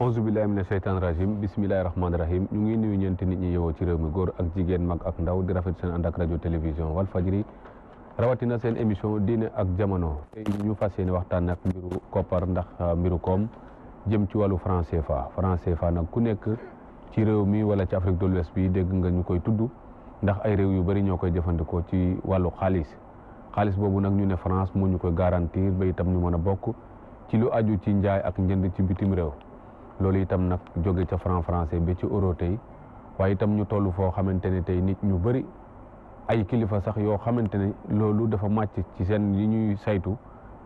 onze billahi mina sheytaan rajim bisimilahi rahmaani rahim ñu ngi nuyu ñeenti nit ñi yowoo ci réew mi góor ak jigéen mag ak ndaw di rafet seen ànd ak rajo télévision wala fajri rawatina seen émission diine ak jamono tey ñu fas yéene waxtaan ak mbiru koppar ndax ah, mbiru koom jëm ci wàllu francais CFA franc CFA nag ku nekk ci réew mi wala ci Afrique de l'Ouest bi dégg nga ñu koy tudd ndax ay réew yu bëri ñoo koy jëfandikoo ci wàllu xaalis xaalis boobu nag ñu ne France moo ñu koy garantir ba itam ñu mën a bokk ci lu aju ci njaay ak njënd ci bitim réew loolu itam nag jóge ca franc français ba ci euro tey waaye itam ñu toll foo xamante ne tey nit ñu bëri ay kilifa sax yoo xamante ne loolu dafa màcc ci seen yi ñuy saytu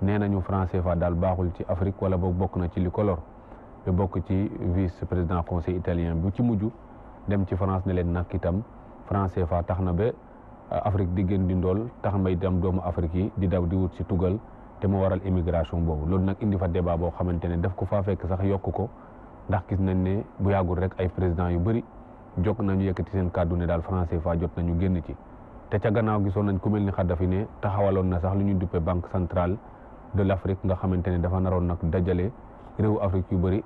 nee nañu franc CFA daal baaxul ci Afrique wala boog bokk na ci li ko lor bokk ci vice président conseil italien bu ci mujj dem ci France ne leen nag itam franc CFA tax na ba euh, Afrique di gën di ndool tax na itam Afrique yi di daw di wut si tugal te mu waral immigration boobu loolu nag indi fa débat boo xamante ne daf ko faa fekk sax yokk ko. ndax gis nañ ne bu yàggul rek ay président yu bëri jokk nañu yëkkati seen kàddu ne daal francais CFA jot nañu génn ci te ca gannaaw gisoon nañ ku mel ni Kadhafi ne taxawaloon na sax lu ñu duppee banque centrale de l'Afrique nga xamante ne dafa naroon nag dajale réewu Afrique yu bëri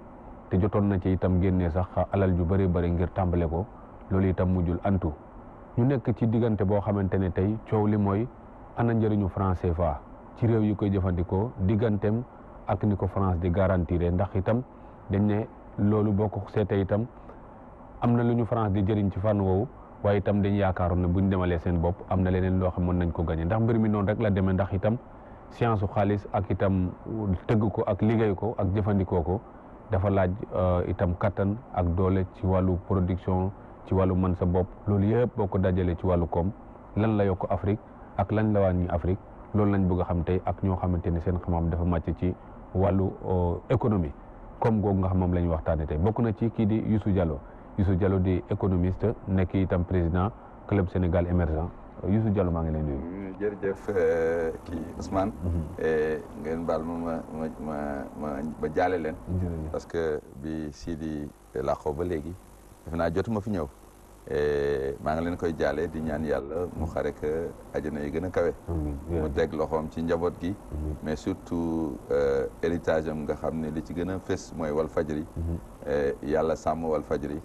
te jotoon na ci itam génnee sax alal ju bëree bëri ngir tàmbale ko loolu itam mujjul antu ñu nekk ci diggante boo xamante ne tey coow li mooy ana njëriñu franc CFA ci réew yi koy jëfandikoo digganteem ak ni ko France di garantir ndax itam dañ loolu boo ko seetee itam am na lu ñu France di jëriñ ci fànn woowu waaye itam dañu yaakaaroon ne bu ñu demalee seen bopp am na leneen loo xam mën nañ ko gañe ndax mbir mi noonu rek la demee ndax itam science su xaalis ak itam tëgg ko ak liggéey ko ak jëfandikoo ko dafa laaj euh, itam kattan ak doole ci wàllu production ci wàllu mën sa bopp loolu yëpp boo dajalee ci wàllu koom lan la yokk Afrique ak lan la wàññi Afrique loolu lañ bëgg a xam tey ak ñoo xamante ne seen xam-xam dafa màcc ci wàllu euh, économie comme googu nga xam moom la ñu waxtaanee bokk na ci kii di Youssou Diallo Youssou jalo di économiste nekki itam président club Sénégal émergent Youssou Diallo maa ngi lay nuyu. Mm, jërëjëf euh, kii Ousmane. Mm-hmm. Eh, ngeen baal ma ma ma ma ma leen. parce que bi Sidi làqoo ba léegi defe naa jotuma fi ñëw. Eh, maa ngi leen koy jaale di ñaan yàlla mu xare ko ajana eh, yi gën a kawe mu teg loxoom ci njaboot gi mais surtout eh, héritage am nga xam ne li ci gën a fës mooy wal fajri yàlla sàmm wal fajri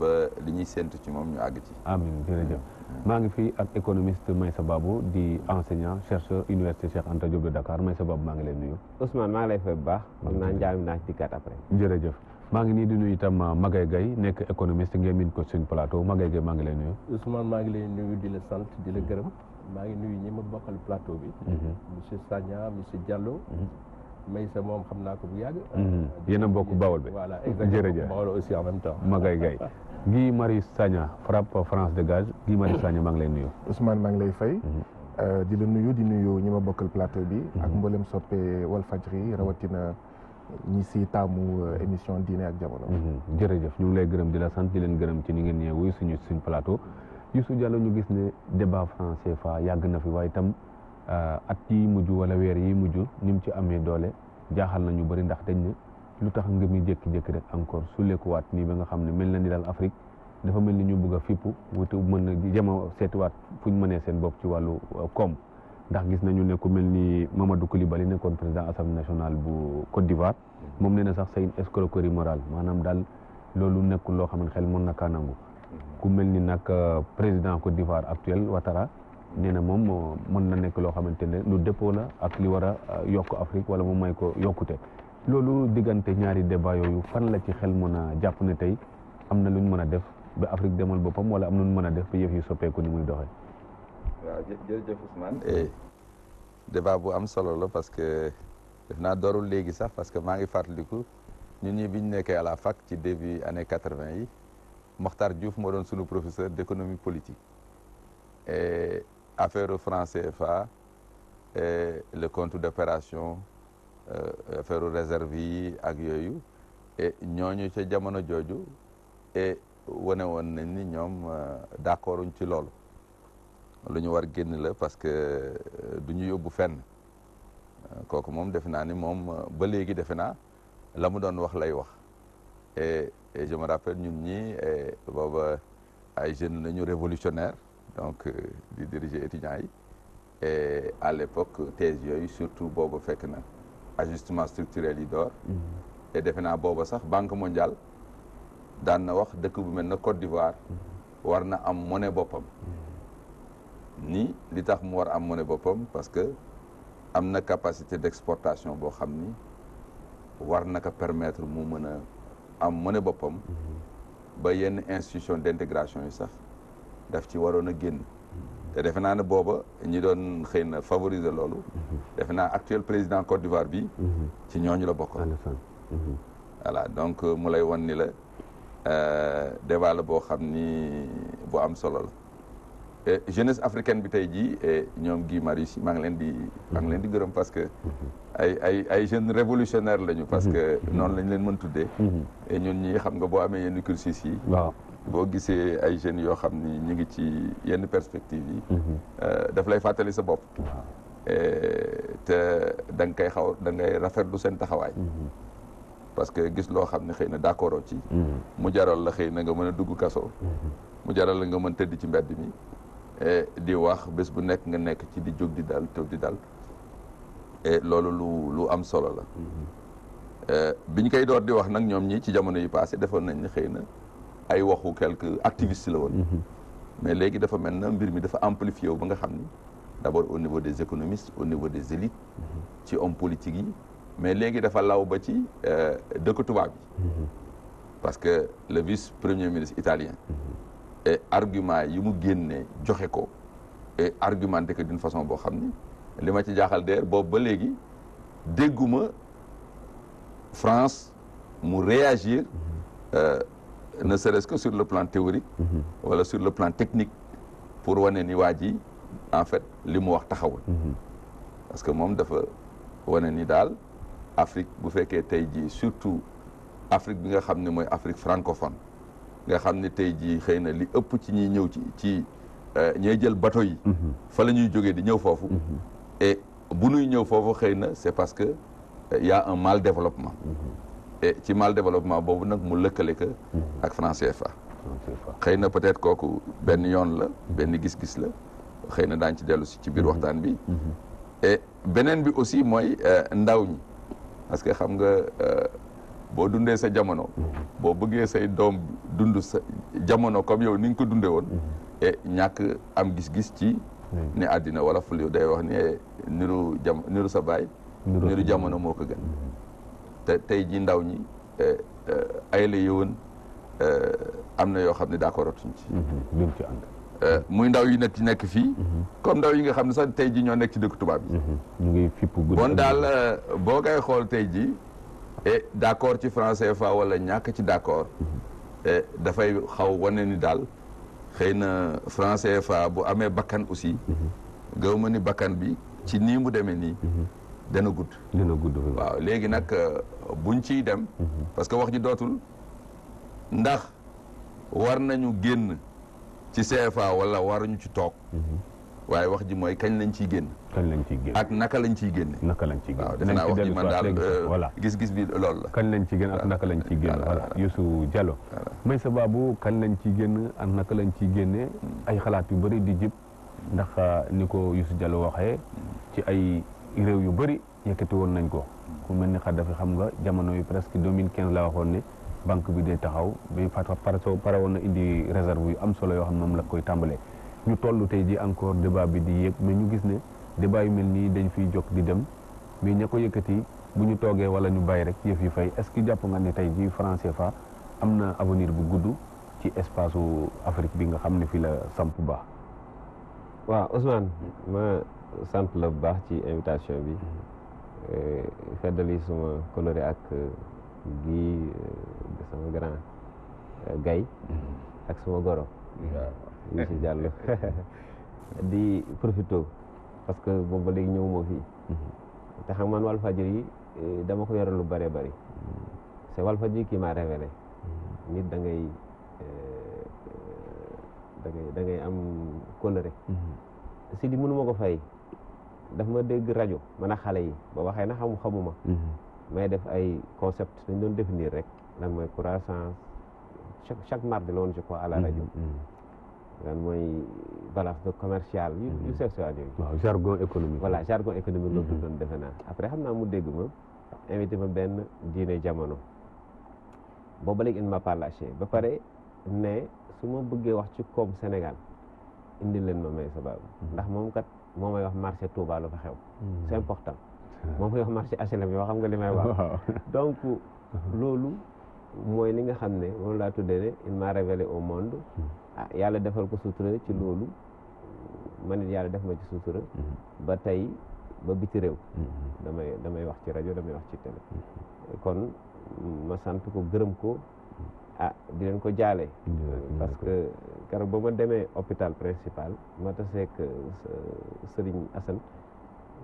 ba li ñuy séntu ci moom ñu àgg ci amiin jërëjëf maa ngi fii ak économiste Meissa Babou di enseignant chercheur université Cheikh Anta Diop de Dakar Meissa Babou maa ngi leen nuyu Ousmane maa ngi lay fay baax xam naa njaami naa ci dikkaat après jërëjëf maa ngi nii di nuyu itam ah, Magaye Gaye nekk économiste ngeen miin ko suñ plateau Magaye Gaye maa ngi lay nuyu. maa ngi lay nuyu di la sant di la gërëm maa ngi nuyu ñi ma bokkal plateau bi. Mhm. monsieur Sagna monsieur may Maysa mhm. moom xam naa ko bu yàgg. Mhm. Ah, yéen a mbokk bi voilà exactement jërëjëf Bawol aussi en même temps. Magaye Gaye Guy Marius Sagna France de gaz Guy Marius Sagna maa ngi lay nuyu. Ousmane maa ngi lay fay. Euh, di la nuyu di nuyu ñi ma bokkal plateau bi. ak mboolem soppe Walfadjri rawatina. ñi si taamu euh, émission diine ak jamono. Mhm. jërëjëf ñu ngi lay gërëm di la sant di leen gërëm ci ni ngeen ñëwee wuyu suñu suñ plateau su Diallo ñu gis ne débat franc CFA yàgg na fi waaye itam euh, at yi mujj wala weer yi mujj ni mu ci amee doole jaaxal na ñu bari ndax dañ ne lu tax nga mi jékki-jékki rek encore sulleekuwaat nii ba nga xam ne mel na ni daal Afrique dafa mel ni ñu bëgg a fippu wutu mën a jéem a seetiwaat fu ñu mënee seen bopp ci wàllu euh, koom. ndax gis nañu ne ku mel ni Mamadou Koulibaly nekkoon président assemblée nationale bu Côte d'Ivoire moom nee na sax c'est une escroquerie morale maanaam daal loolu nekkul loo xam ne xel mën na kaa nangu ku mel ni nag euh, président Côte d'Ivoire actuel Ouattara nee na moom euh, mën na nekk loo xamante ne lu dëppoo la ak li war a euh, yokk Afrique wala mu may ko yokkute loolu diggante ñaari débat yooyu fan la ci xel mën a jàpp ne tey am na lu ñu mën a def ba Afrique demal boppam wala am na lu mën a def ba yëf yi soppeeku ni muy doxee. waaw jërëjëf Ousmane. Eh, débat bu am solo la parce que def naa doorul léegi sax parce que maa ngi fàttaliku ñu ñi bi ñu nekkee à la fac ci début année quatre-vingt yi Mokhtar Diouf moo doon sunu professeur d'économie politique e affaire franc CFA et eh, le compte d'opération affaire réserve yi ak yooyu et ñooñu ca jamono jooju et wane woon nañ ni ñoom d'accorduñ ci lool lu ñu war génn la parce que euh, du ñu yóbbu fen euh, kooku moom defe naa ni moom euh, ba léegi defe naa la mu doon wax lay wax e je me rappelle ñun ñi booba ay jeunes nañu révolutionnaire donc di diriger étudiants yi et à l'époque thèse yooyu surtout booba fekk na ajustement structurel yi door mm-hmm. et defe naa booba sax banque mondiale daan na wax dëkk bu mel na Côte d'Ivoire mm-hmm. war na am monnaie boppam mm-hmm. ni li tax mu war am monnaie boppam parce que am na capacité d'exportation boo xam ni war na ko permettre mu mën a am ne boppam mm-hmm. ba yenn institution d'intégration yi sax daf ci waroon a génn te defe naa ne booba ñi doon xëy na favoriser loolu mm-hmm. defe naa actuel président Côte d'Ivoire bi mm-hmm. ci ñooñu la bokkoon voilà donc euh, mu lay wan ni la euh, débat la boo xam ni bu am solo la Eh, jeunes africain bi tey jii e ñoom Guy Marius maa ngi leen di maa ngi leen di gërëm parce que ay ay ay jeunes révolutionnaires lañu parce que noonu lañ leen mën tuddee mhm. et ñun ñi xam nga boo amee yenn cursus yi waaw boo gisee ay jeunes yoo xam ni ñu ngi ci yenn perspective yi mhm. eh, daf lay fàttali sa bopp te da nga koy xaw dangay rafet lu seen taxawaay mhm. parce que gis loo xam ne xëy na d'accord ci mu jaral la xëy na nga mën a dugg kaso mu jaral la nga mën tëdd ci mbedd mi Eh, di wax bés bu nekk nga nekk ci di jóg di dal toog di dal eh, loolu lu lu am solo la mm-hmm. eh, biñ koy door di wax nag ñoom ñi ci jamono yi passé defoon nañ ne xëy na ay waxu quelques activistes la woon mm-hmm. mais léegi dafa mel na mbir mi dafa amplifié wu ba nga xam ni d'abord au niveau des économistes au niveau des élites mm-hmm. ci hommes politiques yi mais léegi dafa law ba ci dëkk tubaab yi parce que le vice premier ministre italien et argument yi mu génne joxe ko et argumenté d'une façon boo xam ni li ma ci jaaxal deer boobu ba léegi dégguma France mu réagir euh, ne serait que sur le plan théorique mm-hmm. wala sur le plan technique pour wane ni waa ji en fait li mu wax taxawul mm-hmm. parce que moom dafa wane ni daal Afrique bu fekkee tey jii surtout Afrique bi nga xam ne mooy Afrique francophone nga xam ne tey jii xëy na li ëpp ci ñuy ñëw ci ci euh, ñooy jël bateau yi. Mhm. fa la ñuy jógee di ñëw foofu. Mhm. et bu nuy ñëw foofu xëy na c'est parce que euh, y a mal développement. Mhm. et ci mal développement boobu nag mu lëkkale ka ak franc fa xëy na peut-être kooku benn yoon la benn gis-gis la xëy na daañ ci dellu si ci biir waxtaan bi. et beneen bi aussi mooy euh, ndaw ñi parce que xam nga. boo dundee sa jamono boo bëggee say doom dund sa jamono comme yow ni nga ko dundee woon et eh, ñàkk am gis-gis ci ni àddina wala ful yow day wax ne eh, niru jam niru sa baay jamono moo ko gën te tey ji ndaw ñi eh, ay la am na yoo xam ne daa atuñ ci mhm, ci muy ndaw yi nekk ci nekk fii mhm. comme ndaw yi nga xam ne sax tey ji ñoo nekk ci dëkk tubaab yi mhm, bon daal boo koy xool tey ji et eh, d' accord ci franc CFA wala ñàkk ci d' accord eh, dafay xaw wane ni daal xëy na franc CFA bu amee bakkan aussi gaw ni bakkan bi ci nii mu demee nii dana gudd dana gudd waaw léegi nag euh, buñ ciy dem parce que wax ji dootul ndax war nañu génn ci CFA wala waruñu ci toog waaye wax ji mooy kañ lañ ci génn. kañ lañ ciy génn ak naka lañ ciy génn. naka lañ ci génn waaw defe naa wax ji man euh, gis-gis bi lool la. kañ lañ ciy génn ak naka lañ ciy génn. voilà Youssou Diallo. may sa baabu kañ lañ ciy génn ak naka lañ ciy génne hmm. ay xalaat yu bari di jib ndax euh, ni ko Youssou jalo waxee hmm. ci ay réew yu bëri yëkkati woon nañ ko. Hmm. ku mel ni Kadhafi xam nga jamono yi presque kenn la waxoon ne banque bi dee taxaw ba pare woon na indi réserve yu am solo yoo xam ne moom la koy tàmbalee ñu toll tey ji encore débat bi di yéeg mais ñu gis ne débat yu mel nii dañ fiy jóg di dem mais ña ko yëkkati bu ñu toogee wala ñu bàyyi rek yëf yi fay est ce que jàpp nga ne tey ji franc CFA am na avenir bu gudd ci espace u Afrique bi nga xam ne fii la samp baax. waaw Ousmane ma sant la bu baax ci invitation bi eh, feddali suma coloré ak eh, gi eh, sama grand gay mm-hmm. ak suma goro monsieur Diallo di profité parce que boobu léegi ñëw moo fii mhm. te xam man Walfadjri yi eh, dama ko yore lu bëree bëri mhm. c'est Walfadjri qui m'a révélé mhm. nit da ngay eh, da ngay da ngay am colère si li mënu ko fay daf ma dégg rajo man a xale yi ba waxee na xamu xamuma may def ay concept dañ doon définir rek lan mooy croissance chaque chaque mardi la woon je crois à rajo lan mooy balance de commercial yu yu mhm. sexuel yooyu waaw jargon économique voilà jargon économique loolu tuddoon mhm. defe naa après xam naa mu dégg ma invité ma benn diine jamono booba léegi il m'a pas lâché ba pare ne su ma bëggee wax ci koom Sénégal indi leen ma may sabab mhm. ndax moom kat moo may wax marché Touba lu fa xew c'est important moom koy wax marché HLM yoo xam nga li may wax donc loolu mooy li nga xam ne loolu laa tuddee ne il m'a révélé au monde ah yàlla defal ko sutura ci loolu man it yàlla def ma ci sutura mm-hmm. ba tey ba biti réew mm-hmm. damay damay wax ci rajo damay wax ci télé mm-hmm. kon ma sant ko gërëm ko ah di leen ko jaale parce que keroog ba ma demee hôpital principal ma taseek euh, Serigne Assane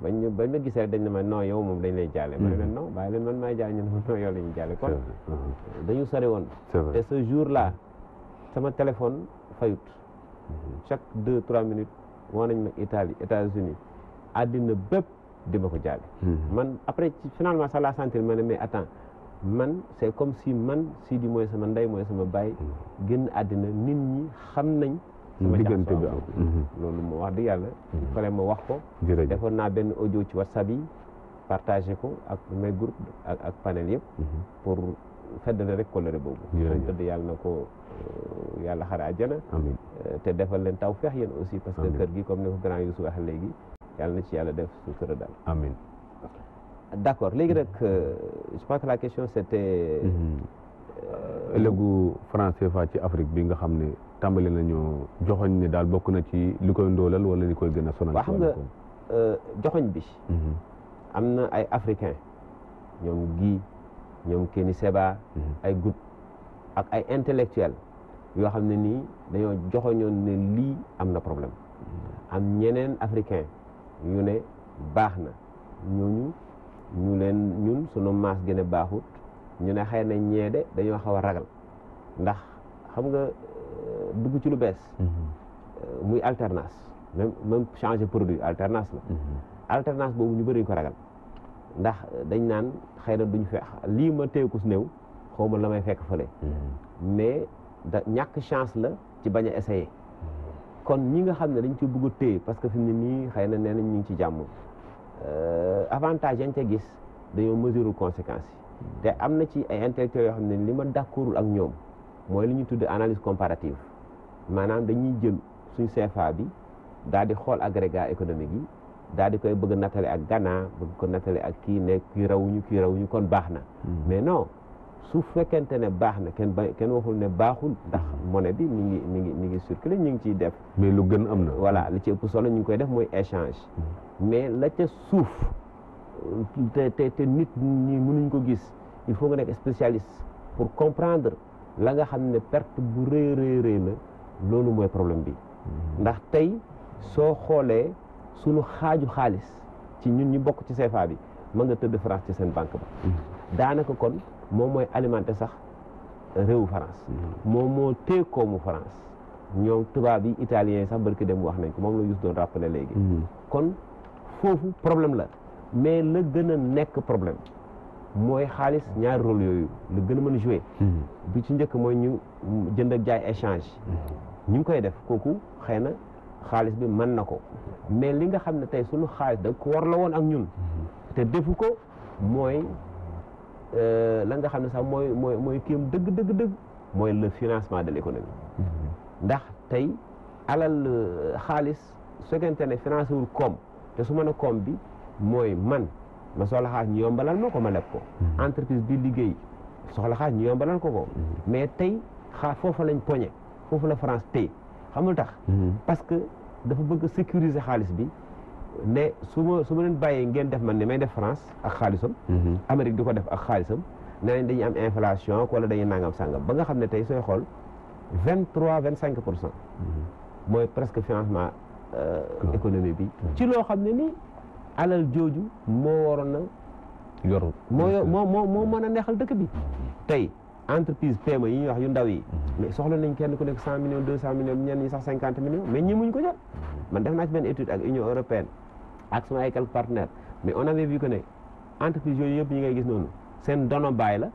bañ ñu bañ ma gisee dañ ne ma non yow moom dañ lay jaale ma ne leen non leen man maay jaale ñu ne la ñu jaale kon uh-huh. dañu sori woon te ce jour sama téléphone fayut chaque deux trois minutes woo nañ ma Italie États-Unis àddina bépp dima ko jaabi mhm. man après finalement ça la sentir ma ne mais attends man c'est comme si man si di mooy sama ndey mooy sama baay mhm. génn àddina nit ñi xam nañ diggante bi am mhm. loolu ma wax dëgg yàlla fale ma wax ko defoon naa benn audio ci whatsapp yi partagé ko ak mes groupes ak panel yëpp feddale rek kóllëre boobu fan tëdd yàlla na ko euh, yàlla xare àjjana amiin te defal leen taw feex yéen aussi parce que kër gi comme ne ko grand Youssou waxee léegi yàlla na ci yàlla def sutura daal amiin accord léegi nag euh, je pense que la question mhm. euh, c' était ëllëgu franc ci Afrique bi nga xam ne tàmbali nañu joxoñ ne daal bokk na ci li koy ndoolal wala li koy gën sonal. waaw xam nga joxoñ bi mhm. am na ay africain ñoom gi ñoom Kenny Seba mhm. ay groupe ak ay intellectuel yoo xam ne nii dañoo joxoñoo ne lii am na problème mhm. am ñeneen africain yu ne baax na ñooñu ñu leen ñun sunu maas gën a baaxut ñu ne xëy na ñeede dañoo xaw a ragal ndax xam nga euh, dugg ci lu bees mhm. euh, muy alternance même même changer produit alternance la alternance boobu ñu bëri ñu ko ragal ndax dañ naan xëy na duñ feex lii ma téye ko su néew xaw ma la may fekk fële. Mm-hmm. mais da ñàkk chance la ci bañ a essayer. kon ñi nga xam ne dañ ci bëgg a parce que fi ne nii xëy na nee nañ ñu ngi ci jàmm euh, avantage yañ ca gis dañoo mesure conséquences yi. Mm-hmm. te am na ci ay intellectuels yoo xam ne li ma d'accordul ak ñoom mooy li ñu tudd analyse comparative maanaam dañuy jël suñ CFA bi daal di xool agrégat économique yi. daal di koy bëgg nattale ak Ghana bëgg ko nattale ak kii ne kii rawuñu kii rawuñu kon baax na hmm. mais non suuf fekkente ne baax na kenn waxul ne baaxul ndax hmm. monnaie bi mi ngi mi ngi mi ngi ñu ngi ciy def mais lu gën am na voilà ci ëpp solo ñu ngi koy def mooy échange hmm. mais la suuf te te te nit ñi mënuñ ko gis il faut nga nekk spécialiste pour comprendre la nga xam ne perte bu rëy rëy rëy la loolu mooy problème bi ndax tey soo xoolee sunu xaaju xaalis ci ñun ñu bokk ci CFA bi ma nga tëdd France ci seen banque ba mm. daanaka kon moom mooy alimenté sax réewu France mm. moom moo téye koomu France ñoom tubaab yi italien yi sax barki dem wax nañ ko moom la yus doon rappelé léegi mm. kon foofu problème la mais la gën a nekk problème mooy xaalis ñaari rôle yooyu lu gën a mën a joué bi ci njëkk mooy ñu jënd ak jaay échange ñu ngi koy def kooku xëy na xaalis bi mën na ko mais li nga xam ne tey sunu xaalis da ko war la woon ak ñun te defu ko mooy euh, la nga xam ne sax mooy mooy mooy kéem dëgg dëgg dëgg mooy le financement de l'économie ndax tey alal euh, xaalis su fekkente ne financé wul koom te su mën a koom bi mooy man ma soxla xaalis ñu yombalal ma ko ma leb ko entreprise bi liggéey soxla xaalis ñu yombalal ko ko mm-hmm. mais tey xaa foofa lañ poñe foofu la France tey xamul tax. Hmm. parce que dafa bëgg sécuriser xaalis bi ne su ma su ma leen bàyyee ngeen def man ne may def France ak xaalisam. Hmm. Amérique di ko def ak xaalisam. nee dañu am inflation wala dañuy nangam sàngam ba nga xam ne tey sooy xool vingt trois vingt cinq pour hmm. mooy presque financement euh, économie bi. ci loo xam ne ni alal jooju moo waroon na yoru moo moo moo mën a neexal dëkk bi tey. entreprise PME yi ñuy wax yu ndaw yi mais soxla nañ kenn ku nekk cent millions deux cent millions ñenn ñi sax cinquante millions mais ko jot man def naa ci benn étude ak Union européenne ak suma ay quelques partenaires mais on avait vu que ne entreprise yooyu yëpp ñu ngay gis noonu seen dono baay la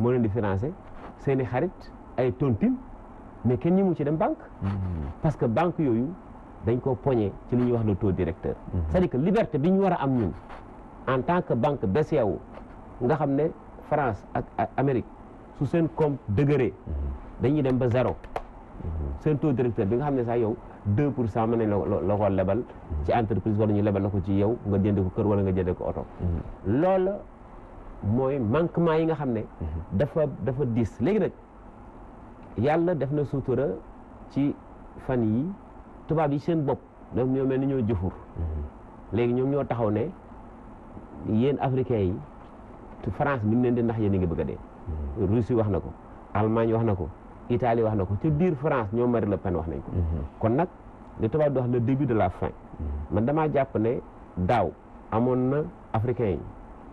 moo leen di financé seen i xarit ay tontine mais kenn ñi mu ci dem banque parce que banque yooyu dañ koo poñee ci li ñuy wax le taux directeur cest à que liberté bi ñu war a am ñun en tant que banque BCEAO nga xam ne France ak Amérique su seen koom dëgëree dañuy dem ba zéro seen taux directeur bi nga xam ne saa yow deux pour cent mën nañ la ko lebal ci entreprise wala ñu lebal la ko ci yow nga jënd ko kër wala nga jënd ko oto loola mooy manquement yi nga xam ne dafa dafa diis léegi nag yàlla def na sutura ci fan yi tubaab yi seen bopp ñoom ñoo mel ni ñoo jëfur léegi ñoom ñoo taxaw ne yéen africains yi France mi ngi leen di ndax yéen a ngi bëgg a dee Mm-hmm. Russie wax na ko Allemagne wax na ko itali wax na ko ca biir France ñoom Marie Le Pen wax nañ ko mm-hmm. kon nag li tubaab di wax le début de la fin mm-hmm. man damaa jàpp ne daaw amoon na africain yi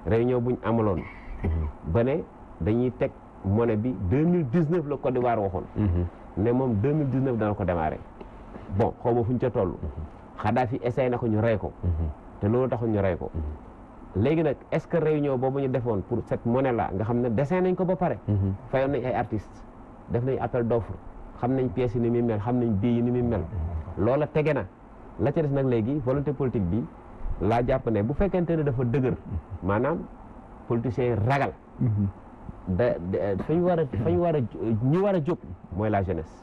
réunion buñ amaloon ba ne dañuy teg monnaie bi deux mille dix neuf la Côte d'Ivoire waxoon ne moom deux mille dix neuf dana ko démarré bon xaw ma fu ñu ca toll Kadhafi essayé na ko ñu rey ko te loolu taxul ñu rey ko léegi nag est-ce que réunion boobu ñu defoon pour cette monnaie là nga xam ne dessin nañ ko ba pare. Mm-hmm. fayoon nañ ay artistes def nañ appel d'offre xam nañ pièces yi ni muy mel xam nañ bii yi ni muy mel mm-hmm. loola tege na la ca nag léegi volonté politique bi laa jàpp ne bu fekkente ne dafa dëgër mm-hmm. maanaam politiciens yi ragal. da da fa ñu war a fa ñu war a ñu war a jóg mooy la jeunesse.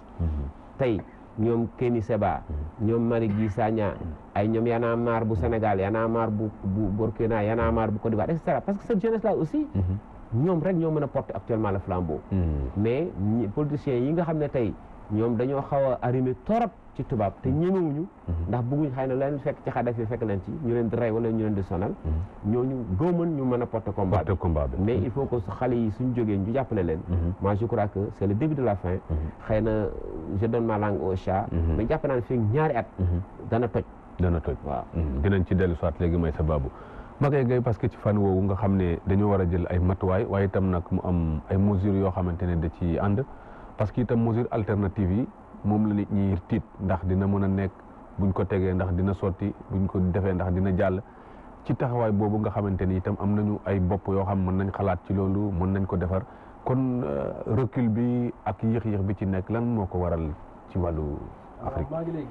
tey ñoom Kenny Seba ñoom Malick Guy Sagna ay ñoom Y'en a bu Sénégal yanaa a bu bu Burkina Y'en a marre bu Côte d'Ivoire parce que cette jeunesse là aussi mhm. ñoom rek ñoo mën a porter actuellement le flambeau mhm. mais politiciens yi nga xam ne tey ñoom dañoo xaw a arrimé torop ci tubaab te mm-hmm. ñemewuñu mm-hmm. ndax bëgguñ xay na leen fekk ci xadaf yi fekk leen ci ñu leen di rey wala ñu leen di sonal mm-hmm. ñooñu gëmën ñu mën a porter combat bi mais il faut que xale yi suñ jógee ñu jàppale leen moi je que c' est le début de la fin xëy na je donne ma langue au chat mais jàpp naa ne fii ñaari at dana toj dana toj waaw dinañ ci dellu soit léegi may sababu Maguette Gueye parce que ci fan woowu nga xam ne dañoo war a jël ay matuwaay waaye itam nag mu am ay mesures yoo xamante ne da ci ànd parce que itam mesure alternative yi moom la nit ñi tiit ndax dina mën a nekk buñ ko tegee ndax dina sotti buñ ko defee ndax dina jàll ci taxawaay boobu nga xamante ni itam am nañu ay bopp yoo xam mën nañ xalaat ci loolu mën nañ ko defar kon euh, recul bi ak yéex-yéex bi ci nekk lan moo ko waral ci wàllu Afrique. maa ngi lay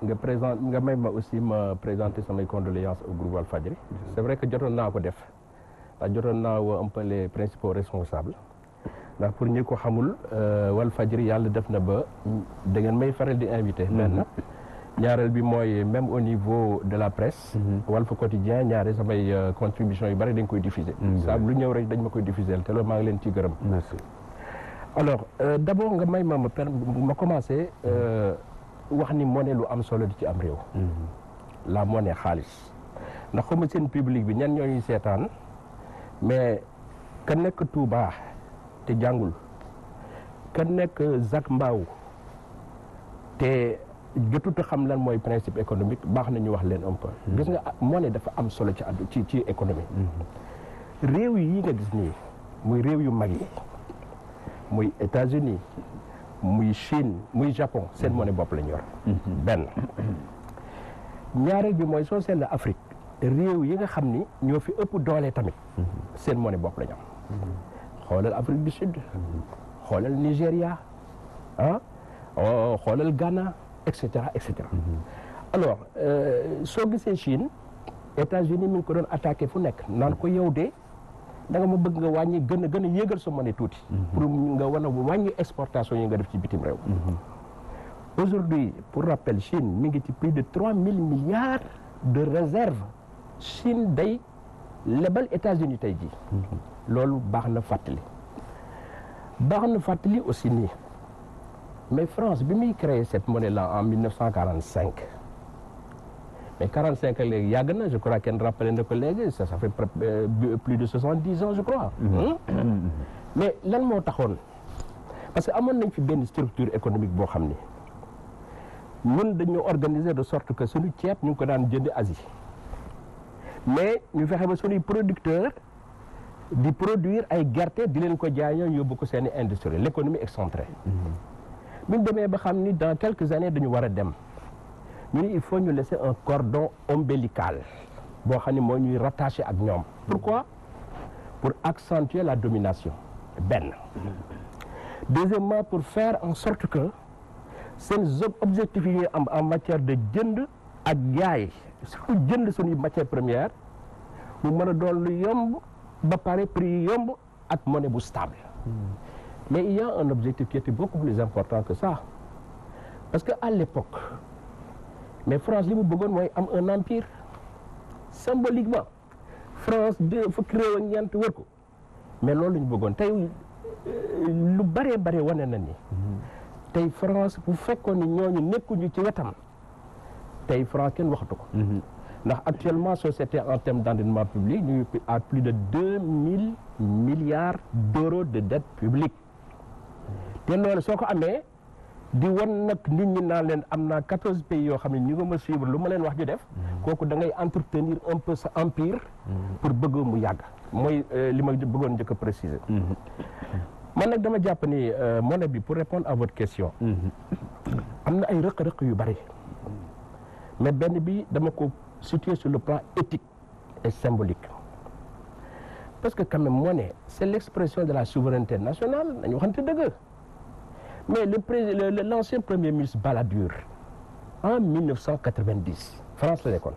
nga présent nga may ma aussi ma présenter samay condoléances au groupe Walfadjri. c'est vrai que jotoon naa ko def jotoon naa woo un peu les principaux responsables. ndax pour ñu ko xamul euh, wal fajri yàlla def na ba da ngeen may faral di invité men mhm. na ñaareel bi mooy même au niveau de la presse mhm. Walf Quotidien ñaare samay euh, contribution yu bari dañ koy diffuser mhm. saa lu ñëw rek dañ ma koy diffuser te loolu maa ngi leen ci gërëm merci alors euh, d'abord nga may ma ma ma commencé wax ni monnaie lu am solo di ci am réew la monnaie xaalis ndax xaw seen public bi ñan ñooñuy seetaan mais ka nekk Touba te jàngul ka nekk Zac Mbao te jotutu xam lan mooy principe économique baax na ñu wax leen un peu. Mm-hmm. gis nga monnaie dafa am solo ci addu ci ci économie. Mm-hmm. réew yi nga gis nii muy réew yu mag yi muy États-Unis muy Chine muy Japon seen monnaie bopp la yor. Mm-hmm. benn ñaareel bi mooy soo seetlee Afrique réew yi nga xam ni ñoo fi ëpp doolee tamit seen monnaie bopp la xoolal Afrique du Sud xoolal Nigéria ah oh, xoolal Ghana et cetera et cetera mm-hmm. alors euh, soo gisee Chine États-Unis mi ngi ko doon attaqué fu nekk naan ko yow de da nga ma bëgg nga wàññi gën a gën a yéegal sa monnaie tuuti mm-hmm. pour nga wan a wàññi exportation yi nga def ci bitim réew mm-hmm. aujourd'hui pour rappel Chine mi ngi ci plus de trois mille milliards de réserves Chine day lebal États-Unis tey jii loolu baax na fàttali baax na fàttali aussi nii mais France bi muy créé cette monnaie là en 1945 mais cinq léegi yàgg na je crois kenn rappelé na ko léegi ça ça fait euh, plus de 70 ans je crois. Mmh. Mmh. mais lan moo taxoon parce que amoon nañ fi benn structure économique boo xam ni mun dañoo organiser de sorte que suñu ceeb ñu ngi ko daan jënd Asie. mais ñu fexe ba suñuy producteur di produire ay gerte di leen ko jaay ñoo yóbbu ko seen i industrie l'économie excentrée. Mm-hmm. bu ñu demee ba xam ni dans quelques années dañu war a dem ñu ni il faut ñu laisser un cordon ombilical boo xam ne moo ñuy rattaché ak ñoom. quoi pour accentuer la domination benn. Mm-hmm. deuxièmement pour faire en sorte que seen objectif yi ñuy am en matière de jënd ak jaay. su jënd suñuy matière première bu mën a doon lu yomb ba pare prix yu yomb ak mone bu stable hmm. mais il y un objectif qui était beaucoup plus important que ça parce que à l'époque mais France yi bu bëggoon mooy am un empire symboliquement France de fukki réew ñeent wër ko mais loolu la ñu bëggoon tey lu bëree bëri wane na ni hmm. tey France bu fekkoon ni ñooñu nekkuñu ci wetam tey franc kenn waxatu ko. Mhm. ndax actuellement soo seetee en terme d' endettement public ñu ngi à plus de deux mille milliards d' euros de dette publique te loolu soo ko amee di wan nag nit ñi naa leen am naa quatorze pays yoo xam ne ñu nga ma suivre lu ma leen wax ñu def mhm. kooku dangay ngay entretenir un peu sa empire mhm. pour bëggoo mu yàgg mooy euh, li ma bëggoon njëkk a préciser man nag dama jàpp ni euh, monnaie bi pour répondre à votre question am na ay rëq-rëq yu bari mais benn bi dama ko situé sur le plan éthique et symbolique parce que quand même moo ne c'est l'expression de la souveraineté nationale dañu waxante dëgg mais le président l'ancien premier ministre Balladur en 1990 France la nekkoon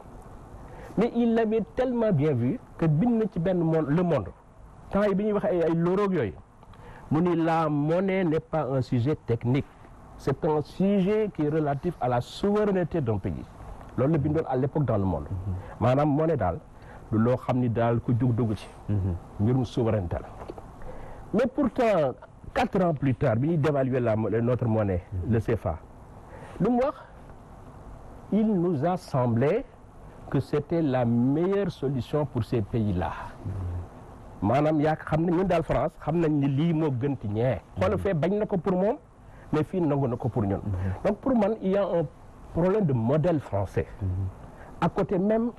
mais il l'avait tellement bien vu que bind na ci benn monde le monde bi ñuy wax ay ay yooyu mu ni la monnaie n'est pas un sujet technique c'est un sujet qui est relatif à la souveraineté d'un pays loolu la bindoon à l'époque dans le monde maanaam moo daal du loo xam ni daal ko jóg dogu ci mbirum souveraineté la mais pourtant quatre ans plus tard bi ñuy dévaluer la nootre monnaie le CFA lu mu wax il nous a semblé que c'était la meilleure solution pour ces pays la maanaam yaa xam ne ñun daal France xam nañ ni lii moo gën ci ñee xoolal fee bañ na ko pour moom mais fii nangu na ko pour ñun mm-hmm. donc pour man il problème de modèle français. Mhm. à côté même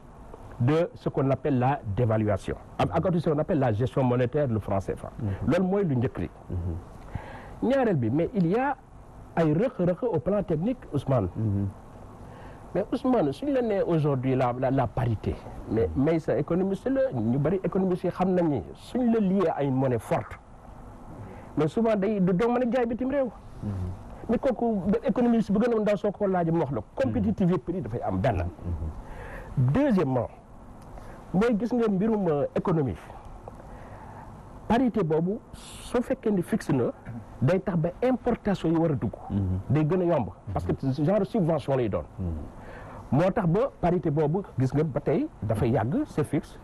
de ce qu'on appelle la dévaluation. à côté de ce qu'on appelle la gestion monétaire le franc CFA. Mhm. loolu mooy lu njëkk li. Mhm. ñaareel bi mais il y ay rëq-rëq au plan technique Ousmane. mais Ousmane suñu le nee aujourd'hui la la la parité mais mais sa économiste la ñu bari économistes yi xam nañ ni suñ le lié à une monnaie forte mais souvent day du doog mën bitim réew. mais kooku benn économiste bu gën a ndaw soo ko laajee mu wax la compétitivité prix dafay am benn. deuxièmement mooy gis nga mbirum euh, économie parité boobu soo fekkee ni fixe na day tax ba importation yi war a dugg. day gën a yomb parce que genre subvention lay doon. moo tax ba parité boobu gis nga ba tey dafa yàgg c'est fixe.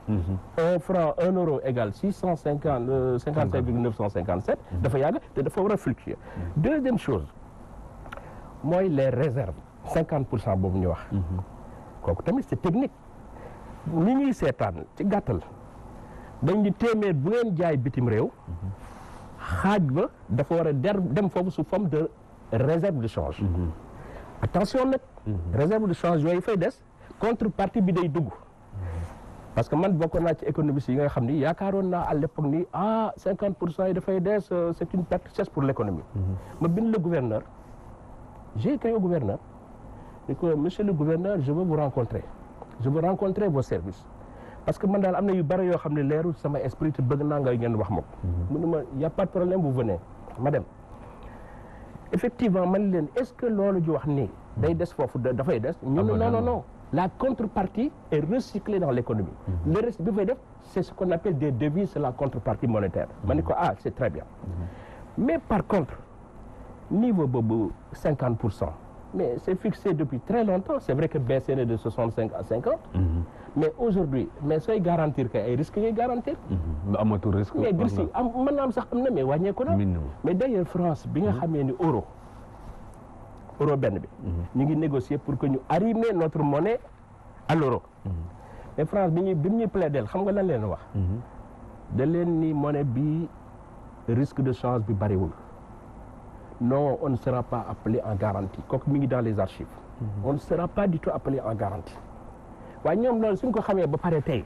un franc un euro égal six cent cinquante euh, cinquante cinq virgule neuf cent dafa yàgg te dafa war a fluctuer. deuxième chose. mooy les réserves cinquante pour cent boobu ñu wax kooku tamit c'est technique ñi ñuy seetaan ci gàttal dañ di téeméer bu ngeen jaay bitim réew xaaj ba dafa war a der dem foofu su forme de réserve de change attention nag réserve de change yooyu fay des contrepartie bi day dugg parce que man bokkoon naa ci économistes yi nga xam ni yaakaaroon naa à l'époque ni ah cinquante pour cent yi dafay des euh, c'est une pour l'économie ma bind le gouverneur J'ai écrit au gouverneur et que monsieur le gouverneur je veux vous rencontrer je veux rencontrer vos services parce que man daal am na yu bëri yoo xam ne leerul sama esprit te bëgg naa nga ngeen wax ma ko. Mhm. mu ne ma y' a pas de problème vous venez ma dem effectivement man leen est ce que loolu ju wax ni day des foofu dafay des. ñu ne non non non la contrepartie est recyclée dans l' économie. Mhm. le reste bi fay def c' est ce qu'on appelle des devises la contrepartie monétaire. Mhm. ma ne ko ah c' est très niveau boobu cinquante pour cent mais c'est fixé depuis très longtemps c'est vrai que baissé na de soixante cinq à cinquante mm-hmm. mais aujourd'hui mais sooy garantir que ay risques ngay garantir mm-hmm. amatul risque mais risque yi am na am sax am na mais wàññeeku na mais d'ailleurs France bi nga mm-hmm. xamee ni euro euro benn bi ñu ngi négocier pour que ñu arrimer notre monnaie à l'euro mais France bi ñuy bi ñuy plaider xam nga lan leen wax da leen ni monnaie bi risque de change bi bariwul non on ne sera pas appelé en garantie kooku mi ngi dans les archives mhm. on ne sera pas du tout appelé en garantie waaye ñoom loolu suñ ko xamee ba pare tey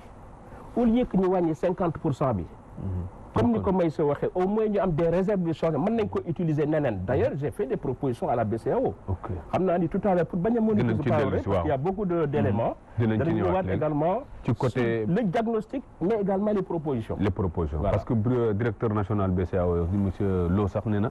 au lieu que ñu wàññi cinquante pour cent bi mhm. comme ni ko may soo waxee au moins ñu am des réserves de change mën nañ ko utiliser neneen d' ailleurs j'ai fait des propositions à la BCEAO xam naa ni tout à pour bañ a mën a de mhm. diagnostic mais également les propositions les propositions parce que euh, directeur national BCEAO na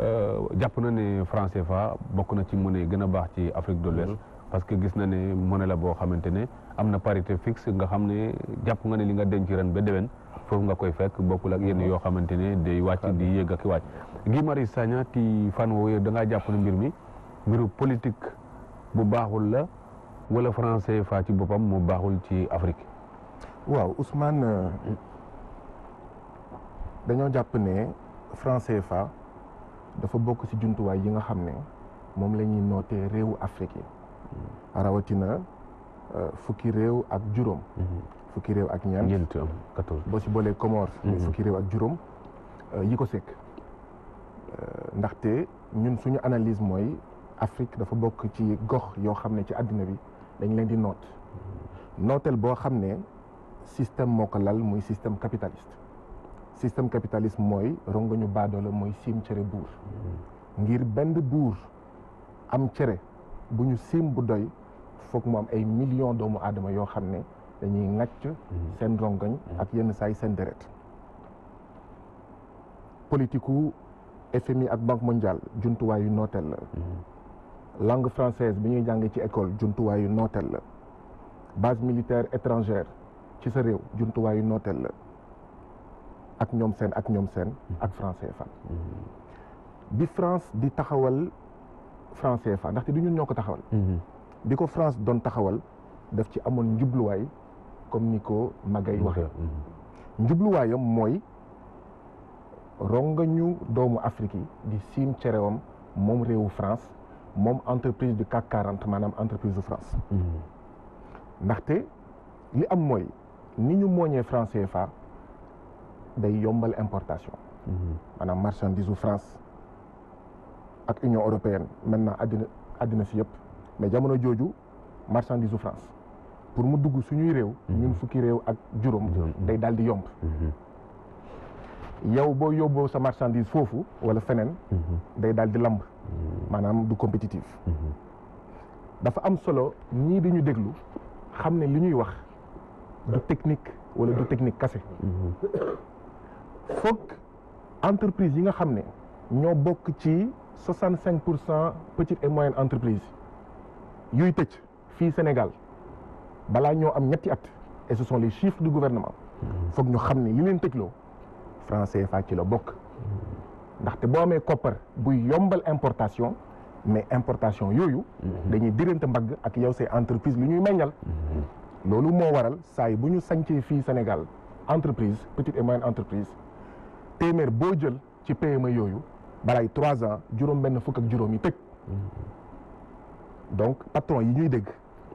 Euh, jàpp na ne franc CFA bokk na ci monnaie gën a baax ci Afrique de l'Ouest parce que gis na ne monnaie la boo xamante ne am na parité fixe nga xam ne jàpp nga ne li nga denc ren ba dewen foof nga koy fekk bokkul ak yenn yoo xamante ne day wàcc di yéeg ak wàcc. Guy Marius Sagna ci fan woowu da ngaa jàpp ne mbir mi mbiru politique bu baaxul la wala franc CFA ci boppam mu baaxul ci Afrique. waaw Ousmane euh, dañoo jàpp ne franc CFA. dafa bokk ci jumtuwaay yi nga xam ne moom la ñuy nootee réewu Afrique yi rawatina euh, fukki réew ak juróom mm-hmm. fukki réew ak ñeent boo ci boolee Comores mm-hmm. fukki réew ak juróom euh, yi ko sekk euh, ndaxte ñun suñu analyse mooy Afrique dafa bokk ci gox yoo xam ne ci àddina bi dañ leen di noot mm-hmm. nooteel boo xam ne système moo ko lal muy système capitaliste système capitalisme mooy rongoñu baadoola mooy siim cere buur ngir benn buur am cere bu ñu siim bu doy foog mu am ay millions doomu aadama yoo xam ne dañuy ŋàcc seen rongoñ ak yenn saay seen deret politiku FMI ak Banque mondiale jumtuwaayu nooteel la langue française bi ñuy jàng ci école jumtuwaayu nooteel la base militaire étrangère ci sa réew jumtuwaayu nooteel la ak ñoom seen ak ñoom seen ak franc CFA mm-hmm. bi France di taxawal franc CFA ndaxte du ñun ñoo ko taxawal mm-hmm. bi ko France doon taxawal daf ci amoon njubluwaay comme ni ko Magay waxee mm-hmm. njubluwaayam mooy rongañu doomu Afrique yi di siim cerewam moom réewu France moom entreprise du CAC quarante maanaam entreprise de France ndaxte li am mooy ni ñu mooñee franc fa day yombal importation. Mhm. maanaam marchandise u France ak Union européenne maintenant àddina àddina su yëpp mais jamono jooju marchandise u France pour mu dugg suñuy réew. Mhm. ñun fukki réew ak juróom. Mhm. day daal di yomb. yow boo yóbboo sa marchandise foofu wala feneen. day daal di lamb maanaam du compétitif. dafa am solo ñii di déglu xam ne li ñuy wax du technique wala du technique kase. foog entreprise yi nga xam ne ñoo bokk ci soixante cinq pour cent petites et moyennes entreprises yuy tëj fii Sénégal balaa ñoo am ñetti at et ce sont les chiffres du gouvernement foog ñu xam ne li leen tëjloo franc CFA ci la bokk ndaxte boo amee koppar buy yombal importation mais importation yooyu dañuy dirante mbagg ak yow say entreprise lu ñuy meññal loolu moo waral saa bu ñu sañcee fii Sénégal entreprise petite et moyenne entreprise téeméer boo jël ci PME yooyu balay trois ans juróom-benn fukk ak juróom yi tëj donc patron yi ñuy dégg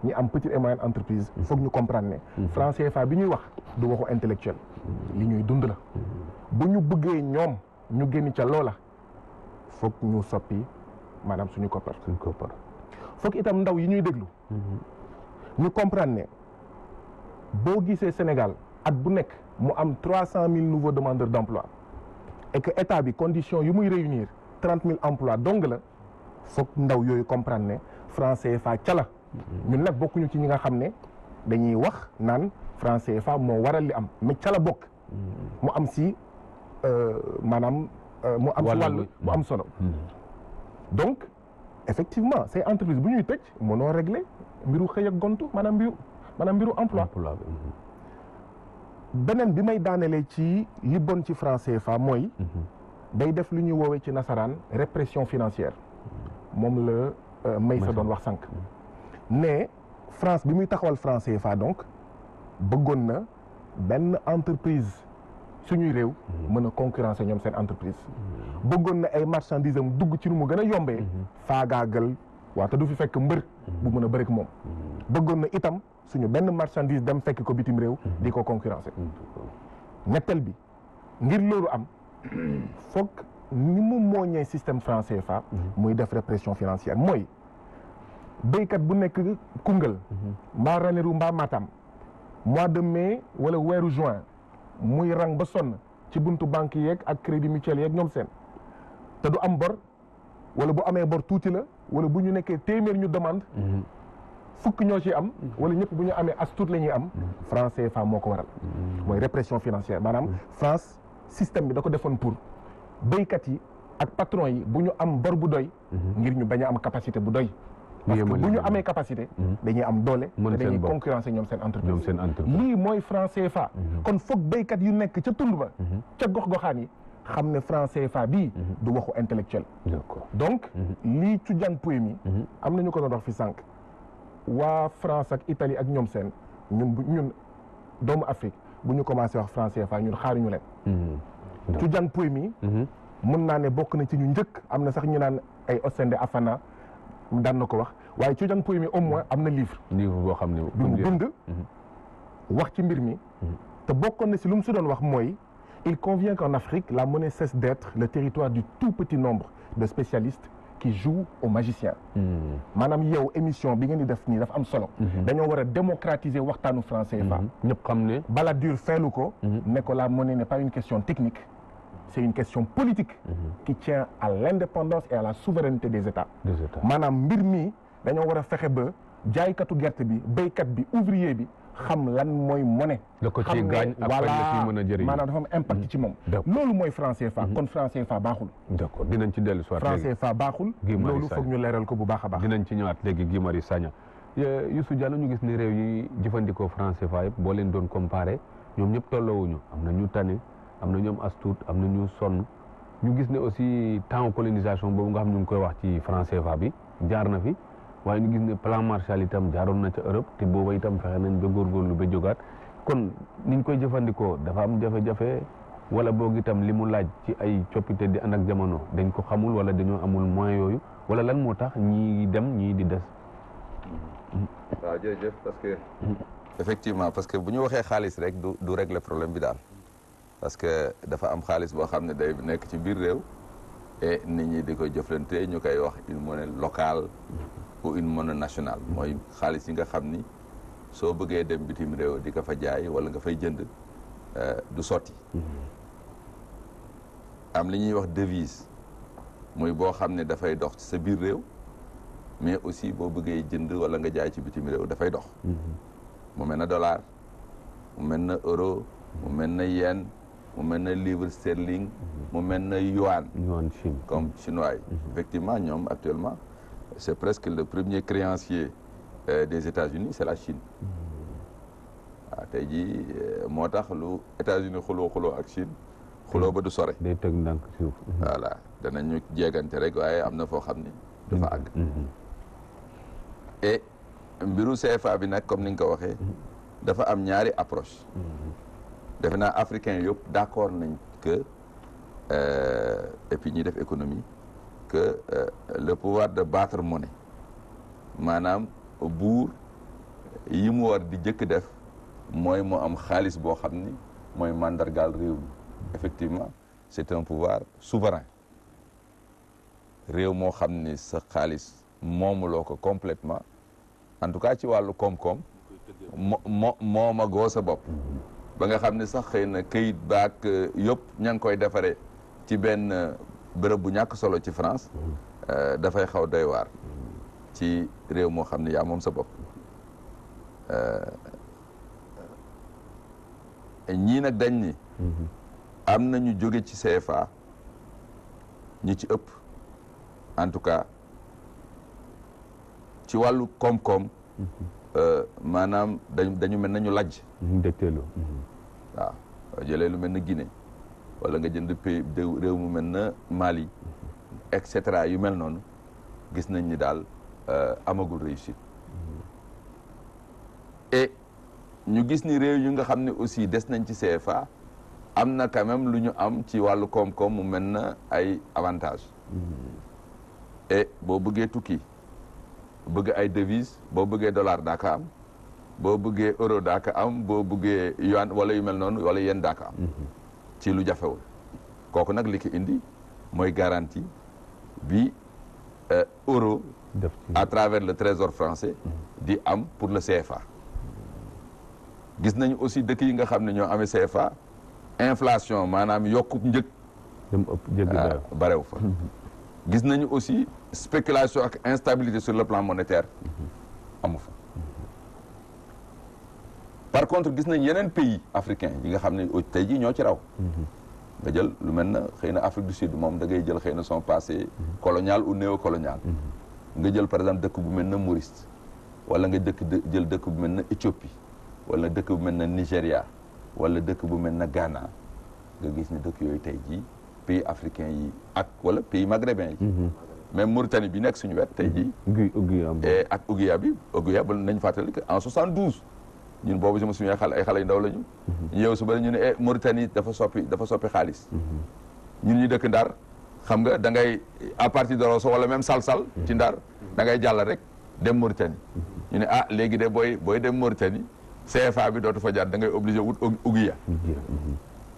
ñi am petite et moyenne entreprise foog ñu comprendre ne mm-hmm. franc CFA bi ñuy wax du waxu intellectuel mm-hmm. li ñuy dund la mm-hmm. bu ñu buggee ñoom ñu génn ca loola foog ñu soppi maanaam suñu koppar suñu koppar itam ndaw yi ñuy déglu ñu comprendre ne boo gisee Sénégal at bu nekk mu am trois cent mille nouveaux demandeurs d'emploi et état bi condition yu muy réunir trente mille emplois dong la foog ndaw yooyu comprendre ne franc CFA ca la mm-hmm. ñun nag bokkuñu ci ñi nga xam ne dañuy wax naan français CFA moo waral li am mais cala bokk mm-hmm. mu am si euh, maanaam euh, mu am si am solo mm-hmm. donc effectivement ces entreprises bu ñuy tëj mënoo régler mbiru xëy ak gontu maanaam mbiru maanaam mbiru emploi beneen bi may daanelee ci li bon ci franc CFA mooy. Mhm. day def lu ñuy woowee ci nasaraan répression financière moom la may euh, Maysa doon wax sànq. Mhm. ne France bi muy taxawal franc faa donc bëggoon na benn entreprise suñuy réew. Mhm. mën a concurrencer ñoom seen entreprise. bëggoon na ay marchandises am dugg ci lu mu gën a yombee. faagaagal. waaw te du fi fekk mbër bu mën a bëri ak moom mm-hmm. bëggoon na itam suñu benn marchandise dem fekk ko bitim réew mm-hmm. di ko concurrencer mm-hmm. ñetteel bi ngir loolu am foog ni mu mooñee système franc CFA muy def répression financière mooy béykat bu nekk Koungheul mbaa Ranérou mbaa Matam mois de mai wala weeru juin muy rang ba sonn ci buntu banque yeeg ak crédit mutuel yeeg ñoom seen te du am bor wala bu amee bor tuuti la wala bu ñu nekkee téeméer ñu demande mhm. fukk ñoo ci am mhm. wala ñëpp bu ñu amee as tuut la ñuy am mhm. franc CFA moo ko waral mooy répression financière maanaam France système bi da ko defoon pour béykat yi ak patron yi bu ñu am bor bu doy ngir ñu bañ a am capacité bu doy parce que bu ñu amee capacité dañuy am doole te dañuy concurrencer ñoom seen entreprise lii mooy franc CFA kon foog béykat yu nekk ca tund ba ca gox goxaan yi xam ne franc CFA bi mhm. du waxu intellectuel donc mhm. lii ci jan poé mi am nañu ko doon wax fi sànq waa France ak ak ñoom seen ñun bu ñun doomu bu ñu commencé wax franc CFA ñun xaaruñu leen mhm. ci jan poé mi naa ne bokk na ci ñu njëkk am na sax ñu naan ay Ossendé Afana daan na ko wax waaye ci jan poé mi au moins am na livre livre boo xam ne bu mu bind wax ci mbir mi te bokkoon na si lu si doon wax mooy Il convient qu'en Afrique, la monnaie cesse d'être le territoire du tout petit nombre de spécialistes qui jouent aux magiciens. Hmm. maanaam yow émission bi ngeen di def nii dafa am solo. Hmm. dañoo war a démocratiser waxtaanu français fa. Hmm. ñëpp xam ne bala ko. ne ko la monnaie n'est pas une question technique. c'est une question politique. qui tient à l'indépendance et à la souveraineté des États. des États maanaam mbir mi dañoo war a fexe ba jaaykatu gerte bi béykat bi ouvrier bi. xam lan mooy monnaie. la ko ciy gaañ ak na la ciy mën a jëriñ maanaam dafa am impact ci moom. loolu mooy franc CFA mhm. kon franc CFA baaxul. d'accord dinañ ci dellu soir franc CFA baaxul. loolu foog ñu leeral ko bu baax bax baax. dinañ ci ñëwaat léegi Guy Marius Sagna. Youssou Diallo ñu gis ne réew yi jëfandikoo franc CFA yëpp boo leen doon comparé ñoom ñëpp tolloowuñu am na ñu tane am na ñoom astuut am na ñu sonn ñu gis ne aussi temps colonisation boobu nga xam ñu ngi koy wax ci franc bi jaar na fi waaye ñu gis ne plan Marshall itam jaaroon na ca Europe te booba itam fexe nañ ba góorgóorlu ba jógaat kon niñ koy jëfandikoo dafa am jafe-jafe wala boog itam li mu laaj ci ay coppite di ànd ak jamono dañ ko xamul wala dañoo amul moyens yooyu wala lan moo tax ñii dem ñii di des. waaw parce que. effectivement parce que bu ñu waxee xaalis rek du du problème bi daal parce que dafa am xaalis boo xam ne day nekk ci biir réew e nit ñi di ko jëflante ñu koy wax une monnaie ko une monnaie national mooy xaalis yi nga xam ni soo bëggee dem bitim réew di ko fa jaay wala nga fay jënd euh, du sotti mm-hmm. am li ñuy wax devise muy boo xam ne dafay dox ci sa biir réew mais aussi boo bëggee jënd wala nga jaay ci bitim réew dafay dox mm-hmm. mu mel na dollar mu mel na euro mu mel na yen mu mel na livre sterling mm-hmm. mu mel na yuan yuan Chine comme chinois effectivement ñoom actuellement c'est presque le premier créancier euh, des États-Unis c'est la Chine waaw hmm. ah, tey jii euh, moo tax lu États-Unis xuloo xuloo ak Chine xuloo ba du sore. Hmm. day teg ndànk suuf. Hmm. voilà danañu jéegante rek waaye am na foo xam ni. du fa àgg. et mbiru CFA bi nag comme ni nga ko waxee. dafa am ñaari approche defe naa africain yëpp d'accord nañ que euh, et puis def économie. que euh, le pouvoir de battre monnaie maanaam buur yi mu war di jëkk def mooy mu am xaalis boo xam ni mooy màndargaal réew mi effectivement c'est un pouvoir souverain réew moo xam ni sa xaalis moomuloo ko complètement en tout cas ci wàllu koom-koom mo mo moom a goo sa bopp ba nga xam ni sax xëy na këyit baak euh, yëpp ña ngi koy defaree ci benn euh, bërëb bu ñàkk solo ci France mm-hmm. euh, dafay xaw doy waar ci réew moo xam ne yaa moom sa bopp euh, ñii nag dañ ni mm-hmm. am na ñu jóge ci CFA ñu ci ëpp en tout cas ci wàllu koom-koom mm-hmm. euh, maanaam dañu dañu mel nañu lajj. ñu dëgteeloo jëlee lu mel ne Guinée wala nga jënd pays réew mu mel na Mali et cetera yu mel noonu gis nañ ni daal euh, amagul réussite et ñu gis ni réew yu nga xam ne aussi des nañ ci CFA am na quand lu ñu am ci wàllu koom-koom mu mel na ay avantages et boo bëggee tukki bëgg ay devises boo bëggee dollar daa ka am boo bëggee euro daa ka am boo bëggee yuan wala yu mel noonu wala yen daa ka am ci lu jafewul kooku nag li ko indi mooy garantie bi euh, euro à travers le trésor français di am pour le CFA gis nañu aussi dëkk yi nga xam ne ñoo amee CFA inflation maanaam yokkub njëg euh, barew fa mhm. gis nañu aussi spéculation ak instabilité sur le plan monétaire amu fa par contre gis nañ yeneen pays africain yi nga xam ne tey jii ñoo ci raw mhm. nga jël lu mel na xëy na Afrique du Sud moom da jël xëy na son passé mhm. colonial ou néocolonial mhm. nga jël par exemple dëkk bu mel na Maurice wala nga dëkk jël dëkk bu mel na Éthiopie wala dëkk bu mel na Nigéria wala dëkk bu mel na Ghana nga gis ne dëkk yooyu tey jii pays africain yi ak wala pays maghrébin yi même Mauritanie bi nekk suñu wet tey jii ak Ouguiya bi Ouguiya ba nañ fàttali que en 72 ñun boobu je me souviens xale ay xale yu ndaw lañu. yow mm-hmm. su ba ñu ne eh Mauritanie dafa soppi dafa soppi xaalis. Mm-hmm. ñun ñu dëkk Ndar xam nga da ngay à partir de Rosso wala même Sal Sal ci mm-hmm. Ndar da ngay jàll rek dem Mauritanie. ñu ne ah léegi de booy booy dem Mauritanie CFA bi dootu fa jaar da ngay obligé wut Ouguiya.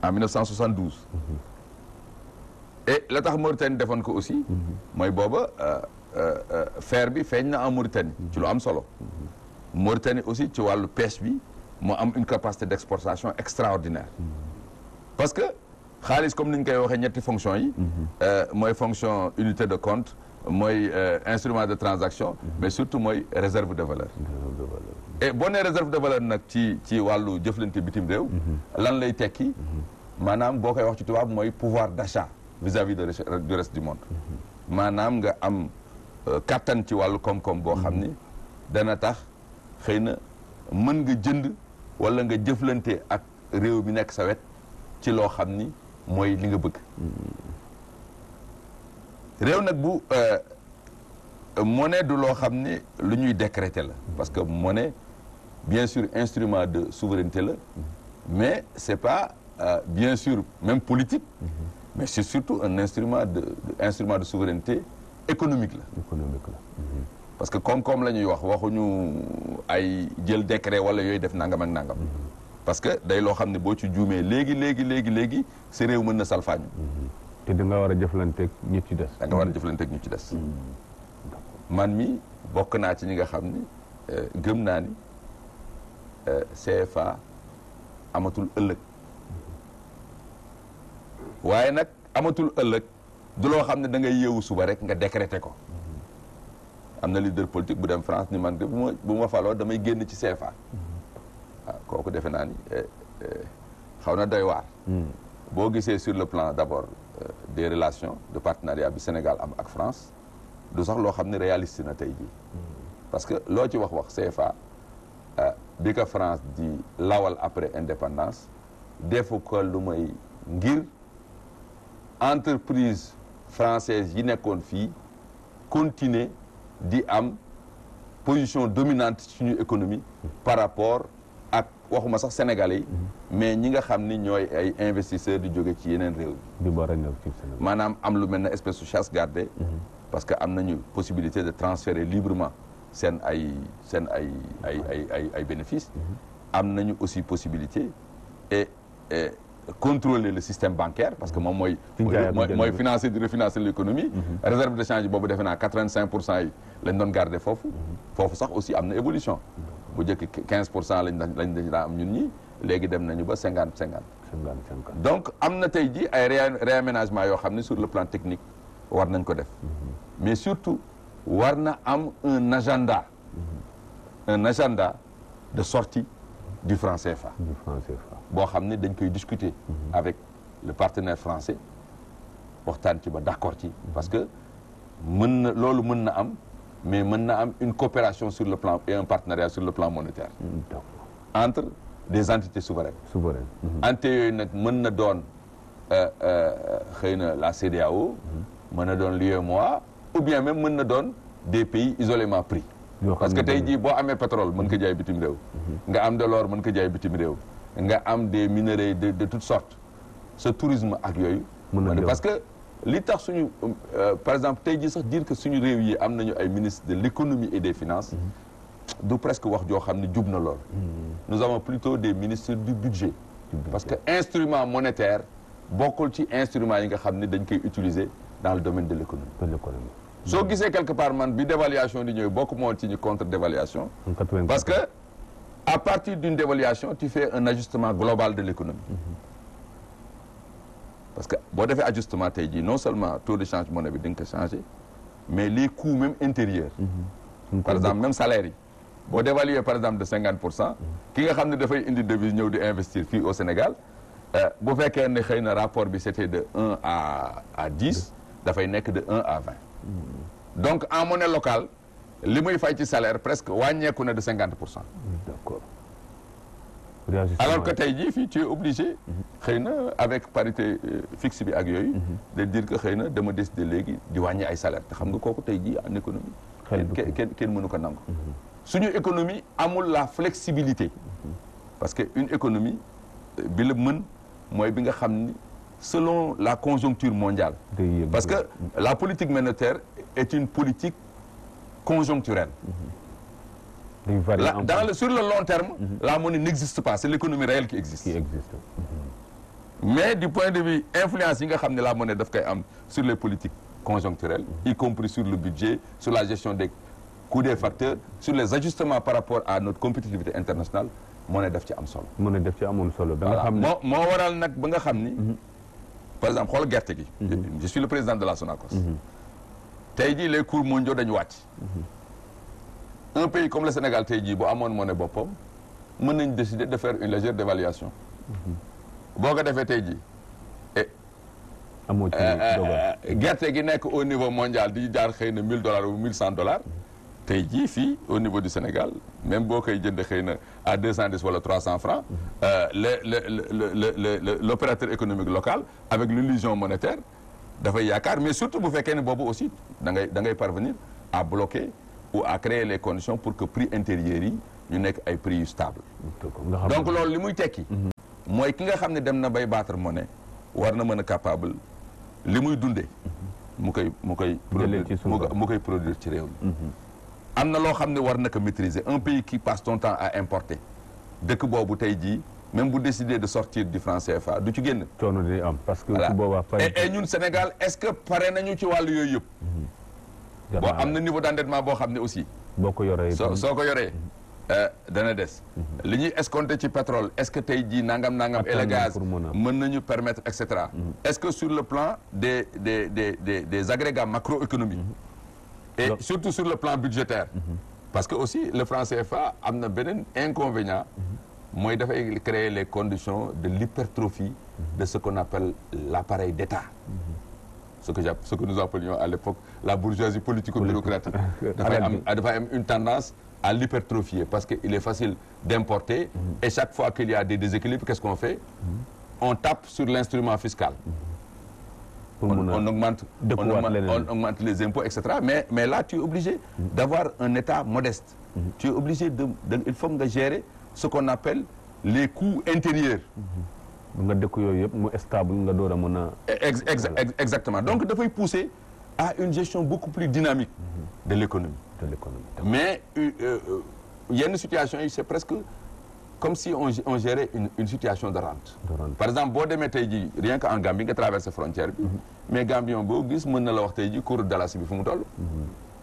en 1972. et la tax Mauritanie defoon ko aussi. mooy booba euh, euh, euh, fer bi feeñ na en Mauritanie. ci lu am solo. Mauritanie aussi ci wàllu pêche bi mu am une capacité d' exportation extraordinaire parce que xaalis comme ni ñu koy waxee ñetti fonction yi euh, mooy fonction unité de compte mooy euh, instrument de transaction mais surtout mooy réserve de valeur et boo nee réserve de valeur nag ci ci wàllu jëflante bitim réew lan lay tekki maanaam boo koy wax ci tubaab mooy pouvoir d' achat vis-à-vis du reste du monde maanaam nga am euh, kattan ci wàllu koom-koom boo xam ni dana tax xëy na mën nga jënd wala nga jëflante ak réew mi nekk sa wet ci loo xam ni mooy li nga bëgg réew nag bu euh, monnaie du loo xam ni lu ñuy décréter la parce que monnaie bien sur instrument de souveraineté la mais c'est pas euh, bien sur même politique mais c'est surtout un instrument de, de instrument de souveraineté économique économique la parce que koom-koom la ñuy wax waxuñu ay jël décret wala yooyu def nangam ak nangam. parce que day loo xam ne boo ci juumee léegi léegi léegi léegi sa réew mën na salfaañu. te da nga war a jëflanteek ñu ci des. da nga war a jëflanteeg ñu ci des. man mi bokk naa ci ni nga xam ni euh, gëm naa ni euh, CFA amatul ëllëg waaye nag amatul ëllëg du loo xam ne da ngay yeewu suba rek nga décréter ko. am na leader politique bu dem France ni man de bu ma bu ma faloo damay génn ci CFA. waaw mhm. ah, kooku defe naa ni eh, eh, xaw na doy waar. Mhm. boo gisee sur le plan d' abord euh, des de partenariat bi Sénégal am ak France du sax loo xam ne réaliste na tey jii. Mhm. parce que loo ci wax wax CFA euh, bi ko France di lawal après indépendance defu ko lu may ngir entreprise française yi nekkoon fii continuer. di am position dominante suñu économie par rapport ak waxuma sax sénégalais yi mais ñi nga xam ni ñooy ay investisseurs di jóge ci yeneen réew bi maanaam am lu mel ne espèce de chasse gardée mhm. parce que am nañu possibilité de transférer librement seen ay seen ay ay ay ay ay bénéfices mhm. am nañu aussi possibilité et contrôler le système bancaire parce que moom mooy mooy financer di refinancer l'économie mm-hmm. réserve de change boobu defe naa quatre-vingt-cinq pour cent yi lañ doon garder foofu mm-hmm. foofu sax am na évolution bu njëkk quinze pour cent lañ lañ dañ daa am ñu ñi léegi dem nañu ba cinquante cinquante donc am na tey ji ay réaménagement yoo xam ne sur le plan technique war nañ ko def mm-hmm. mais surtout war na am un agenda de sortie du franc CFA du boo xam ne dañ koy discuter mhm. avec le partenaire français waxtaan ci ba d'accord ci mhm. parce que mën na loolu mën na am mais mën na am une coopération sur le plan et un partenariat sur le plan monétaire mhm, entre des entités souveraines souveraines entités yooyu nag mën na doon euh, euh, xëy na la CEDEAO mën na doon l'UEMOA ou bien même mën na doon des pays isolément pris parce que tey jii bo amee pétrole mën ko jaay bitim réew nga am de mën ko jaay bitim réew nga am des minerais de de toutes sortes ce tourisme ak yooyu. parce que li tax suñu euh, par exemple tey jii sax dire que suñu réew yi am nañu ay ministre de l'économie et des finances. Mm-hmm. du presque wax joo xam ne jub na lool. Mm-hmm. nous avons plutôt des ministres du budget. parce que instrument monétaire bokkul ci instrument yi nga xam ne dañ koy utiliser dans le domaine de l'économie. de l'économie. soo gisee quelque part man bi dévaluation di ñëw bokk moo ci ñu contre dévaluation. parce à partir d'une dévaluation ti fais un ajustement global de l'économie parce que boo defee ajustement tey jii non seulement taux de change monnaie bi di nga ko mais les coûts même intérieurs mm-hmm. par exemple même salaire yi boo dévaluer par exemple de cinquante pour cent ki nga xam ne dafay indi devise ñëw di investir fii au Sénégal euh, bu fekkee ne xëy na rapport bi c'était de un à à dix dafay nekk de un à vingt mm-hmm. donc en monnaie locale li may fay ci salaire presque wàññeeku na de cinquante pour cent. d'accord. alors que tey jii fii tu es obligé. xëy na avec parité euh, fixe bi ak yooyu. Mhm. de dire que xëy na dama décider léegi di wàññi ay salaire te xam nga kooku tey jii en économie. kenn kenn kenn mënu ko nangu. Mhm. suñu économie amul la flexibilité. Mhm. parce que une économie euh, bi la mën mooy bi nga xam ni selon la conjoncture mondiale. parce que la politique monétaire est une politique. conjoncturelle. La, dans le, sur le long terme, mm-hmm. la monnaie n'existe pas, c'est l'économie réelle qui existe. Qui existe. Mm-hmm. Mais du point de vue influence, la monnaie sur les politiques conjoncturelles, mm -hmm. y compris sur le budget, sur la gestion des coûts des facteurs, sur les ajustements par rapport à notre compétitivité internationale, monnaie daf ci am solo. monnaie daf ci amoon solo. ba nga xam ne moo moo waral nag ba nga xam ni. Mm-hmm. par exemple gerte gi. je suis le la Sonacos. tey jii les cours mondiaux dañu wàcc un pays comme le Sénégal tey jii boo amoon monnaie boppam mën nañ décider de faire une légère dévaluation boo ko defee tey jii eh, amoo ci eh, eh, gerte gi nekk au niveau mondial di jaar xëy na 1000 dollars ou 1100 dollars tey jii fii au niveau du Sénégal même boo koy jënd xëy na à 210 wala 300 francs euh, le le le le le le l'opérateur économique local avec l'illusion monétaire dafay yaakaar mais surtout bu fekkee ne boobu aussi dangay ngay da ngay parvenir à bloquer ou à créer les conditions pour que prix intérieurs yi ñu nekk ay prix yu stable donc loolu li muy tekki mooy ki nga xam ne dem na bay battre monnaie war na mën a capable li muy dundee mu koy mu koy mu koy produire ci réew mi am na loo xam ne war na ko maîtriser un pays qui passe son temps à importer dëkk boobu tey jii même bu décider de sortir du franc CFA du ci génn. coono di am parce que. su boobaa et ñun Sénégal est-ce pare nañu ci wàllu yooyu yëpp. Mm-hmm. boo am na niveau d'endettement boo xam ne aussi. boo ko yoree soo soo ko yoree. Mm-hmm. Euh, dana des. Mm-hmm. li ñuy escompté ci pétrole est-ce que tey jii nangam nangam. et le gaz mën nañu permettre et cetera. est-ce que sur le plan des des des des des agrégats macroéconomiques. et surtout sur le plan budgétaire. parce que aussi le franc fa am na beneen inconvénient. mooy dafay créer les conditions de l'hypertrophie de ce qu'on appelle l'appareil d'État ce que ce que nous appelions à l'époque la bourgeoisie politico-bureaucratique ah, dafay une tendance à l'hypertrophier parce que il est facile d'importer mm-hmm. et chaque fois qu'il y a des déséquilibres qu'est-ce qu'on fait mm-hmm. on tape sur l'instrument fiscal mm-hmm. on, on augmente on augmente, on augmente les impôts etc mais mais là tu es obligé d'avoir un État modeste tu es obligé de, de il faut nga gérer ce qu'on appelle les coûts intérieurs. Mm-hmm. nga dëkk yooyu yëpp mu stable nga door a mën a. exactement donc dafay pousser à une gestion beaucoup plus dynamique. Mm-hmm. de l'économie. de l'économie mais euh, euh, euh, yenn situation yi c'est presque comme si on on gérait une une situation de rente. par exemple boo demee tey jii rien que en Gambie nga traversé frontière bi. Mm-hmm. mais Gambien boo gis mën na la wax ji jii cours dalasi bi fu mu toll.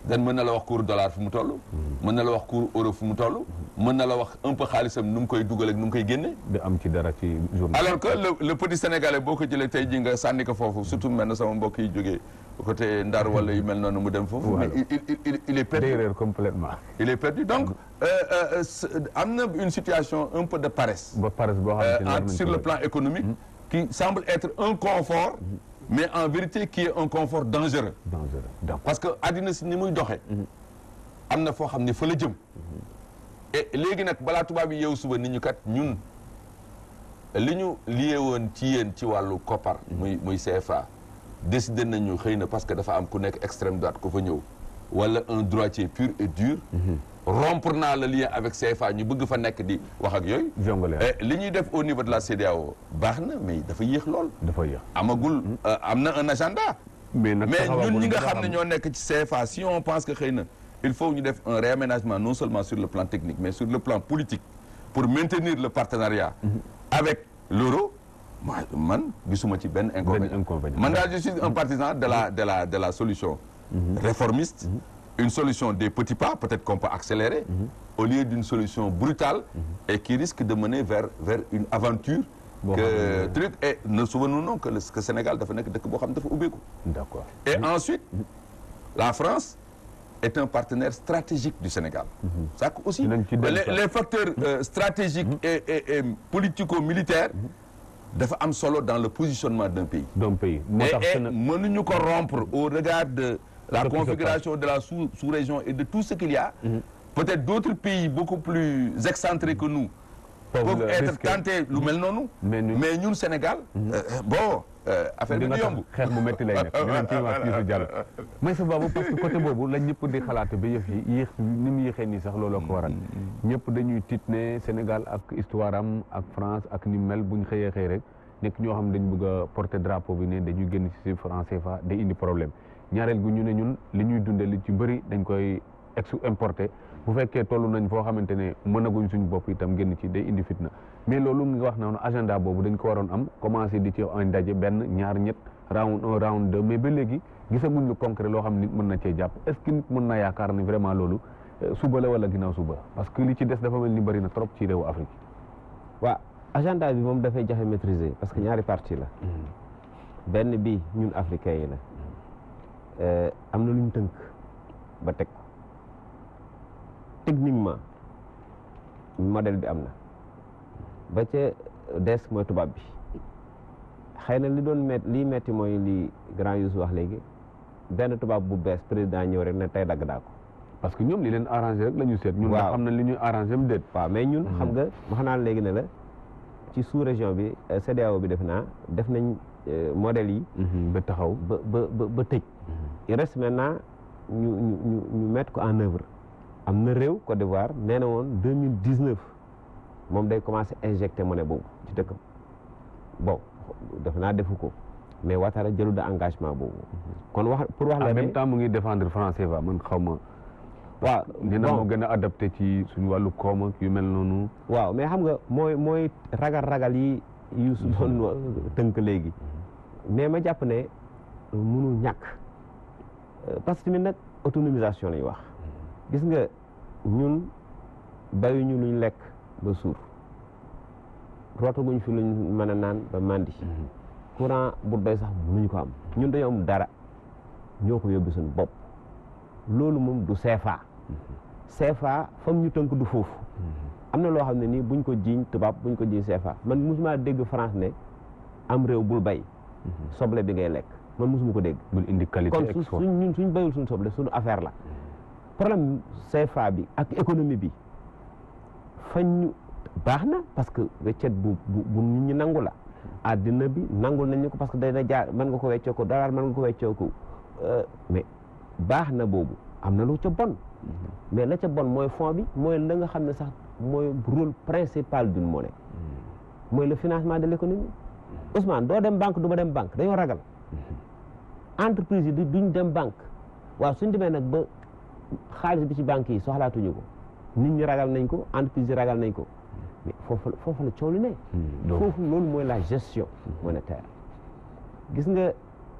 gan mën na la wax cours dollar fu mu toll mën na la wax cours euro fu mu toll mën na la wax un peu xaalisam nu mu koy dugal ak nu mu koy génne am ci dara ci alors que le, le petit sénégalais boo ko jëlee tey ji nga sànni ko foofu surtout mel na sama mbokk yi jógee côté Ndar wala yu mel noonu mu dem foofu mais il, il, il, il est perdu donc mm. euh, euh, euh, am na une situation un peu de paresse ba paresse boo xam ne sur le plan économique mm. qui semble être un confort mm. mais en vérité qui est un confort dangereux. dangereux donc parce que àddina si ni muy doxee. am na foo xam ne fa la jëm. e léegi nag balaa tubaab yi yeewu suba nit ñu kat ñun li ñu lié woon ci yéen ci wàllu koppar. Mm-hmm. muy muy CFA. décidé nañu xëy na parce que dafa am ku nekk extrême droite ku fa ñëw. wala un droitier pur et dur. Mm-hmm. rompre naa le lien avec CFA ñu bëgg fa nekk di wax ak yooyu. Eh, li ñuy def au niveau de la CEDEAO baax na mais dafa yéex lool. dafa yéex amagul hmm. euh, am na un agenda. mais ñun ñi nga xam ne ñoo nekk ci CFA si on pense que xëy na il faut ñu def un réaménagement non seulement sur le plan technique mais sur le plan politique pour maintenir le partenariat. Hmm. avec l'euro man gisuma ci benn inconvénient man daal je un partisan de la de la de la solution. Hmm. réformiste. une solution des petits pas peut-être qu'on peut accélérer mhm. au lieu d'une solution brutale mm -hmm. et qui risque de mener vers vers une aventure bon, que truc euh... et ne souvenons-nous que le que Sénégal dafa nekk dëkk boo xam dafa ubbeeku d'accord et oui. Mhm. ensuite mhm. la France est un partenaire stratégique du Sénégal mm -hmm. ça aussi les, les facteurs euh, et, et, et politico-militaires dafa am solo dans le positionnement d'un pays d'un pays et mënuñu au regard de la configuration de la sous sous-région et de tout ce qu'il y a. Mm -hmm. peut-être d'autres pays beaucoup plus excentrés que nous. peuvent être tentés lu mel noonu. mais ñun Sénégal. Mhm. Euh, euh, bon euh, affaire bi du yomb xel mu métti lay nekk ñu leen ciy wax mais sa boobu parce que côté boobu la ñëpp di xalaat ba yëf yi yéex ni mu yéexee nii sax looloo ko waral. Mhm. ñëpp dañuy tiit ne Sénégal ak histoire am ak France ak ni mel buñ xëyee xëy rek nekk ñoo xam dañ bëgg porté porter drapeau bi ne dañuy génn ci franc day indi problème. ñaareel gu ñu ne ñun li ñuy dundee li ci bëri dañ koy exu importé bu fekkee tollu nañ foo xamante ne mënaguñ suñu bopp itam génn ci de indi fitna mais loolu nga wax noonu agenda boobu dañ ko waroon am commencé di ci ay ndaje benn ñaar ñett round un round deux mais ba léegi gisaguñ lu concret loo xam nit mën na cee jàpp est-ce que nit mën na yaakaar ni vraiment loolu euh, suba la wala ginnaaw suba parce que li ci des defa mel ni bëri na trop ci réewu Afrique. waaw agenda bi moom dafay jafe maîtriser parce ñaari parti la. Hmm. benn bi ñun africain yi la. am na lu ñu tënk ba teg ko techniquement modèle bi am na ba ce des mooy tubaab bi xëy na li doon met liy metti mooy li grand Youssou wax léegi benn tubaab bu bees président ñëw rek ne tey dagg daa ko. parce que ñoom li leen arrangé rek la ñu seet. ñun nga xam na li ñuy arrangé mu déet. waaw mais ñun xam hmm. nga wax naan léegi na la ci sous région bi euh, CEDEAO bi def naa def nañ euh, modèles yi. Hmm, ba taxaw ba ba ba tëj. Hmm. il reste ñu met ko en œuvre am na réew Côte d'Ivoire nee na woon deux mille dix neuf moom day commencé injecté monnaie boobu ci dëkkam bon defe naa defu ko mais Ouattara jëlu da engagement boobu. kon wax pour wax la en même temps mu ngi défendre franc CFA mun xaw ma. waaw nee na gën a adapté ci suñu wàllu koom yu mel noonu. waaw mais xam nga mooy mooy ragal ragal yi yu su doon tënk léegi mhm. mais ma jàpp ne mënul ñàkk. Euh, parce que tamit nag autonomisation la wax gis nga ñun bayuñu luñ lekk ba suur rootaguñ fi luñ mën a naan ba màndi mhm. courant bu doy sax mënuñu ko am ñun dañoo am dara ñoo ko yóbbu suñu bopp loolu moom du CFA mhm. CFA fam ñu tënk du foofu mhm. am na loo xam ne nii buñ ko jiiñ tubaab buñ ko jiiñ CFA man mosuma dégg France ne am réew bul bay soble bi ngay lekk man mosuma ko dégg. bul indi qualité kon suñ ñun suñ béyul suñu soble suñu affaire la hmm. problème CFA bi ak économie bi fañ ñu baax na parce que weccet bu bu ñi nangu la. Hmm. àddina bi nangul nañu ko parce que na jaar mën ko weccoo ko dollar nga ko weccoo euh, mais baax na boobu am na lu ca bon. Hmm. mais la ca bon mooy fond bi mooy la nga xam ne sax mooy rôle principal d'une monnaie. mooy le financement de l'économie. Ousmane doo dem banque du ma dem banque dañoo ragal. entreprise yi duñ dem banque waaw suñ demee nag ba xaalis bi ci banque yi soxlaatuñu ko nit ñi ragal nañ ko entreprise yi ragal nañ ko foofu foofu la coow lu ne hmm, foofu loolu mooy la gestion hmm. monétaire gis nga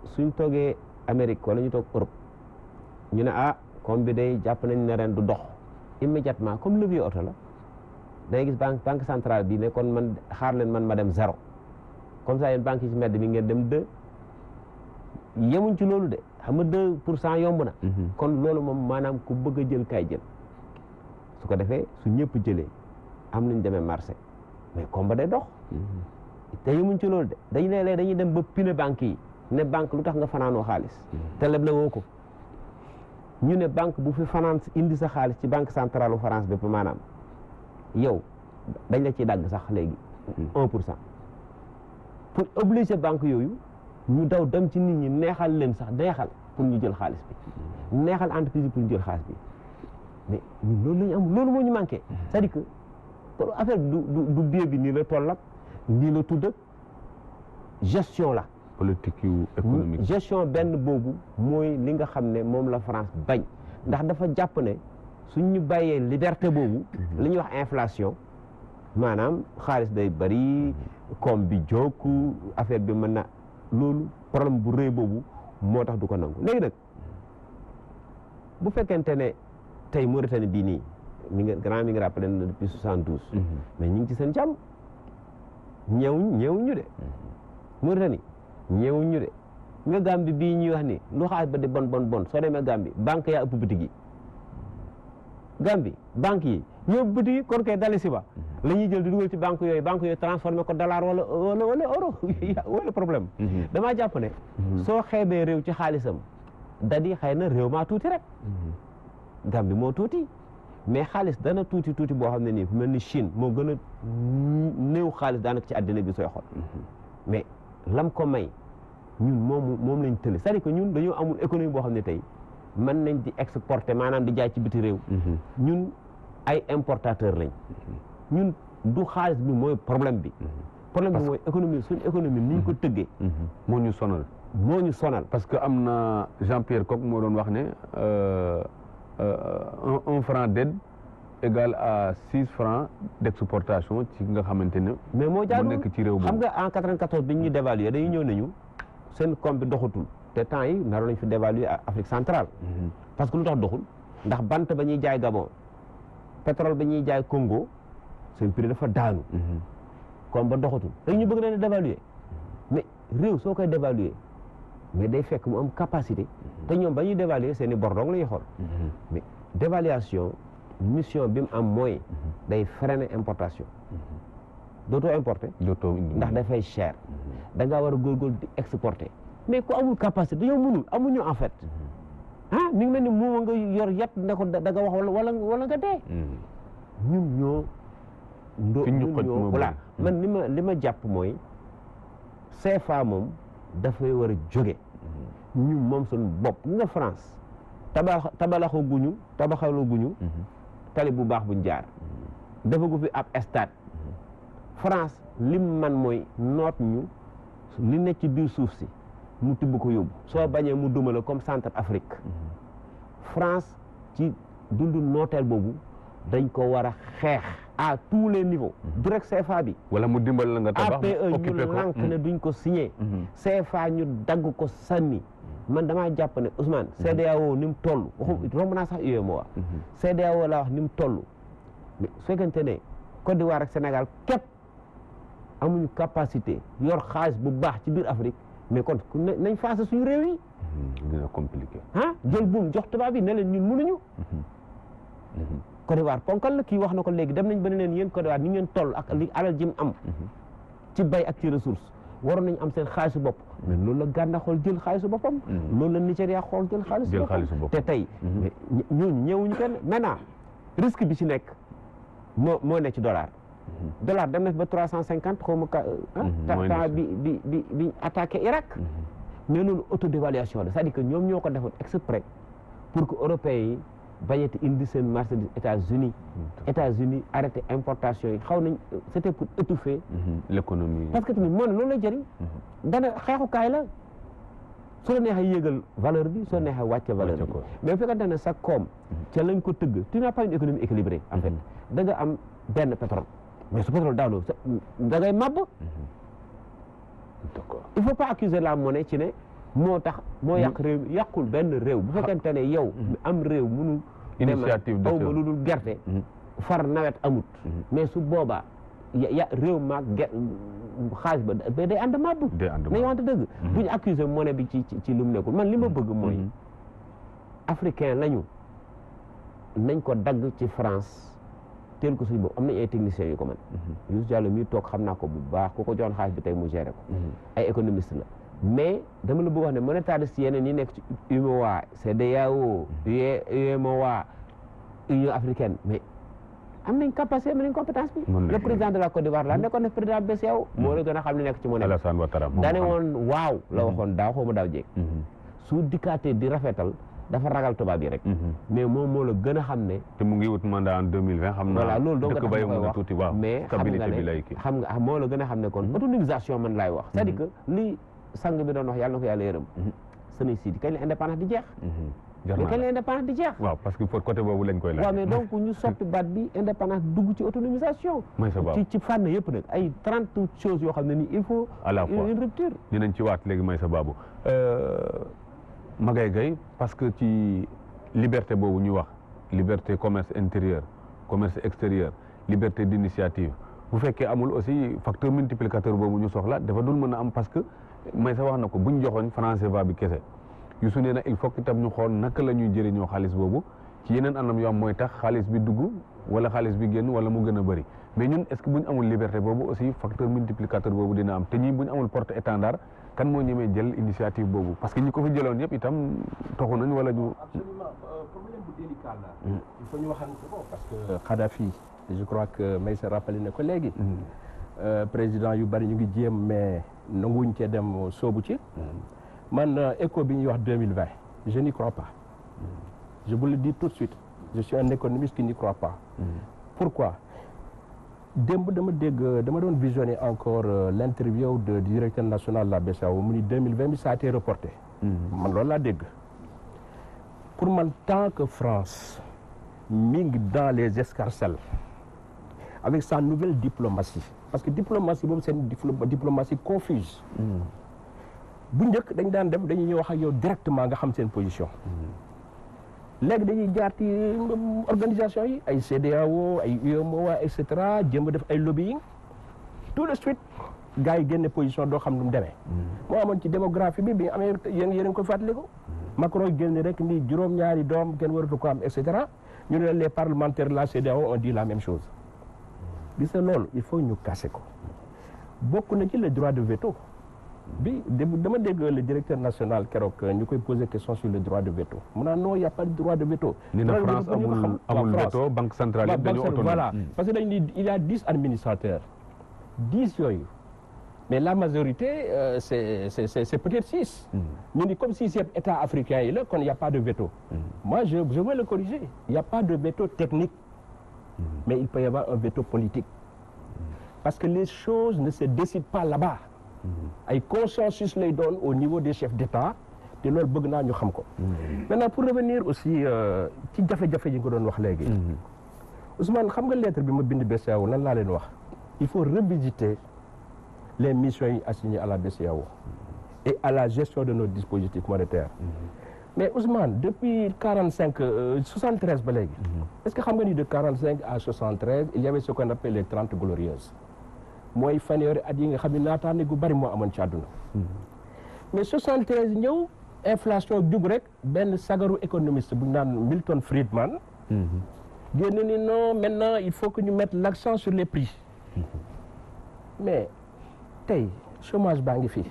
suñ toogee Amérique wala ñu toog Europe ñu ne ah comme bi day jàpp nañ ne ren du dox immédiatement comme levier oto la dangay gis banque banque centrale bi ne kon man xaar leen man ma dem zéro comme ça yéen banque yi ci mi ngeen dem deux yemuñ ci loolu de xam nga deux pour cent yomb na mhm. kon loolu moom maanaam ku bëgg a jël kaay jël su ko defee su ñëpp jëlee am nañ demee marché mais combat day dox mhm. te yemuñ ci loolu de dañu léeg-léeg dañuy dem ba pine banque yi ne banque lu tax nga fanaanoo xaalis mhm. te leb na woo ko ñu ne banque bu fi fanaan indi sa xaalis ci banque centrale u France bépp maanaam yow dañ la ci dagg sax léegi un pour cent pour obliger banque yooyu ñu daw dem ci nit ñi neexal leen sax neexal pour ñu jël xaalis bi neexal entreprise bi pour ñu jël xaalis bi loolu la am loolu ñu manqué c'est-à-dire que bi bi nii la toll nii la tudd ak gestion la. politique gestion benn boobu mooy li nga xam ne moom la France bañ ndax dafa jàpp ne suñ ñu bàyyee liberté boobu. Mhm. li ñuy wax inflation maanaam xaalis day bari mhm. koom bi jokku affaire bi mën na. loolu problème bu rëy boobu moo tax du ko nangu léegi nag bu fekkente ne tey Mauritanie bii nii mi nga grand mi nga rappelé na depuis soixante douze mhm. mais ñu ngi ci seen jàmm ñeewuñ ñeewuñu de mhm. Mauritanie ñeewuñ ñu de nga Gambie bii ñuy wax ni lu xaalis ba di bon bon bon soo demee Gambie banque ya ëpp bitig yi Gambie banques yi ñoo bëti kon kay dali si ba mm-hmm. la ñuy jël di dugal ci banque yooyu banque yooyu transformé ko dollar wala wala wala euro wala problème mm-hmm. damaa jàpp ne mm-hmm. soo xeebee réew ci xaalisam dadi xëy na réew maa tuuti rek Gambie moo tuuti mais xaalis dana tuuti tuuti boo xam ne nii fu mel ni Chine moo gën a néew xaalis daanaka ci àddina bi sooy xool mais lam ko may ñun moom moom lañ tële cest que ñun dañoo amul économie boo xam ne tey mën nañ di exporter maanaam di jaay ci biti réew mhm. ñun ay importateur lañ mhm. ñun du xaalis bi mooy problème bi mhm. problème bi mooy économie suñu économie ni ko tëggee moo ñu sonal moo ñu sonal parce que am na Jean Pierre Coq moo doon wax ne euh, euh, un franc d'aide égal à six francs d'exportation ci nga xamante ni mais moo jaadu nekk ci réew xam nga en 94 bi ñu dévalué dañu ñëw nañu seen compte bi te temps yi naroon nañ fi dévaluer Afrique centrale. Mhm. parce que lu tax doxul ndax bant ba ñuy jaay Gabon pétrole ba ñuy jaay Congo seen prix dafa daanu. Mhm. comme ba doxatul rek ñu bëgg leen a dévaluer mais réew soo koy dévaluer mais day fekk mu am capacité. Mhm. te ñoom ba ñuy dévaluer seeni i bor dong la ñuy xool. mais dévaluation mission bi mu am mooy. day freiner importation. dootoo importer. dootoo indi ndax dafay cher. da ngaa war a góorgóorlu di mais ku amul capacité dañoo mënul amuñu en fait mm-hmm. ah mi ngi mel ni muuma nga yor yat ne ko da nga wax wala wala nga dee mm-hmm. ñun ñoo ndo ñun ñoo voilà mm-hmm. man li ma li ma jàpp mooy CFA moom dafay war a jóge ñun moom suñu bopp France tabax tabaxoo guñu tabaxaloo guñu tali bu baax buñ jaar dafa gu fi ab state France lim man mooy noot ñu li nekk ci biir suuf si mu tibb ko yóbbu soo bañee mu duma la comme centre Afrique France ci dundu nooteel boobu dañ ko war a xeex à tous les niveaux mhm. direct CFA bi wala mu dimbal la nga tabax e ñu lànk ne mhm. duñ ko signé mhm. CFA ñu dagg ko sànni man damaa jàpp ne Ousmane CEDEAO ni mu toll waxu naa sax UEMOA CEDEAO laa wax ni mu toll mais su fekkente ne Côte d'Ivoire ak Sénégal képp amuñu capacité yor xaalis bu baax ci biir Afrique mais kon nañ faase suñu réew yi. Mmh, dina compliqué. jël buum jox tubaab yi ne leen ñun mënuñu. Mmh. Mmh. Côte d'Ivoire ponkal la kii wax na ko léegi dem nañ ba ne leen yéen Côte d'Ivoire ni ngeen toll ak li alal jim am. ci bay ak ci ressource waroon nañ am seen xaalisu bopp. mais loolu la Gànnaar xool jël xaalisu boppam. loolu la Nigéria xool jël xaalisu boppam te tey. ñooñu ñu fen menaa risque bi ci nekk moo moo ci dollar. dollar dem na fi ba trois cent cinquante xaw ma euh, ah, mhm, temps bi bi bi bi attaqué Irak mhm. mais loolu auto dévaluation la c'est-à-dire ñoom ñoo ko defoon exprès pour que européens yi bañeti indi seen de États-Unis mhm. États-Unis arrêté importation yi xaw nañ euh, c'était pour étouffer l'économie parce que tamit moo ne loolu lay jëriñ dana xeexukaay la su la neexee yéegal valeur bi soo neexee wàcce valeur bi mais bu fekkante ne sa koom ca lañ ko tëgg ti n'as pas une économie équilibrée en am benn pétrole mais su pétrole daanoo da ngay màbb d'accord il faut la mone ci ne moo tax moo yàq réew benn réew bu fekkente ne yow mm-hmm. am réew mënul initiative de aw lu dul gerte mm-hmm. far nawet amut mm-hmm. mais su boobaa ya réew maag ge xaaj ba ba day ànd màbb nañ wante dëgg bu ñu accuser bi ci ci lu mu nekkul man li ma bëgg mooy africain lañu nañ ko dagg ci France teel ko suñu bopp am nañ ay techniciens yu ko mën mhm. Youssou Diallo mii toog xam naa ko bu baax ku ko joxoon xaalis bi tey mu géré ko mhm. ay économiste la mais dama la bëgg wax ne monétariste yeneen yi nekk ci UMOA CEDEAO mhm. UEMOA Union africaine mais am nañ capacité am nañ compétence bi le président de la Côte d'Ivoire la nekkoon def président e moo la gën a xam li nekk ci moo nekk Alassane Ouattara daane woon waaw la waxoon daaw xaw ma daaw jéeg su dikkaatee di rafetal dafa ragal tubaab yi rek. Mhm. mais moom moo la gën a xam ne. te mu ngi wut mandat en deux mille vingt xam naa. loolu doo ko tax wax tuuti waaw mais xam ah, moo la gën a xam ne kon mhm. autonomisation man laay wax. c'est-à-dire mhm. que li sang bi doon wax yàlla na ko yàlla yërëm. sëñ Sidi kañ la indépendance di jeex. jar naa kañ la indépendance di jeex. waaw parce que côté boobu lañ koy laaj. waaw mais donc ñu soppi baat bi indépendance dugg ci autonomisation. ci ci fànn yëpp nag ay trente choses yoo xam ne ni il faut. à dinañ waat léegi may sa baabu euh, Magaye Gaye parce que ci liberté boobu ñu wax liberté commerce intérieur commerce extérieur liberté d'initiative bu fekkee amul aussi facteur multiplicateur boobu ñu soxla dafa dul mën a am parce que may sa wax na ko buñ joxoon franc CFA kese yu su nee na il faut itam ñu xool naka la ñuy jëriñoo xaalis boobu ci yeneen anam yoo am mooy tax xaalis bi dugg wala xaalis bi génn wala mu gën a bëri mais ñun est-ce que bu ñu amul liberté boobu aussi facteur multiplicateur boobu dina te ñii bu ñu amul porte étendard kan moo ñemee jël initiative boobu parce que ñi ko fi jëloon yëpp itam toxu nañ wala ñu. absolument euh, problème bu délicat la. Mm. il faut ñu waxante ko euh, je crois que Meïssa rappelé na ko léegi. Mm. Euh, président yu bari ñu ngi jéem mais nanguwuñ cee dem soobu ci. Mm. man éco bi ñuy wax deux mille vingt je n'y crois pas. je vous le dis tout de suite je suis un économiste qui n'y croit pas. pourquoi. démb dama dégg dama doon visionner encore euh, l'interview de directeur national la BCEAO mu ni 2020 bi ça a été reporté mhm. man loolu laa dégg pour man tant que France mi ngi dans les escarcelles avec sa nouvelle diplomatie parce que diplomatie boobu seen diplomatie confuse mhm. bu njëkk dañ daan dem dañuy ñëw wax ak yow directement nga xam seen position mhm. léegi dañuy jaar ci mm, organisation yi ay CEDEAO ay UEMOA et cetera jéem def ay lobbying tout de suite gars yi génne position doo xam nu mu demee. Mm. moo amoon ci démographie bi bi amee yéen yéen ko fàttaliku. Mm. Macron génne rek ni juróom-ñaari doom kenn waratu ko am et cetera ñu ne les parlementaire la CEDEAO on di la même chose. gis nga loolu il faut ñu casser ko bokk na ci le droit de veto. bi dama dégg le directeur national keroog euh, ñu koy poser question sur le droit de veto mu naan non y' a pas de droit de veto. ni na France amul amul veto banque centrale yëpp dañoo hmm. parce que dañ ni il y yooyu mais la majorité c' est c' peut être ñu ni comme si c' est yi la kon y' a pas de veto. Hmm. moi je je veux le corriger y' a pas de veto technique. Hmm. mais il peut y avoir un veto politique. parce que les choses ne se décident pas là-bas. Mm-hmm. ay consensus lay doon au niveau des chefs d'État te loolu bëgg naa ñu xam ko. Mm-hmm. maintenant pour revenir aussi euh, ci jafe-jafe yi nga doon wax léegi. Mm-hmm. Ousmane xam nga lettre bi ma bind BCEAO nan laa leen wax il faut revisiter les missions yi assignées à la BCEAO et à la gestion de nos dispositifs monétaires. mais Ousmane depuis quarante cinq euh, soixante treize ba léegi. est-ce que xam nga nii de quarante à soixante treize il y avait ce qu'on les trente glorieuses. mooy fanweeri at yi nga xam ne naataane gu bari moo amoon ci àdduna mais 73 ñëw inflation jug rek benn sagaru économiste bu ñu naan Milton Friedman génn ni non maintenant il faut que ñu mettre l'accent sur le prix mais tey chômage baa ngi fii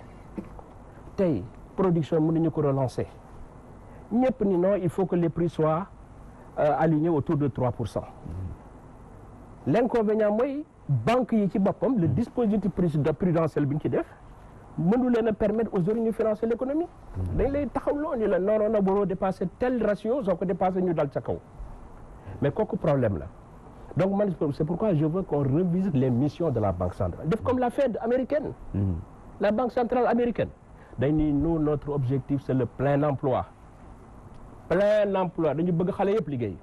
tey production mënuñu ko relancer ñëpp ni non il faut que les prix soient euh, alignés autour de 3 pour cent mooy banque yi ci boppam le dispositif prudentiel bi ñu ci def mënu leen a permettre aux autres ñu financer l' économie dañ lay taxawloo ñu la non non waroo dépasser tel ratio soo ko dépassé ñu dal sa kaw mais kooku problème la donc man c' est pourquoi je veux qu'on revisite les missions de la banque centrale def comme la Fed américaine mm-hmm. la banque centrale américaine dañ ni nous notre objectif c' est le plein emploi plein emploi dañu bëgg xale yëpp liggéey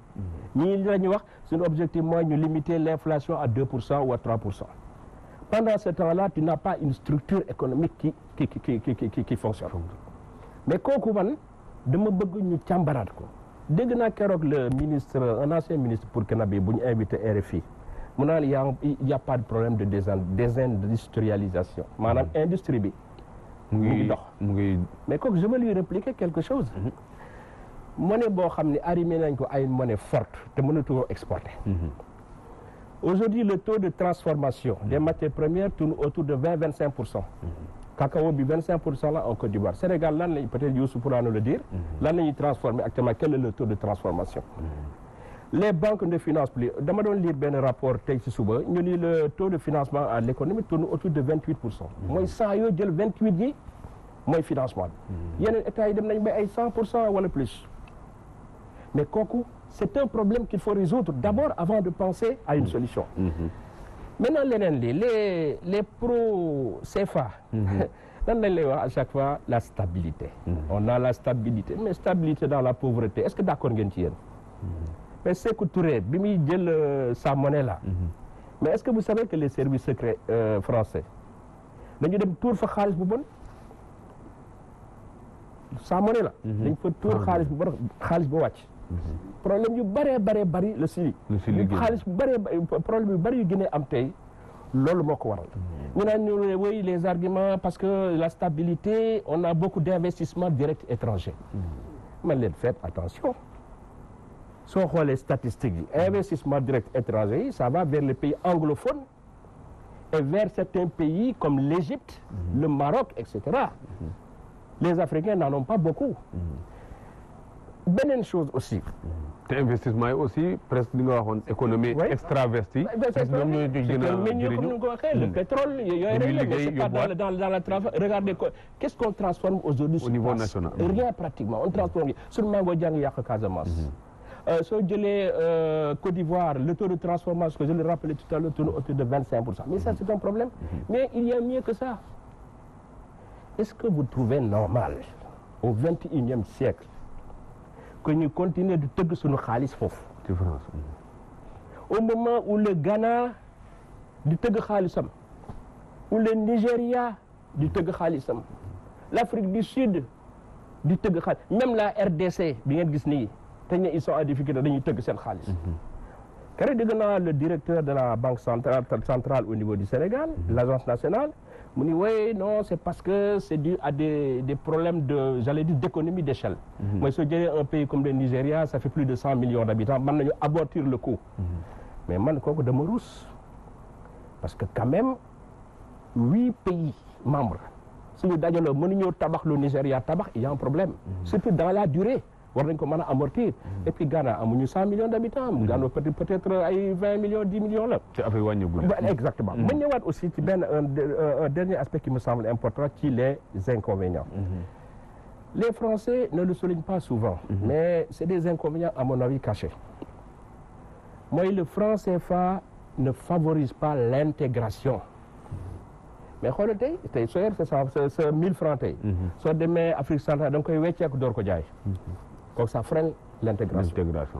ñii la ñu wax suñu objectif mooy ñu limiter l' inflation à 2 pour cent ou à 3 pour cent pendant ce temps là tu n'as pas une structure économique qui qui qui qui qui qui fonctionne mais kooku man dama bëgg ñu càmbaraat ko dégg na keroog le ministre un ancien ministre bi bu ñu invité RFI mu naan y' a y' a pas de problème de désindustrialisation maanaam mm-hmm. industrie bi. mu ngi dox mu ngi mais kooku je veux lui répliquer quelque chose. Mm-hmm. monnaie boo xam ne arrimé nañ ko ay monnaie forte te mënatu ko exporter. Mhm. aujourd'hui le taux de transformation des mhm. matières premières tourne autour de vingt vingt cinq pour cent. Mhm. cacao bi la en Côte d'Ivoire Sénégal lan lañ peut-être Youssou pourra nous le dire. lan la transformer actuellement quel est le taux de transformation. les banques de finance publique dama doon lire benn rapport tey ci suba ñu ni le taux de financement à l'économie tourne autour de vingt huit pour cent. mooy cent yoo jël vingt huit yi mooy financement nañ ba ay cent mais kooku c'est un problème qu'il faut résoudre d'abord avant de penser à une mmh. solution mmh. maintenant leneen li les les pro CFA mmh. lan lañ lay wax à chaque fois la stabilité on a la stabilité mais dans la pauvreté est-ce que d'accord ngeen ci yéen mais Sékou Touré bi muy jël euh, sa monnaie mais est que vous savez que les services secrets euh, français dañu dem tuur fa xaalis bu bon sa monnaie là dañ fa tuur xaalis bu bon xaalis bu wàcc problème yu bëree bëree bëri la Syrie problème yu bëri yu Guinée am te loolu moo ko waral mm. ñu naan ñu les arguments parce que la stabilité on a beaucoup d'investissements directs étrangers mm. man leen fait attention soo xoolee statistiques yi mm. investissement direct étranger yi ça va vers les pays anglophones et vers certains pays comme l'Égypte le Maroc et cetera les Africains n'en ont pas beaucoup beneen chose aussi. te investissement yi aussi presque li nga waxoon économie extravertie. ñoom ñoo ci gën a jëriñu ko waxee le mm. pétrole yooyu rek la pas dans dans la travail regardez quoi qu'est-ce qu'on transforme aujourd'hui au niveau national rien pratiquement on mm. transforme sur mango jàng yàq Casamance. Mm-hmm. Euh, soo jëlee euh, Côte d'Ivoire le taux de transformation que je le rappelais tout à l'heure tourne autour de vingt cinq pour cent mais ça mm-hmm. c'est un problème mm-hmm. mais il y a mieux que ça est-ce que vous trouvez normal au vingt et unième siècle que ñu continuer di tëgg suñu xaalis foofu. différence au moment où le Ghana di tëgg xaalisam ou le Nigéria di tëgg xaalisam l'Afrique du Sud di tëgg xaalis même la RDC bi ngeen gis ni te ñu ils sont en difficulté dañuy tëgg seen xaalis. Mhm. keroog dégg naa le directeur de la banque centrale centrale au niveau du Sénégal mhm. l'agence nationale. mu ni oui non c'est parce que c'est dû à des des problèmes de j'allais dire d'économie d'échelle mhm. mooy soo jëlee un pays comme le Nigeria ça fait plus de cent millions d'habitants mën nañu abortir le coup mm -hmm. mais man kooku dama parce que quand même huit pays membres suñu dajaloo mënuñoo tabax lu Nigeria tabax il y a un problème mm -hmm. surtout dans la durée war nañ ko mën a amortir mm-hmm. et puis Ghana amuñu cent millions d'habitants mm-hmm. Ghana peut être ay vingt millions dix millions la te affaire wàññeegul exactement ma mm-hmm. ñëwaat aussi ci benn un dernier aspect qui me semble important ci les inconvénients les Français ne le soulignent pas souvent mais c'est des inconvénients à mon avis cachés mooy le franc CFA ne favorise pas l'intégration mais xoolal tey tey sooy sa sa sa mille francs tey. soo demee Afrique centrale da nga koy wecceeku door ko jaay. donc ça freine l'intégration l'intégration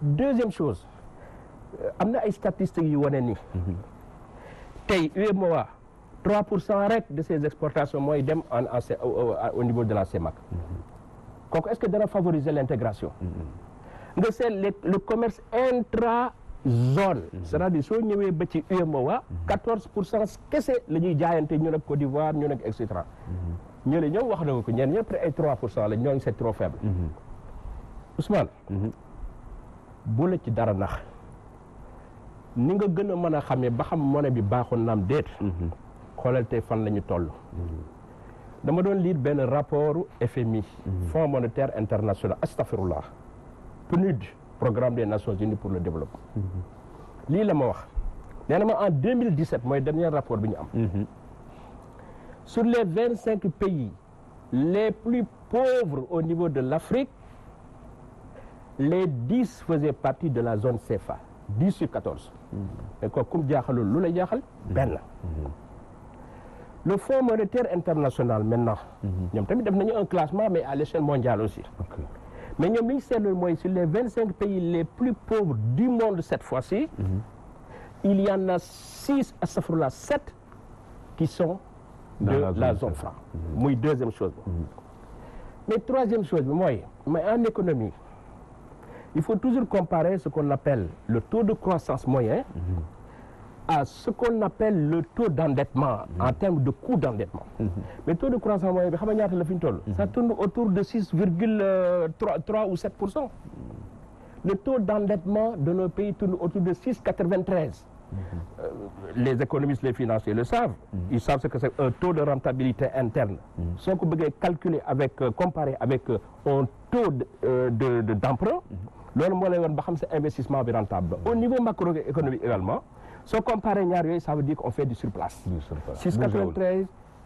deuxième chose euh, am na ay statistiques yu wane ni mhm. tey UEMOA 3 pour cent rek de ses exportations mooy dem en e au niveau de la CEMAC mhm. kooku est-ce que dana favoriser l'intégration mhm. nga seet le commerce intra zone cest à soo ñëwee ba ci UEMOA 14 pour cent kese la ñuy jaayante ñu nekk Côte d'Ivoire ñu nekk et cetera ñu ne ñoom wax na ko ñeen ñëpp ay 3 pour cent la ñooñu c'est trop faible Ousmane. Mhm. bu ci dara nax ni nga gën a mën a xamee ba xam monnaie bi baaxoon naam déet. Mhm. xoolal tey fan la ñu toll. Mhm. dama doon lire benn rapport FMI. Fonds monétaire international astafirullah PNUD programme des Nations Unies pour le développement. lii la ma wax nee na ma en 2017 mooy dernier rapport bi ñu am. sur les vingt cinq pays les plus pauvres au niveau de l'Afrique les dix faisaient partie de la zone CFA dix sur quatorze mais ko kum jaaxalul lu la jaaxal mm-hmm. benn mm-hmm. le Fonds monétaire international maintenant mm-hmm. ñoom tamit def nañu un classement mais à l'échelle mondiale aussi okay. mais ñoom li ñu seetlu mooy sur les vingt cinq pays les plus pauvres du monde cette fois-ci mm -hmm. il y en a six astafurlah sept qui sont de la zone franc muy mm -hmm. deuxième mais troisième chose bi mooy mais en économie il faut toujours comparer ce qu'on appelle le taux de croissance moyen à ce qu'on appelle le taux d'endettement en termes de coût d'endettement mais taux de croissance moyen bi xam nga la fi ñu toll ça tourne autour de six virgule euh, trois ou sept pour cent le taux d'endettement de nos pays tourne autour de six quatre-vingt-treize euh, les économistes les financiers le savent ils savent ce que c'est un taux de rentabilité interne soo ko bëggee calculer avec euh, comparé avec un taux de d'emprunt loolu moo lay woon ba xam si investissement bi rentable la au niveau macroéconomique également soo comparé ñaar yooyu sa veut dire qu'on fait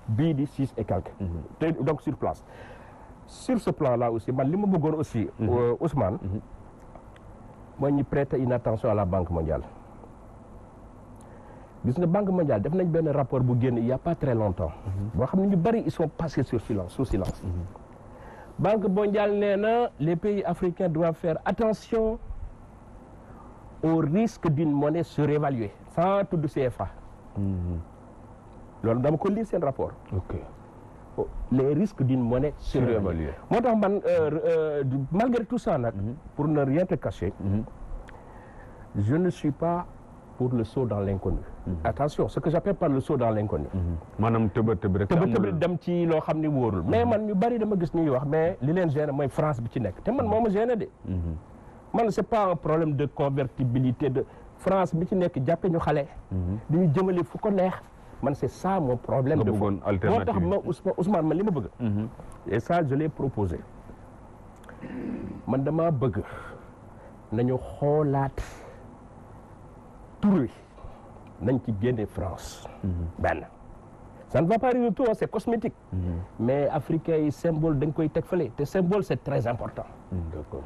bii di 6 et quelques. Mhm. te donc surplace. sur ce plan là aussi man li ma bëggoon aussi. Mhm. Euh, Ousmane. Mhm. mooy ñi prêter une attention à la Banque mondiale. gis nga Banque mondiale def nañ benn rapport bu génn il y a pas très longtemps. boo xam ne ñu bari ils sont passés sur silence sous silence. banque mondiale nee na les pays africains doivent faire attention au risque d'une monnaie surévaluée sans tudd CFA. Mhm. loolu dama ko lire rapport. ok oh, risques d'une monnaie surévaluée. moo tax man euh, euh, malgré tout ça nag. Mhm. pour ne rien te cacher. Mhm. je ne suis pas pour le saut dans l'inconnu mhm. attention ce que j'appelle par le saut dans l'inconnu mhm. maanaam tëba tëb rek tëba tëb rek dem ci loo xam ni wóorul mhm. mais man ñu bari dama gis ñuy wax mais li leen gêné mooy France bi ci nekk te man moo ma gêné de man c'est pas un problème de convertibilité de France bi ci nekk jàppe ñu xale ñu jëmale fu ko neex man c'est ça mon problème de fond moo tax ma Ousmane man li ma bëgg et ça je l'ai proposé man damaa bëgg nañu xoolaat tur wi nañ ci génne France. Mhm. benn ça ne va pas résoudre c'est cosmétique. Mhm. mais africain yi symbole dañ koy teg fale te symbole c'est très important. Mhm, d'accord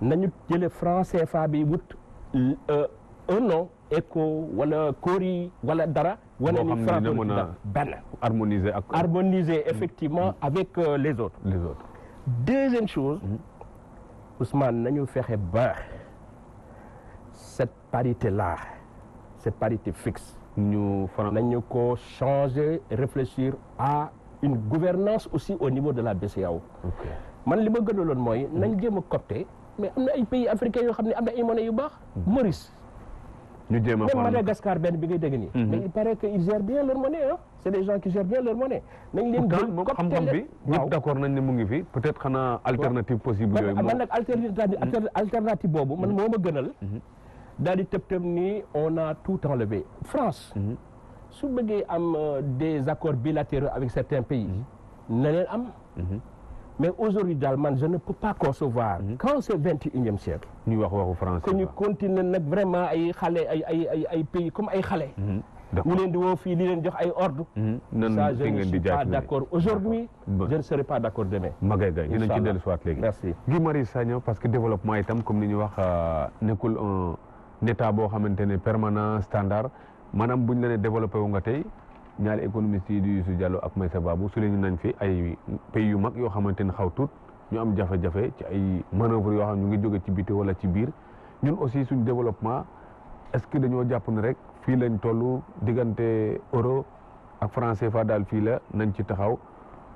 nañu jële français CFA bi wut euh, un nom éco wala kori wala dara. wane ni franc benn harmoniser ak harmoniser effectivement avec euh, les autres. les autres deuxième chose. Ousmane nañu fexe ba cette parité là. c'est parité fixe. ñu faram nañu ko changer réfléchir à une gouvernance aussi au niveau de la BCEAO. man li ma gënaloon mooy. nañ jéem a copter mais am na ay pays africains yoo xam ne am na ay monnaie yu baax. Mm-hmm. Maurice. ñu jéem a Madagascar benn bi ngay dégg ni mm-hmm. mais il paraît que ils gèrent bien leur monnaie ah. c' des gens qui gèrent bien leur monnaie. nañ leen gën moom xam-xam bi ñëpp d' accord nañ ne mu ngi fi peut être xanaa alternative possible yooyu. man nag alternative boobu man mm-hmm. moo ma gënal. daal di tëb tëb ni on a tout enlevé France mhm. su bëggee am euh, des accords bilatéraux avec certains pays mhm. na leen am mhm. mais aujourd'hui daal man je ne peux pas concevoir quand c'est vingt et unième siècle ñuy wax waxu français que ñu continuer nag vraiment ay xale ay ay ay ay pays comme ay xale ñu leen di woo fi li leen jox ay ordre ça je ne suis pas d'accord aujourd'hui je ne serai pas d'accord demain Magaye Gaye dinañ ci dellu si waat léegi merci Guy Marius Sagna parce que développement itam comme ni ñu wax euh, nekkul neta boo xamante ne permanent standard maanaam buñ la ne développé wu nga tey ñaari économistes yi di Youssou Diallo ak Meissa Babou su leñu nañ fi ay pays yu mag yoo xamante ne xaw tuut ñu am jafe-jafe ay manœuvre yoo xam ñu ngi jóge ci biti wala ci biir ñun aussi suñ développement est-ce que dañoo jàpp ne rek fii lañ toll diggante euro ak franc CFA daal fii la nañ ci taxaw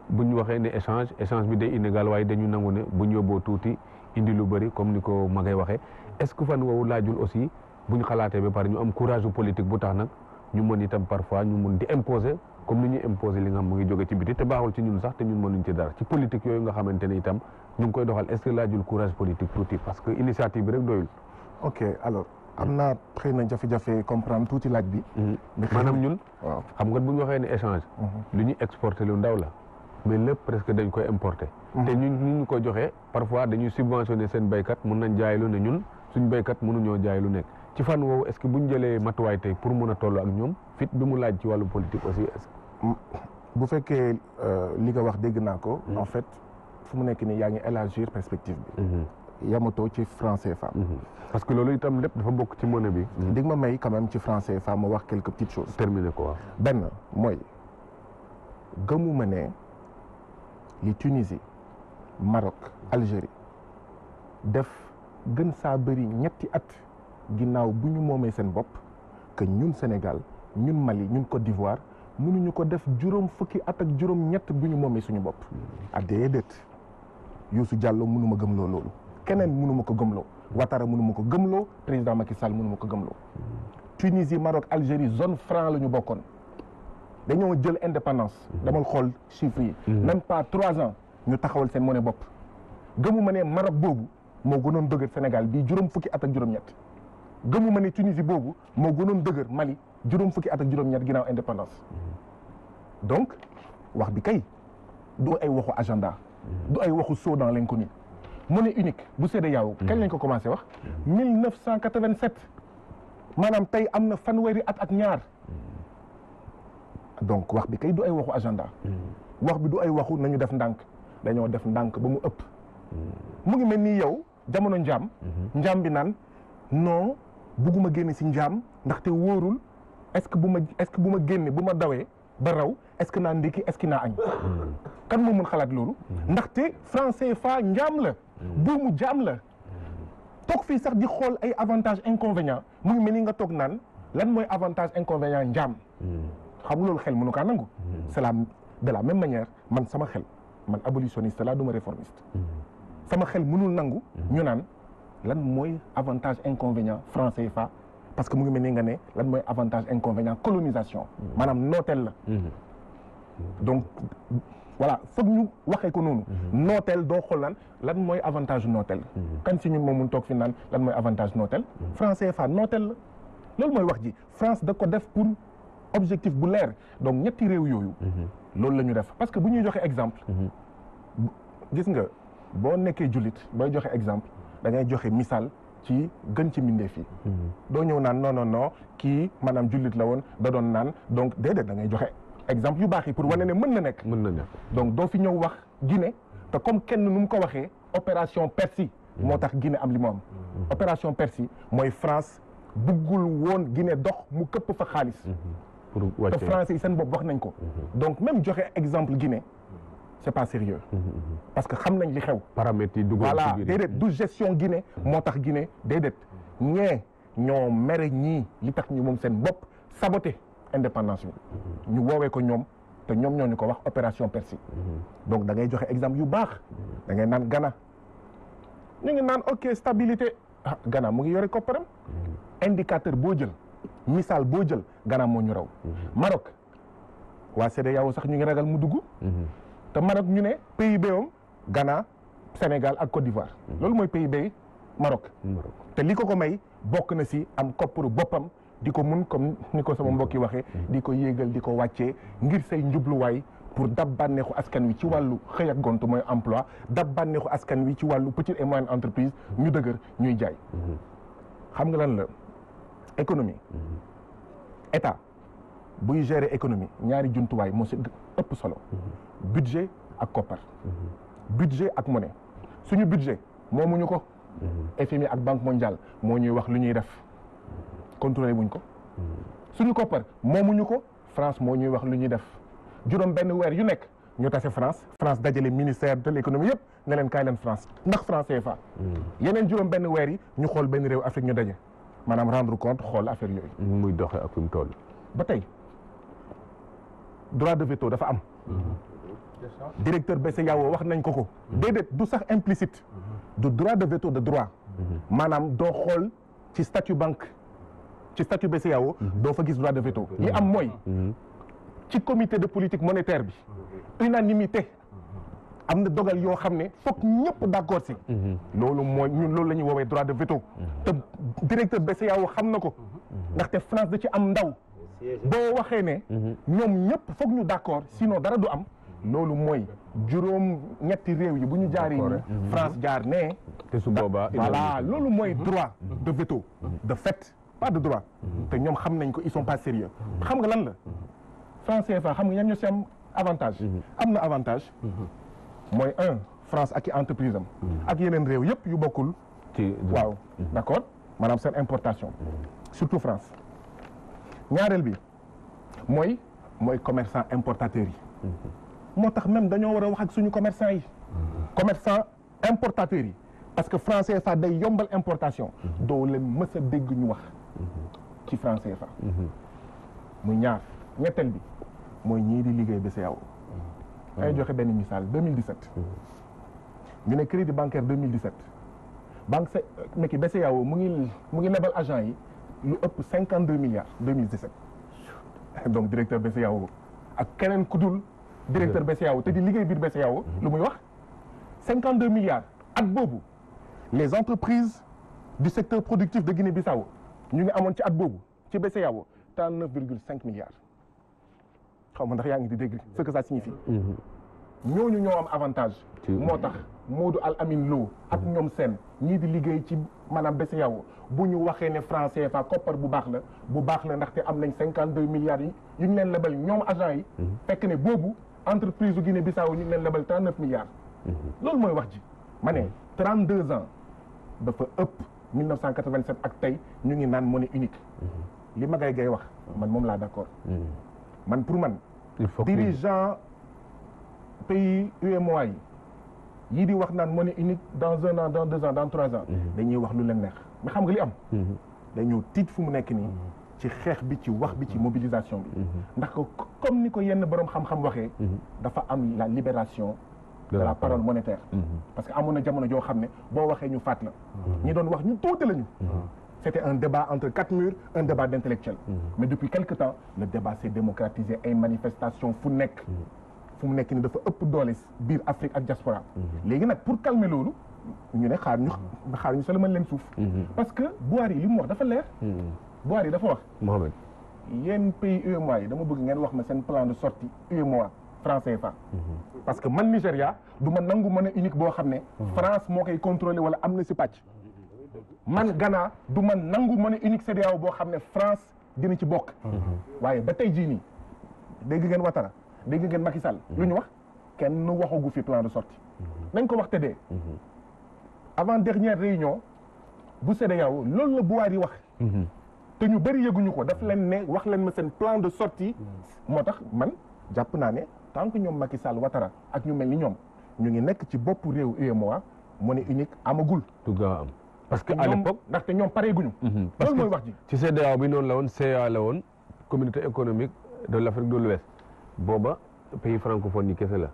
bu ñu waxee ne échange échange bi day inégal waaye dañu nangu ne bu ñu yóbboo tuuti indi lu bëri comme ni ko magay waxee est-ce que fan woowu laajul aussi bu ñu xalaatee ba pare ñu am courage politique bu tax nag ñu mën itam parfois ñu mun di imposer comme ni ñuy imposer li nga xam mu te baaxul ci ñun sax te ñun mënuñ ci dara ci politique ñu koy doxal est-ce que laajul courage politique tuuti parce que initiative bi rek doyul. am naa xëy na jafe-jafe comprendre tuuti laaj bi. Mm-hmm. maanaam ñun. waaw xam nga bu ñu waxee ne échange. Mm-hmm. lu ñu exporté lu ndaw la. mais lépp presque dañ koy importé. Mm-hmm. te ñu ñu ko joxee parfois dañuy subventionné seen béykat mun nañ jaay lu ne ñun. suñ béykat mënuñoo jaay lu nekk ci fan woowu est-ce que buñ jëlee matuwaay tey pour mën a toll ak ñoom fit bi mu laaj ci wàllu politique aussi est mm, bu fekkee euh, li nga wax dégg naa ko mm-hmm. en fait fu mu nekk nii yaa ngi élargir perspective bi mm-hmm. yamatoo ci franc CFA mm-hmm. parce que loolu itam lépp dafa bokk ci monnaie bi di ma may quand même ci franc CFA ma wax quelques petites choses terminé ko waaw benn mooy gëmuma ne li Tunisie marok Algérie def gën saa bëri ñetti at ginnaaw bu ñu moomee seen bopp que ñun Sénégal ñun Mali ñun Côte d'Ivoire mënuñu ko def juróom fukki at ak juróom ñett bu ñu moomee suñu bopp. ah déedéet Youssou Diallo mënuma gëmloo loolu keneen mënuma ko gëmloo Ouattara mënuma ko gëmloo président Macky Sall ma ko gëmloo. Tunisie Maroc Algérie zone franc la ñu bokkoon dañoo jël indépendance. damal xool chiffres yi. Mm-hmm. même pas trois ans ñu taxawal seen ne bopp. gëmuma ne Maroc boobu. moo gënoon dëgër Sénégal bii juróom fukki at ak juróom-ñett gëmuma ne Tunisie boobu moo gënoon dëgër Mali juróom fukki at ak juróom-ñett ginnaaw indépendance donc wax bi kay du ay waxu agenda ay waxu saut dans l'inconnu monnaie unique bu CEDEAO kañ lañ ko commencé wax 1987 maanaam tey am na fanweeri at ak ñaar donc wax bi kay du ay waxu agenda bi du ay waxu nañu def ndànk dañoo def ndànk ba mu ëpp mu ngi mel nii yow jamono njaam. Mhm. njaam bi naan non bugguma génn si njaam ndaxte wóorul est-ce que bu ma est-ce que bu ma génne bu ma dawee ba raw est-ce que naa ndékki est-ce que naa añ. Hmm. kan moo mën xalaat loolu. Hmm. ndaxte français fa njaam la. buumu hmm. jaam la. toog fii sax di xool ay avantage inconvénients mu ngi mel nga toog naan lan mooy avantage inconvénient njaam. xam loolu xel mënu kaa nangu. c'est la de la même manière man sama xel man abolitionniste la du ma réformiste. sama xel mënul nangu. ñu naan lan mooy avantage inconvénient franc CFA parce que mu ngi mel ni nga ne lan mooy avantage inconvénient colonisation. Mm-hmm. maanaam nooteel la. Mm-hmm. donc voilà foog ñu waxee ko noonu. Mm-hmm. nooteel doo xool lan lan mooy avantage nooteel. kan si ñu moom mu toog fi naan lan mooy avantage nooteel. franc CFA nooteel la loolu mooy wax ji France da ko def pour objectif bu leer donc ñetti réew yooyu. loolu la ñu def parce que bu ñuy joxe exemple. gis nga. boo nekkee jullit booy joxe exemple da ngay joxe misaal ci gën ci mbindeef yi mhm. doo ñëw naan non non non kii maanaam jullit la woon da doon naan donc déedéet da ngay joxe exemple yu baax yi pour wane ne mën na nekk mën na nekk donc doo fi ñëw wax Guinée te comme kenn nu mu ko waxee opération Persi mhm. moo tax Guinée am li mu am mhm. opération Persi mooy France buggul woon Guinée dox mu këpp fa xaalis te français yi seen bopp wax nañ ko donc même joxe exemple Guinée c' est parce que xam nañ li xew paramètres yi dugg voilà déedéet du gestion Guinée moo tax Guinée déedéet ñee ñoo mere ñii li tax ñu moom seen bopp saboté indépendance bi ñu woowee ko ñoom te ñoom ñoo ñu ko wax opération Persil donc da ngay joxe exemple yu baax da ngay naan gana ñu ngi naan ok stabilité ah mu ngi yore kopparam indicateur boo jël misaal boo jël Ghana moo ñu raw Maroc waa CEDEAO sax ñu ngi ragal mu dugg te Maroc ñu ne PIB am Ghana Sénégal ak Côte d'Ivoire. Mm. loolu mooy PIB Maroc. te li ko ko may bokk na si am kopparu boppam di ko mun comme ni ko sama mbokk yi waxee. Mm. Mm. di ko yéegal di ko wàccee ngir say njubluwaay. pour dab bànneexu askan wi ci wàllu xëy ak gont mooy emploi dab bànneexu askan wi ci wàllu petite et moyenne entreprise ñu dëgër ñuy jaay mm-hmm. xam nga lan la économie mm-hmm. état buy gérer économie ñaari jumtuwaay moo si solo mhm. budget ak koppar mhm. budget ak mone suñu budget moomuñu ko mhm. FMI ak banque mondiale moo ñuy wax lu ñuy def contrôlé wuñ ko suñu koppar moomuñu ko France moo ñuy wax lu ñuy def juróom benn weer yu nekk ñu tase France France dajale ministère de l'économie yëpp ne leen kaay leen France ndax France CFA yeneen juróom benn weer yi ñu xool benn réew Afrique ñu daje maanaam rendre compte xool affaire yooyu muy doxe ak fi mu toll ba tey droit de veto dafa am. directeur BCEAO wax nañ ko ko. déedéet du sax implicite. du droit de veto de droit. maanaam doo xool ci statut banque ci statut BCEAO doo fa gis droit de veto li am mooy. ci comité de politique monétaire bi. unanimité am na dogal yoo xam ne foog ñëpp d'accord si. loolu mooy ñun loolu la ñuy woowee droit de veto. te directeur BCEAO xam na ko. ndaxte France da ci am ndaw. boo waxee ne mhm. ñoom ñëpp foog ñu d'accord sinon dara du am loolu mooy juróom ñetti réew yi bu ñu jaaree nii mhm. France jaar nee te su boobaa voilà loolu mooy mhm. droit de veto de fait pas de droit te ñoom xam nañ ko ils sont pas sérieux xam nga lan la France CFA xam nga ñoom ñoo si am avantage am na avantage mooy un France ak i entreprise am ak yeneen réew yëpp yu bokkul ci waaw d'accord maanaam seen importation surtout France ñaareel bi mooy mooy commerçant importateurs yi. Mm-hmm. moo tax même dañoo war a wax ak suñu commerçant yi. Mm-hmm. commerçant importateurs yi parce que français CFA day yombal importation. Mm-hmm. doo leen mës a dégg ñu wax. ci franc CFA. muy ñaar ñetteel bi mooy ñii di liggéey BCEAO. ay joxe benn misaal 2017. ñu ne crédit bancaire 2017 banque sa nekk euh, BCEAO mu ngi mu ngi lebal agent yi. lu ëpp cinquante deux milliards deux mille dix-sept donc directeur BCEAO ak keneen ku dul directeur BCEAO te di liggéey biir BCEAO mhm. lu muy wax cinquante deux milliards at boobu les entreprises du secteur productif de Guinée-Bissau ñu ngi amoon ci at boobu ci BCEAO trente neuf virgule cinq milliards xaw ma ndax yaa ngi di dégg ce que ça signifie mhm. ñooñu ñoo am avantage moo tax Modou Al Amin Lo ak ñoom seen ñii di liggéey ci maanaam bés yow e bu ñu waxee ne franc fa koppar bu baax la bu baax la ndaxte am nañ cinquante deux milliards yi ñu ngi leen lebal ñoom agent yi mhm. fekk ne boobu entreprise u Guinée Bissau ñu ngi leen lebal trente neuf mhm. loolu mooy wax ji ma ne trente deux ans dafa ëpp mille neuf cent quatre ak tey ñu ngi naan monnaie unique mhm. li Magaye Gaye wax man moom laa d'accord man pour man pays UEMOA yi yii di wax naan monnaie unique dans un an dans deux ans dans trois ans. Mhm. dañuy wax lu leen neex mais xam nga li am. Mhm. dañoo tiit fu mu nekk nii. Mhm. ci xeex bi ci wax bi ci mobilisation bi. ndax comme ni ko yenn borom xam-xam waxee. dafa am la libération. de la parole monétaire. parce que amoon na jamono joo xam ne boo waxee ñu faat la. ñi doon wax ñu tuuti lañu. c'était un débat entre quatre murs un débat d'intellectuels. mais depuis quelque temps le débat s'est démocratisé ay manifestations fu nekk. fu mu nekk ni dafa ëpp doole biir Afrique ak diaspora mhm. léegi nag pour calmer loolu ñu ne xaar ñu xaar ñu seulement leen suuf mhm. parce que yi li mu wax dafa leer mhm. Buhari dafa wax Mohamed yéen pays mois yi dama bëgg ngeen wax ma seen plan de sortie UEMOA franc CFA parce que man Nigéria du ma nangu monnaie unique boo xam ne France moo koy contrôler wala am na si pàcc man Ghana du ma nangu monnaie unique CEDEAO boo xam ne France dina ci bokk waaye ba tey jii nii dégg ngeen Ouattara dégg ngeen Macky Sall mm-hmm. lu ñu wax kenn waxagu fi plan de sorti mm-hmm. nañ ko wax te dee mm-hmm. avant dernière réunion bu CEDEAO loolu la bu waar yi wax te ñu bëri yëguñu ko daf leen ne wax leen ma seen plan de sortie moo tax man jàpp naa ne tant que ñoom Macky Sall Ouattara ak ñu mel ni ñoom ñu ngi nekk ci bopp réew UEMOA monnaie unique amagul du gaaw am que à l'époque ndaxte ñoom pareeguñu loolu mooy wax ji ci CEDEAO bi noonu la woon CEA la woon communauté économique de l'Afrique de l'Ouest booba pays francophone yi kefe la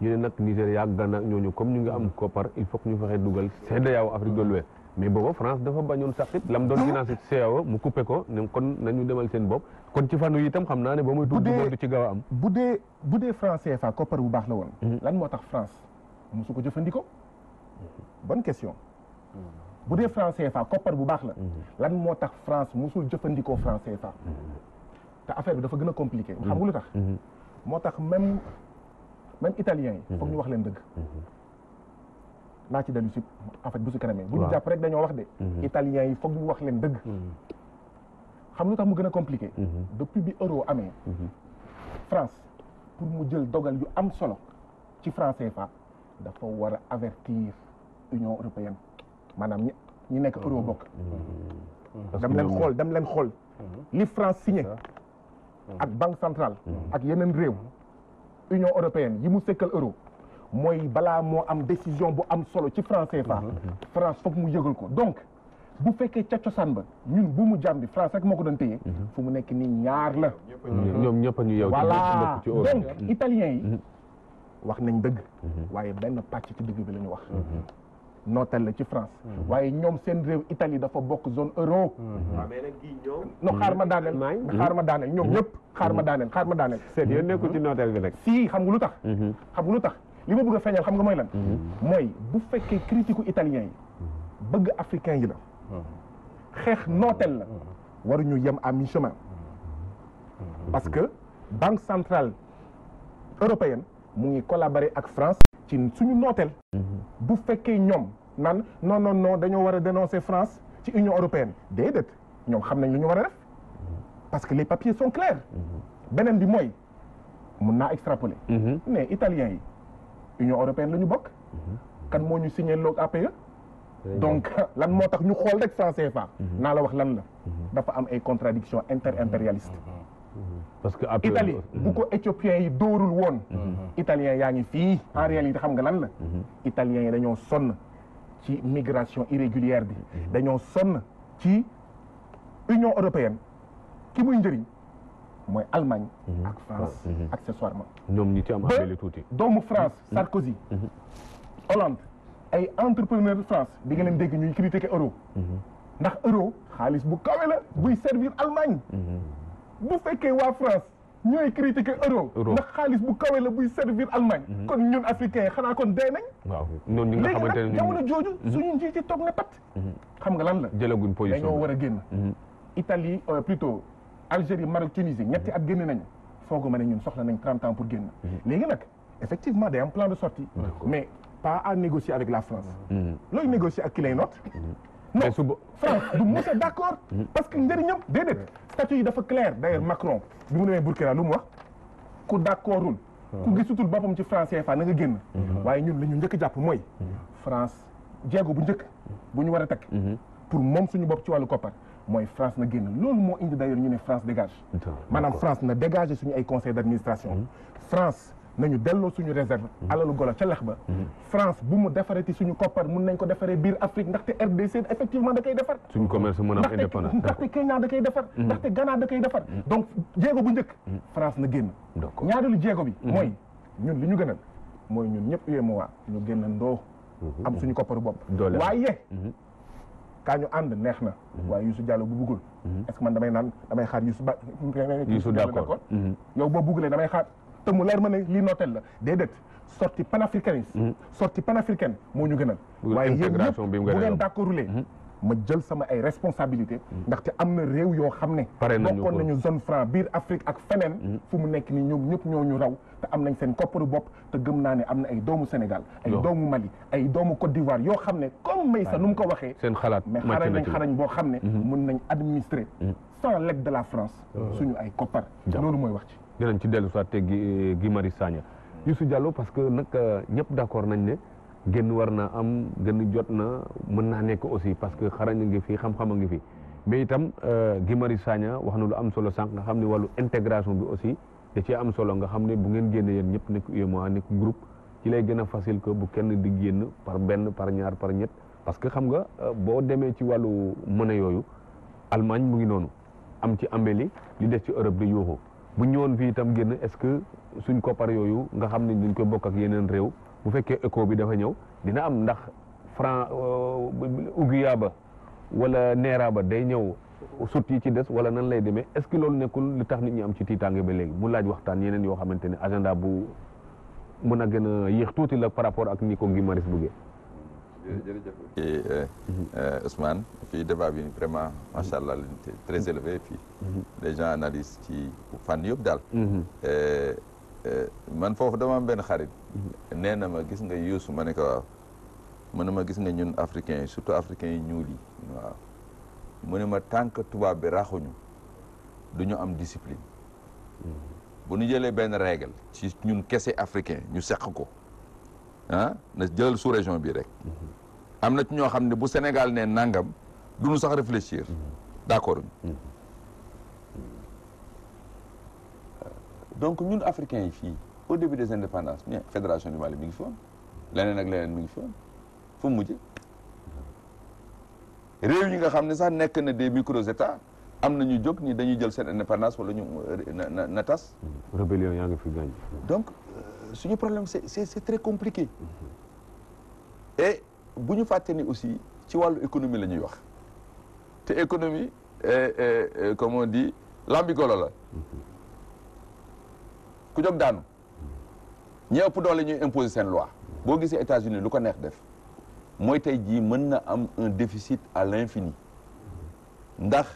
ñu ne nag Nigéria Ghana ñooñu comme ñu ngi am koppar il faut que ñu fexe dugal CEDEAO Afrique de l'Ouest mais booba France dafa bañoon sax it lam doon financé CEDEAO mu coupé ko ne kon nañu demal seen bopp kon ci fànn yi tam xam naa ne ba muy tudd du ci gaaw am bu dee bu dee France CFA koppar bu baax la woon mhm. lan moo tax France mosu ko jëfandikoo bonne question mhm. bu dee France CFA koppar bu baax la mhm. lan moo tax France mosul jëfandikoo France CFA te affaire bi dafa gën a compliqué xam nga lu tax moo tax même même mhm. mhm. mhm. italiens yi. foog ñu wax leen dëgg. naa ci dellu si en bu si kanamee. bu ñu jàpp rek dañoo wax de. italien yi foog ñu wax leen dëgg. xam lu tax mu gën a compliqué. depuis bi euro amee. France pour mu jël dogal yu am solo ci franc CFA dafa war a avertir Union européenne maanaam ñi ñi nekk euro bokk. dam leen xool dam leen xool. li France signé. Mhm. ak banque centrale mhm. ak yeneen réew union européenne yi mu sëkkal euro mooy balaa moo am décision bu am solo ci franc CFA mhm. France foog mu yëgal ko donc bu fekkee ca cosaan ba ñun bu mu jàmm bi France rek moo ko doon téye fu mu nekk nii ñaar la ñoom ñëpp ñu yow voilà donc italien yi wax nañ dëgg waaye benn pàcc ci dëgg bi la wax nootal la ci France. Mm-hmm. waaye ñoom seen réew Italie dafa bokk zone euro. waaw mm-hmm. ah, mais nag kii ñoom. Mm-hmm. non xaar ma daaneel. xaar ma daaneel ñoom ñëpp xaar ma daaneel xaar ma daaneel. seet yéen nekkul ci nootal si xam nga lu tax. xam lu tax li ma bëgg a feeñal xam nga mooy lan. mooy bu fekkee critiqueu italien yi bëgg africain yi la. xeex nootel la. waruñu yem à mi parce que banque centrale européenne mu ngi collaborer ak France. ci suñu nooteel mhm. bu fekkee ñoom nan non non non dañoo war a dénoncer France ci Union européenne déedéet ñoom xam nañ lu ñu war a def mhm. parce que les papiers son clairs mhm. beneen bi mooy mun naa extrapoler mais italiens yi Union européenne la ñu bokk kan moo ñu signé loog APE donc lan moo tax ñu xool rek franc CFA naa la wax lan la dafa am ay contradictions inter impérialistes parce que après Italie ko éthiopiens yi dóorul woon. Mhm. italiens yaa ngi fii mhm. en réalité xam nga lan la. Mhm. italiens yi dañoo sonn ci migration irrégulière bi. dañoo sonn ci Union européenne ki muy njëriñ mooy Allemagne. ak France accessoirement. ñoom ñi ci am amee tuuti. doomu France Sarkozy. Hollande ay entrepreneur de France di nga leen dégg ñuy critiquer euro. ndax euro xaalis bu kawe buy servir Allemagne. bu fekkee waa France ñooy critiquer euro. ndax xaalis bu kawe la buy servir Allemagne. Mhm. kon ñun africain xanaa kon dee nañ. waaw ñooñu nga xamante ne léegi nag jamono jooju. Mhm. suñu njiit yi toog na pat. Mhm. xam nga lan la jëlaguñ position dañoo war a génn. Italie euh, plutôt Algérie Maroc Tunisie ñetti at génn nañu fooguma ne ñun soxla nañ 30 ans pour génn. léegi nag effectivement day am plan de sorti mais pas à négocier avec la France. looy négocier ak ki lay noot. non France du mos a d' accord mm-hmm. parce que njëriñam déedéet statut yi dafa clair d' ailleurs Macron bi mu demee Burkina lu mu wax ku d' accordul ku mm-hmm. gisutul boppam ci France CFA na nga génn mm-hmm. waaye ñun la ñu njëkk jàpp mooy France jéego bu njëkk bu ñu war a takk pour moom suñu bopp ci wàllu koppar mooy France na génn loolu moo indi d' ñu ne France dégage maanaam France na dégager suñu ay conseil d' administration nañu delloo suñu réserve mm-hmm. alalu golo ca lex ba mm-hmm. France bu mu defaree ti suñu koppar mun nañ ko defaree biir Afrique ndaxte RDC effectivement da kay defar suñu commerce mën a am indépendance ndaxte Kenya da koy defar mm-hmm. ndaxte Ghana da donc jéego bu njëkk France na génn ñaareelu jéego bi mooy ñun li ñu gënal mooy ñun ñëpp waa e ñu génn ndoo am suñu kopparu bopp waaye kaa ñu ànd neex na waaye Youssou Diallo bu buggul est-ce que man damay naan damay xaar Youssou ba Youssou d'accord yow boo buggulee damay xaar te mu leer ma ne lii nooteel la déedéet sortie panafricanisme mm-hmm. sortie panafricaine moo ñu gënal waaye yéen ñëpp bu ngeen d'accordulee mm-hmm. ma jël sama ay responsabilité mm-hmm. ndaxte am na réew yoo xam ne bokkoon nañu zone franc biir Afrique ak feneen fu mu nekk nii ñoom ñëpp ñoo ñu raw te am nañ seen kopparu bopp te gëm naa ne am na ay doomu Sénégal ay doomu Mali ay doomu Côte d'Ivoire yoo xam ne comme Maysa nu mu ko waxee seen xalaat mais xarañ nañ xarañ boo xam ne mun nañ administrer sans l'aide de la France suñu ay koppar loolu mooy wax ci dinañ ci dellu soit te eh, Guy Marius Sagna mm. Youssou Diallo parce que nag euh, ñëpp accord nañ ne génn war na am gën jot na mën na nekk aussi parce que xarañ a ngi fi xam-xam a ngi fi mais itam euh, Guy Marius Sagna wax na lu am solo sànq nga xam ne wàllu intégration bi aussi da ci am solo nga xam ne bu ngeen génne yéen ñëpp nekk UEMOA nekk groupe ci lay gën a facile que bu kenn di génn par benn par ñaar par ñett parce que xam nga euh, boo demee ci wàllu monnaie yooyu Allemagne mu ngi noonu am ci ambeli li des ci Europe di yuuxu bu ñëwoon fii itam génn est-ce que suñ koppar yooyu nga xam ne dañ koy bokk ak yeneen réew bu fekkee éco bi dafa ñëw dina am ndax franc euh, uguya ba wala neera ba day ñëw sut yi ci des wala nan lay demee est-ce que loolu nekkul li tax nit ñi am ci tiitaange ba léegi mu laaj waxtaan yeneen yoo xamante ne agenda bu mën a gën a yéex tuuti la par rapport ak ni ko Guy Marius bëggee jërëjëf euh, euh, Ousmane fii débat bi vraiment macha allah très mm-hmm. élevé fii mm-hmm. les gens analysent ci fànn yëpp daal mm-hmm. euh, man foofu dama benn xarit nee na ma gis nga Youssou ma ne ko waaw mu ma gis nga ñun africain surtout africains yi ñuul yi waaw mu ne ma tànk tubaab bi raxuñu du ñu am discipline bu ñu jëlee benn règle ci ñun kese africain ñu seq ko ah na jël su région bi rek mm-hmm. am na ñoo xam ne bu Sénégal ne nangam du ñu sax réfléchir mm-hmm. d'accord mm-hmm. donc ñun africains yi fii au début des indépendances mais fédération du Mali mi ngi fi leneen ak leneen mi ngi fi woon mujj réew yi nga xam ne sax nekk na des micros am na jóg ni dañuy jël seen indépendance wala ñu euh, na na tas. rébellion yaa ngi fi gaañ. donc suñu problème c'est très compliqué bu ñu fàtte ni aussi ci wàllu économie la ñuy wax te économie comme on dit lambi la ku jóg daanu ñëpp doole ñuy imposer seen loi boo gisee États-Unis lu ko neex def mooy tey jii mën na am un déficit à l'infini ndax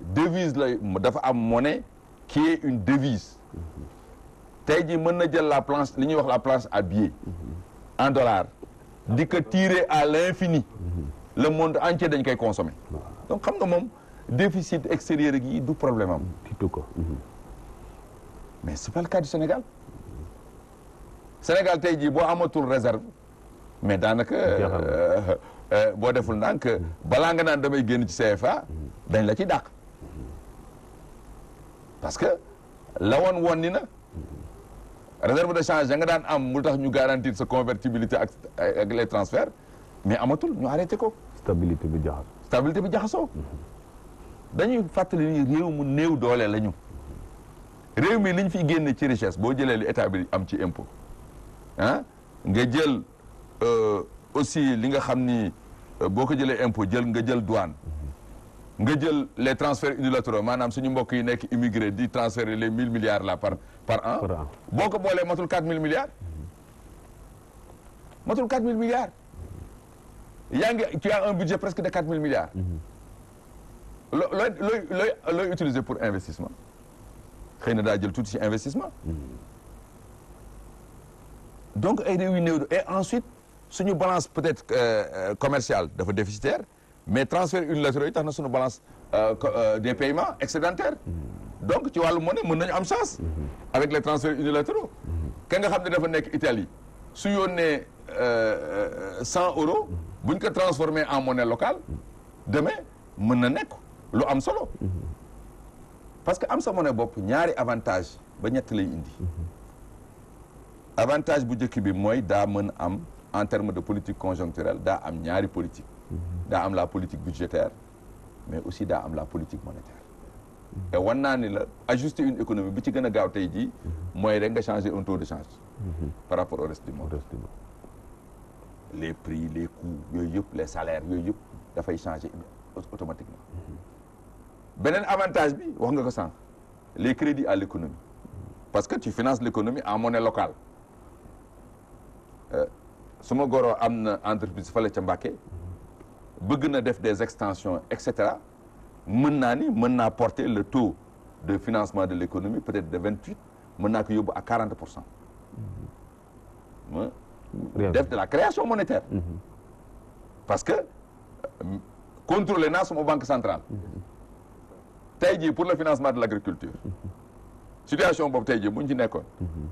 devise la dafa am monnaie qui est une devise tey jii mën na jël la place li ñuy wax la place à billets mhm. en dollars di ko tirer à l'infini mhm. le monde entier dañ koy consommer donc xam nga moom déficit extérieur yi du problème am tiitu ko mhm. mais c'est pas le Sénégal Sénégal tey jii boo amatul réserve mais daanaka euh, euh, boo deful ndànk balaa nga naan damay génn ci CFA dañ la ci dàq parce que lawoon won ni na réserve de change ya nga daan am mu tax ñu garantir sa convertibilité ak ak les transferts mais amatul ñu arrêté ko. stabilité bi jaxasoo. stabilité bi jaxasoo. dañuy fàttali ni réew mu néew doole lañu. réew mi liñ fi génne ci richesse boo jëlee li état am ci impôt ah nga jël euh, aussi li nga xam ni euh, boo ko jëlee impôt jël nga jël douane. nga jël les transferts unilatéraux maanaam suñu mbokk yi nekk immigré di transférer les mille milliards là par par an boo ko boolee matul quatre mille milliards matul quatre mille milliards yaa ngi tu as un budget presque de quatre mille milliards mhm. loo utiliser pour investissement xëy na daa jël tuuti ci investissement mhm. donc ay réew yu néew et ensuite suñu balance peut-être euh, euh, commerciale dafa déficitaire mais transfert unilatéraux yi tax na sunu balance euh, euh, des paiements excédentaire donc ci wàllu monnaie mën nañu am chance avec les transferts unilatéraux ka nga xam ne dafa nekk Italie su yónnee euh, cent euros buñ ko transformé en monnaie locale deme mën na nekk lu am solo parce que am sa monnaie bopp ñaari avantage ba ñett lay indi avantage bu njëkk bi mooy daa mën am en terme de politique conjoncturelle daa am ñaari politique daa am la politique budgétaire mais aussi daa am la politique monétaire te wan naa ni la ajuster une économie bi ci gën a gaaw tey jii mooy rek nga changer un taux de change par rapport au reste du les prix les coûts yooyu yëpp les salaires yooyu yëpp dafay changer automatiquement beneen avantage bi wax nga ko sànq les crédit à l'économie parce que tu finances l'économie en monnaie locale euh, su ma goro am na entreprise fële ca Mbacké bëgg na def des extensions et cetera mën naa ni mën naa porter le taux de financement de l'économie peut-être de vingt huit mën naa ko yóbbu à quarante pour cent def de la création monétaire mm-hmm. parce que euh, contrôler naa sama banque centrale mm-hmm. tey jii pour le financement de l'agriculture mm-hmm. situation boobu tey jii bu ci nekkoon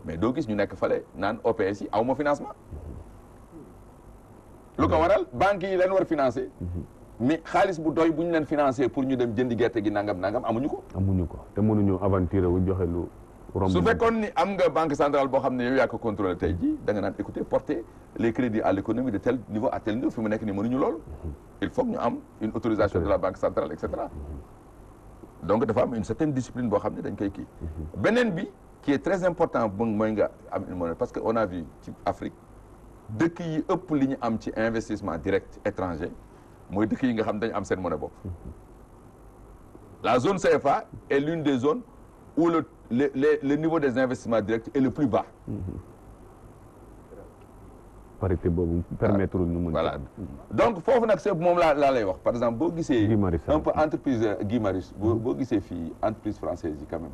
mais doo gis ñu nekk fale naan OPS yi aw ma financement lu ko waral banques yi leen war financé mais xaalis bu doy bu ñu leen financé pour ñu dem jëndi gerte gi nangam nangam amuñu ko amuñu ko te mënuñu aventurer wu joxe lu su fekkoon ni am nga banque centrale boo xam ne yow yaa ko contrôlé tey jii da nga naan écoutez porter les crédits à l'économie de tel niveau à tel niveau fi mu nekk ni mënuñu loolu il faut que ñu am une autorisation de la banque centrale et cetera donc dafa am une certaine discipline boo xam ne dañ koy ki mhm. beneen bi qui est important mooy nga am une monnaie parce que on a vu ci Afrique dëkk yi ëpp li ñu am ci investissement direct étranger mooy dëkk yi nga xam dañu am seen monnaie bopp. la zone CFA est l'une des zones où le le le, le niveau des investissements direct est le plus bas. parité boobu permettre ñu mun. voilà donc foofu nag c'est moom laa la lay wax par exemple boo gisee. un peu entreprise euh, Guy Marius boo mm-hmm. boo gisee fii entreprise française yi quand même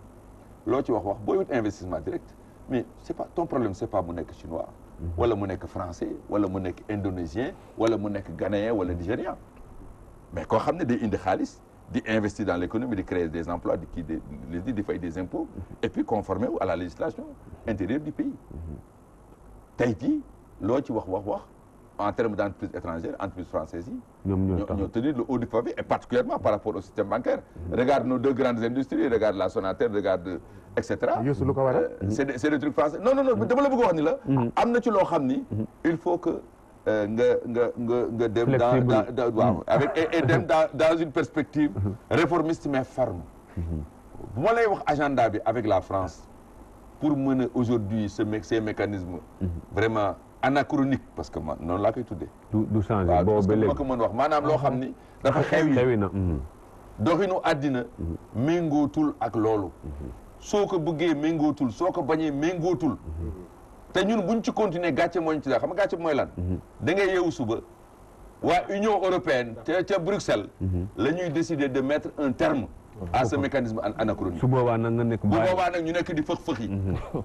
loo ci wax wax boo wut investissement direct mais c'est pas ton problème c'est pas mu nekk chinois. wala mu nekk français wala mu nekk indonésien wala mu nekk ghanéen wala nigérian mais ko xam ne day indi xaalis di investir dans l'économie di créer des emplois di kii di di fay des impôts mhm. et puis conformer wu à la législation intérieure du pays mhm. tey jii ci wax wax en termes d' entreprises étrangères entreprises françaises yi ñoo tenir et particulièrement par rapport au système bancaire mhm. regarde nos deux grandes industries regarde la Sonatel regarde et cetera. Ah, Youssou lu ko waral. Euh, c'est des c'est des trucs français non non non la bëgg wax ni la. Mm-hmm. am na ci loo xam ni. Mm-hmm. il faut que euh, nga nga nga nga dem. dans une perspective mm-hmm. réformiste mais ferme. bu ma lay wax agenda bi avec la France pour mën a aujourd'hui ce ces mécanismes vraiment anachronique parce que man noonu laa koy que ma ko mën wax maanaam loo xam ni. dafa xew yi xewi àddina. méngootul ak loolu. soo ko bëggee méngootul soo ko bañee mingootul mm-hmm. te ñun buñ ci continuer gàcce moo ñu ci daal xam nga gàcce mooy lan mm-hmm. dangay ngay yeewu suba waa Union européenne ca ca Bruxelles mm-hmm. la ñuy décider de mettre un terme à ce mécanisme anachronique. su boobaa nag nga nekk ñu nekk di fëx fëx yi.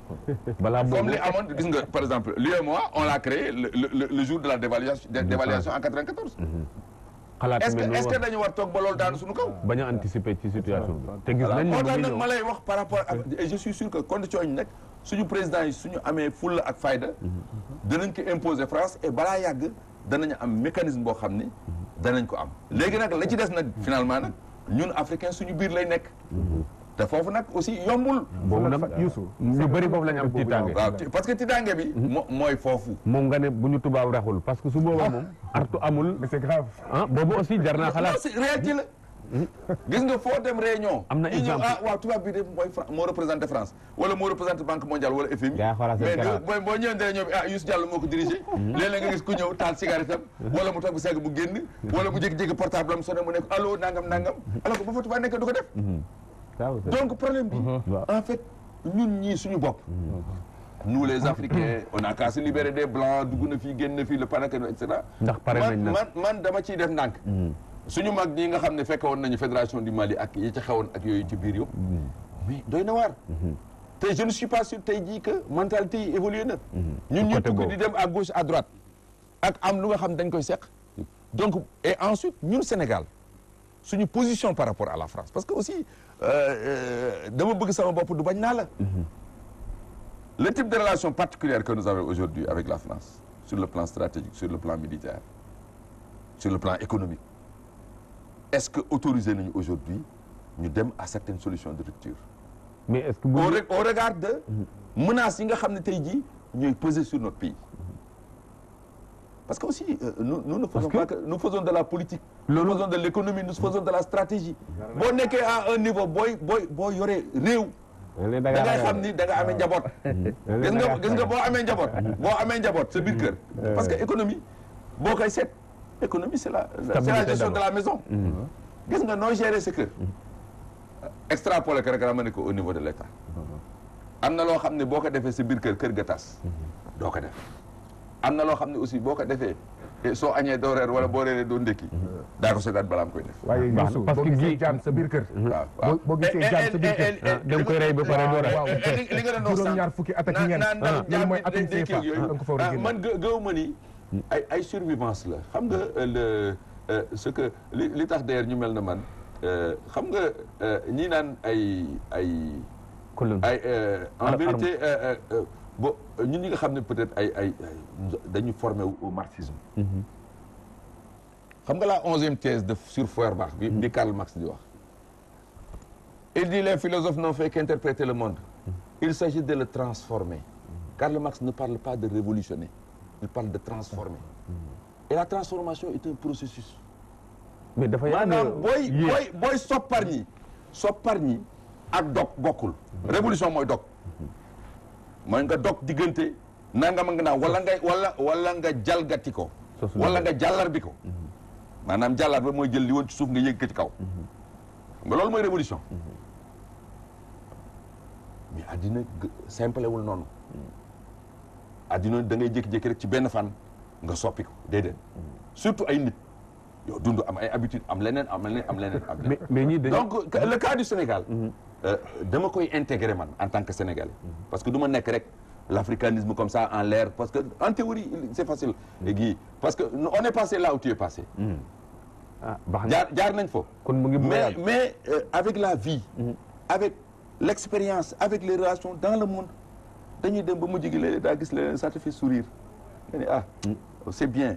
balaa boobu comme li amoon gis nga par exemple l'UEMOA on l'a créé le jour de la dévaluation dévaluation en 94. xalaat est-ce que est-ce que dañu war toog ba loolu daanu suñu kaw. bañ a anticiper ci situation bi. te gis nañ moo tax nag ma lay wax par rapport ak et je que condition yi nag suñu président yi suñu amee fulla ak fayda. danañ ko imposer France et balaa yàgg danañ am mécanisme boo xam ni. danañ ko am léegi nag la ci des nag finalement nag ñun africain suñu biir lay nekk. te foofu nag aussi yombul. boobu nag Youssou ñu bëri foofu la ñu am tiitaange. parce que tiitaange bi. Mhm. mooy foofu. moom nga ne bu ñu tubaab raxul parce que su boobaa moom. Ah. artu amul mais c'est grave. ah boobu aussi jar naa xalaat réalité la. Hmm? gis na exemple ah bi de mooy France wala moo représenté Banque mondiale wala FMI. mais boo boo ñëwee réunion bi ah Youssou Diallo moo dirigé. Hmm? léeg nga gis ku ñëw taal cigarette am. wala mu toog bu segg bu génn. wala mu jékki-jékki portable am sonné mu nekk allo nangam nangam. Hmm. donc problème bi. Mhm. en fait ñun ñii suñu bopp. Mhm. nu les Africains on a qu'à se libérer des blancs dugg na fii génn na fii le panafricain ndax pare nañ man man dama ciy def ndànk. Mhm. suñu mag ñi nga xam ne fekke woon nañu fédération du Mali ak yi ci xewoon ak yooyu ci biir yëpp. mais doy na waar. te je ne suis pas sûr tey jii que mentalité yi évolué na. ñun ñu dugg di dem à gauche à droite. ak am lu nga xam dañ koy seq. donc et ensuite ñun Sénégal suñu position par rapport à la France parce que aussi. Euh, euh, dama bëgg sama bopp du bañ naa la mm-hmm. le type de relation particulière que nous avons aujourd'hui avec la France sur le plan stratégique sur le plan militaire sur le plan économique est-ce que autorisé nañu aujourd'hui ñu dem à certaines solutions de rupture mais est-ce que au, regard de menaces yi nga xam ne tey jii ñooy peser sur notre pays mm-hmm. parce que aussi euh, nous, nous ne faisons pas que nous faisons de la politique nous faisons de l'économie nous faisons de la stratégie boo nekkee à un niveau booy booy boo yoree réew da ngay xam ni da nga amee njaboot gis nga gis nga boo amee njaboot boo amee njaboot sa biir kër parce que économie boo koy set économie c'est la c'est la gestion de la maison mm-hmm. gis nga noo gérer sa kër extrapolé ko rek ramane ko au niveau de l'état mm-hmm. am na loo xam ne boo ko defee sa biir kër kër ga tas mm-hmm. doo ko def am na loo xam ne aussi boo ko defee soo añee doo reer wala boo reeree doo ndékki mm-hmm. daa ko seetaat balaam koy def waaye parce que gi jaam sa biir kër mm-hmm. waaw boo gisee eh, eh, jaam sa biir eh, kër da nga koy rey ba pare doo reer li nga doon wax juróom ñaar fukki at ak ñeent ah, loolu mooy atum CFA da ko fa war a ah, génn man gëw ma ni ay ay survivance la xam nga euh, le euh, ce que li li tax d'ailleurs ñu mel na man euh, xam nga ñi naan ay ay ay en vérité bon ñun ñi nga xam ne peut-être ay ay dañu formé au marxisme mhm. xam nga la onzième thèse de sur Feuerbach bi mhm. bi Karl Marx di wax il dit les philosophes n'ont fait qu'interpréter le monde mhm. il s'agit de le transformer Karl Marx ne parle pas de révolutionner il parle de transformer et la transformation est un processus mais dafa maanaam booy booy booy soppar ñi soppar ñi ak dog bokkul révolution mooy dog man nga dog diggante nangam nga naaw wala nga wala wala nga jalgati ko. wala nga jàllar bi ko. Mhm. maanaam jàllar ba mooy jël li woon ci suuf nga yëg ko ci kaw. Mhm. xam loolu mooy révolution. Mhm. mais addina simple wul noonu. addina da ngay jékki rek ci benn fan nga soppi ko déedéet. surtout ay nit. yow dund am ay habitude am leneen am leneen am leneen. am leneen donc le cas du Sénégal. Euh, dama koy intégrer man en tant que sénégalais. Mhm. parce que du ma nekk rek l'africanisme comme ça en l'air parce que en théorie c'est facile. Mhm. Guy parce que on est passé là où tu es passé. Mhm. ah jaar jaar nañ foofu. kon mu ngi mais mais euh, avec la vie. avec l'expérience avec les relations dans le monde dañuy dem ba mujj gi léeg gis leneen ça te fait sourire nga ne ah. c'est bien.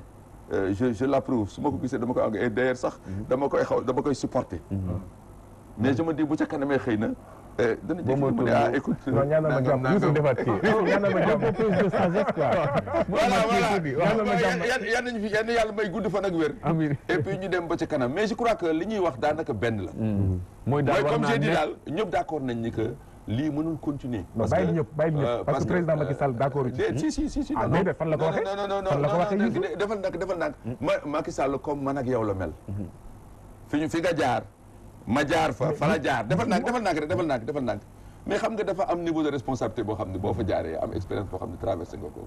Euh, je l'approuve su ma ko gisee dama koy engrais d'ailleurs sax dama koy xaw dama koy supporter. mais je me dis bu ca kanamee xëy na. Eh, dana jékki mu ne ah écoute. non ñaanal ma jàmm Youssou defaat kii ñaanal de sagesse quoi. voilà voilà yan nañu may gudd fan ak wér. amiin dem ba ca kanam mais je crois que li ñuy wax daanaka benn la. Mm. mooy comme j'ai daal ñëpp d' accord nañ ni que. lii mënul continuer. parce que bàyyi ñëpp bàyyi ñëpp euh, parce que président Macky euh, Sall d' accord ci. si si si ah, non non fan la ko waxee. fan la ko waxee defal nag defal nag. Macky Sall mm-hmm. fi ñu fi ma jaar fa fa la jaar defal naag defal naag rek defal naag defal mais xam nga dafa am niveau de responsabilité boo xam ne boo fa jaaree am expérience boo xam ne traversé nga ko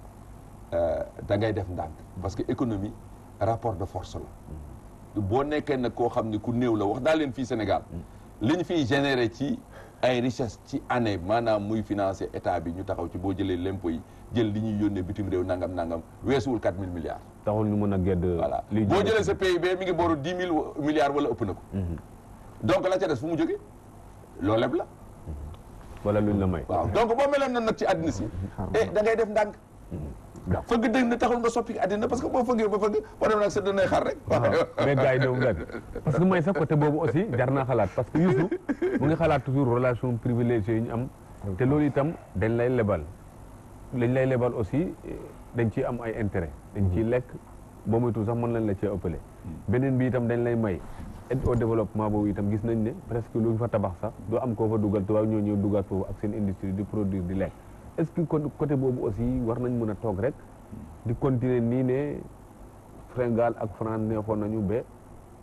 euh, dangay def ndànk parce que économie rapport de force la mm. boo nekkee nag koo xam ne ku néew la wax daa leen fii Sénégal mm. li ñu fiy généré ci ay richesse ci année maanaam muy financé état bi ñu taxaw ci boo jëlee lempo yi jël li ñuy yónnee bitim réew nangam nangam weesuwul 4000 milliards taxul ñu mën a gedd voilà boo jëlee sa mi ngi booru 10 000 milliards wala ëpp na ko mm-hmm. donc la ca des fu mu jógee loo leb la. wala luñ na may. waaw donc boo meloon noonu nag ci àddina si. eh da ngay def ndànk. Mm-hmm. fëgg dëgg na taxul nga soppi àddina parce que boo fëggee ba fëgg boo dem nag sa danay xar rek. waaw ah, mais gars parce que mooy sax côté boobu aussi jar naa xalaat parce que Youssou mu ngi xalaat toujours relation privilégiée yi ñu am. te loolu itam dañ lay lebal. dañ lay lebal aussi eh, dañ ciy am ay intéret dañ ciy mm-hmm. lekk boo moytu sax mën lañ la cee ëppale. Mm-hmm. beneen bi itam dañ lay may. aide au développement boobu itam gis nañ ne presque lu ñu fa tabax sax doo am koo fa dugal tubaab ñoo ñëw dugal foofu ak seen industrie di produire di lekk est ce que côté boobu aussi war nañ mun a toog rek di continuer nii ne Sénégal ak France neexoon nañu ba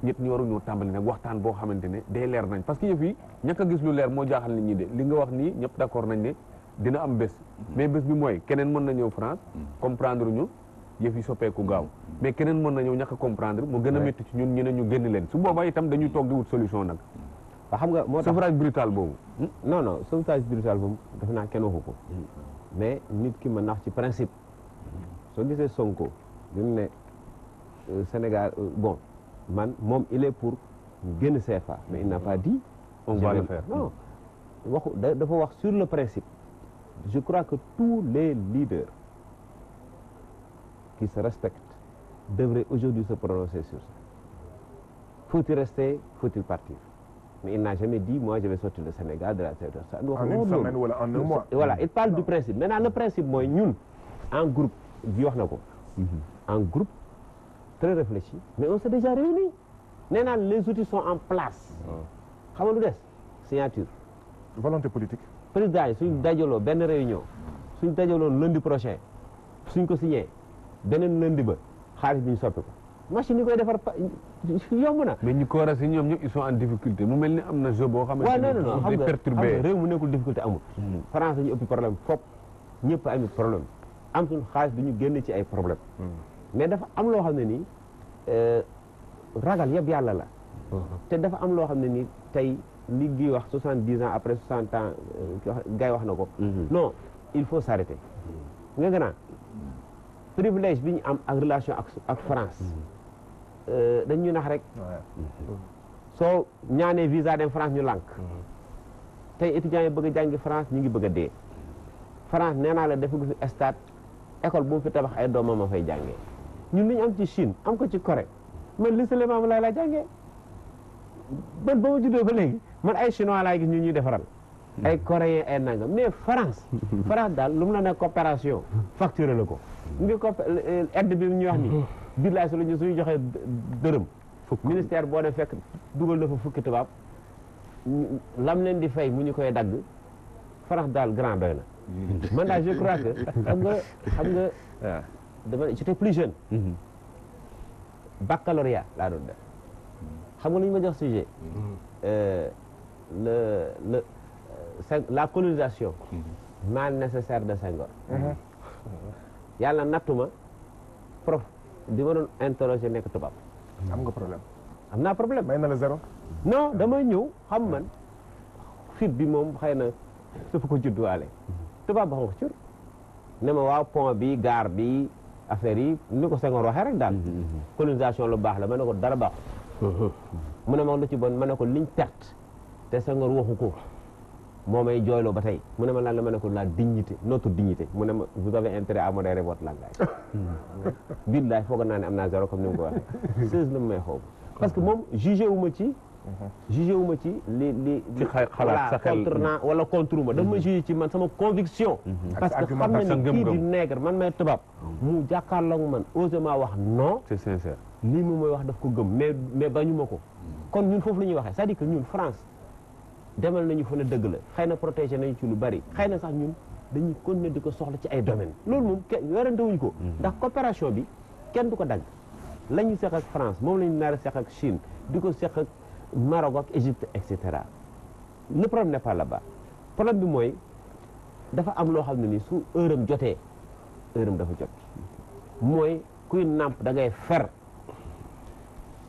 ñett ñi waruñu tàmbali nag waxtaan boo xamante ne day leer nañ parce que yëf yi ñàkk a gis lu leer moo jaaxal nit ñi de li nga wax nii ñëpp d' accord nañ ne dina am bés mm-hmm. mais bés mi mooy keneen mën na ñëw France mm-hmm. comprendre ñu yëf yi soppeeku gaaw mais keneen mën na ñëw ñàkk comprendre mu gën a métti ci ñun ñu ne ñu génn leen su boobaa itam dañuy toog di wut solution nag waaw xam nga moo tax sevrage brutal boobu hmm? non non sevrage brutal boobu def naa kenn waxu ko mais nit ki ma nax ci principe soo gisee Sonko bi mu ne euh, Sénégal euh, bon man moom il pour mu génn CFA mais il n'a pas dit on va le waxu dafa wax sur le principe je crois que tous les leaders qui se respectent devraient aujourd'hui se prononcer sur ça. Faut-il rester, faut-il partir Mais il n'a jamais dit, moi je vais sortir le Sénégal de la terre de ça. En une semaine ou en group mois. Voilà, il parle du en groupe, mhm. en groupe, très réfléchi, mais on s'est déjà réunis. Maintenant, les outils sont en place. Comment nous Signature. Volonté politique. Président, si nous avons une réunion, si nous avons lundi prochain, si nous avons beneen lundi ba xaalis bi ñu soppi ko machine yi koy defar yomb na. mais ñi ko war a si ñoom ñëpp ils sont en difficulté mu mel ni am na jeu boo. xamante ne non non xam nga xam nga réew mu nekkul difficulté amul. Mm-hmm. France dañuy ëpp problème fop ñëpp a amit problème am suñu xaalis bi ñu génn ci ay problème mm-hmm. mais dafa am loo xam ne nii euh, ragal yëpp yàlla la. Mm-hmm. te dafa am loo xam ne nii tey li gi wax soixante dix ans après soixante ans euh, gars wax na ko. non il faut s'arrêter nga privilège bi ñu am ak relation ak ak France mm-hmm. euh, dañ ñu nax rek mm-hmm. soo ñaanee visa dem France ñu lànk mm-hmm. tey étudiants yi bëgg a jàngi France ñu ngi bëgg a dee France nee naa la defagu fi stade école bu mu fi tabax ay doomam a fay jàngee ñun li am ci Chine am ko ci Corée man lycée Limamoulaye laa jàngee man ba ma juddoo ba léegi man ay chinois laay gis ñu ñuy defaral ay coréen ay nangam mais France France daal lu mu la ne coopération facturé la ko bi ko euh, euh, aide bi ñu wax ni mm-hmm. billaay su la ñu suñu joxee dërëm ministère boo ne fekk dugal na fa fukki tubaab lam leen di fay mu ñu koy dagg farax daal grand doy na mm-hmm. man daal je crois que xam nga xam nga ah. dama j'étais plus jeune mm-hmm. baccalauréat laa doon nga lu ñu jox sujet euh, le le la colonisation mal nécessaire de Senghor yàlla nattuma prof di ma doon interroger nekk tubaab. am nga problème. am naa problème may na la zéro. non dama ñëw xam man fit bi moom xëy na dafa ko judduwaale. tubaab ba ko cur ne ma waaw pont bi gaar bi affaire yi ni ko Senghor waxee rek daal. Mhm, mhm. colonisation lu baax la ma ne ko dara baaxul. mu ne ma lu ci bon ma ne ko liñ perte te Senghor waxu ko. moo may jooyloo ba tey mu ne ma lan la ma ne ko la dignité notre dignité mu ne ma vous avez intérêt à modérer votre langage. billaay foog naa ne am naa zéro comme ni mu ko may xaw parce que moom jugé wu ma ci. Mhm. jugé wu ma ci li li. ci xalaat sa xel contre naa wala contre ma daf ma mhm. jugé ci man sama conviction. Mhm. parce que xam na ni kii di nègre man may tubaab. mu jàkkaarloog man osé maa wax non. c'est sincère. nii mu may wax daf ko gëm mais mais bañu ma ko. kon ñun foofu la ñuy waxee c'est-à-dire que ñun France. demal nañu fa ne dëgg la xëy na protégé nañu ci lu bari xëy na sax ñun dañuy continuer di ko soxla ci ay domaine loolu moom kenn werantewuñ ko hmm. ndax coopération bi kenn du ko dagg la ñu seq ak France moom la ñu nar a seq ak Chine di ko seq ak Maroc ak Égypte et cetera le problème n'est pas là bi mooy dafa am loo xam ne ni su heuram jotee heuram dafa jot mooy kuy nàmp da ngay fer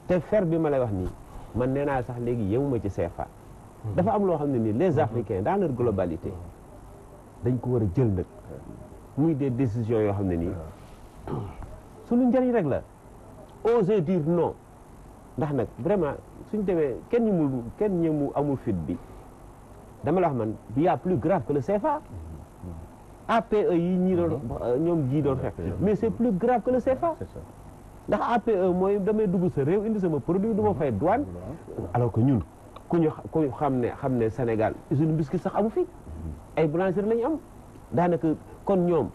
te fer bi ma lay wax nii man nee naa sax léegi yemuma ci fa dafa am loo xam ne nii les mhm. africains dans leur globalité dañ ko war a jël nag muy des décisions yoo xam ne nii su mhm. suñu njëriñ rek la oser dire non ndax nag vraiment suñ demee kenn ñu mu kenn ñu mu amul fit bi dama la wax man il y a plus grave que le CFA mhm. APE yi ñii doon euh, ñoom gii doon xeex mais c'est plus grave que le CFA ndax APE mooy damay dugg sa réew indi sama produit du ma fay douane alors que ñun ku ñu ku ñu xam ne xam ne Sénégal usine biscuit sax amu fi ay boulangerie la ñu am daanaka kon ñoom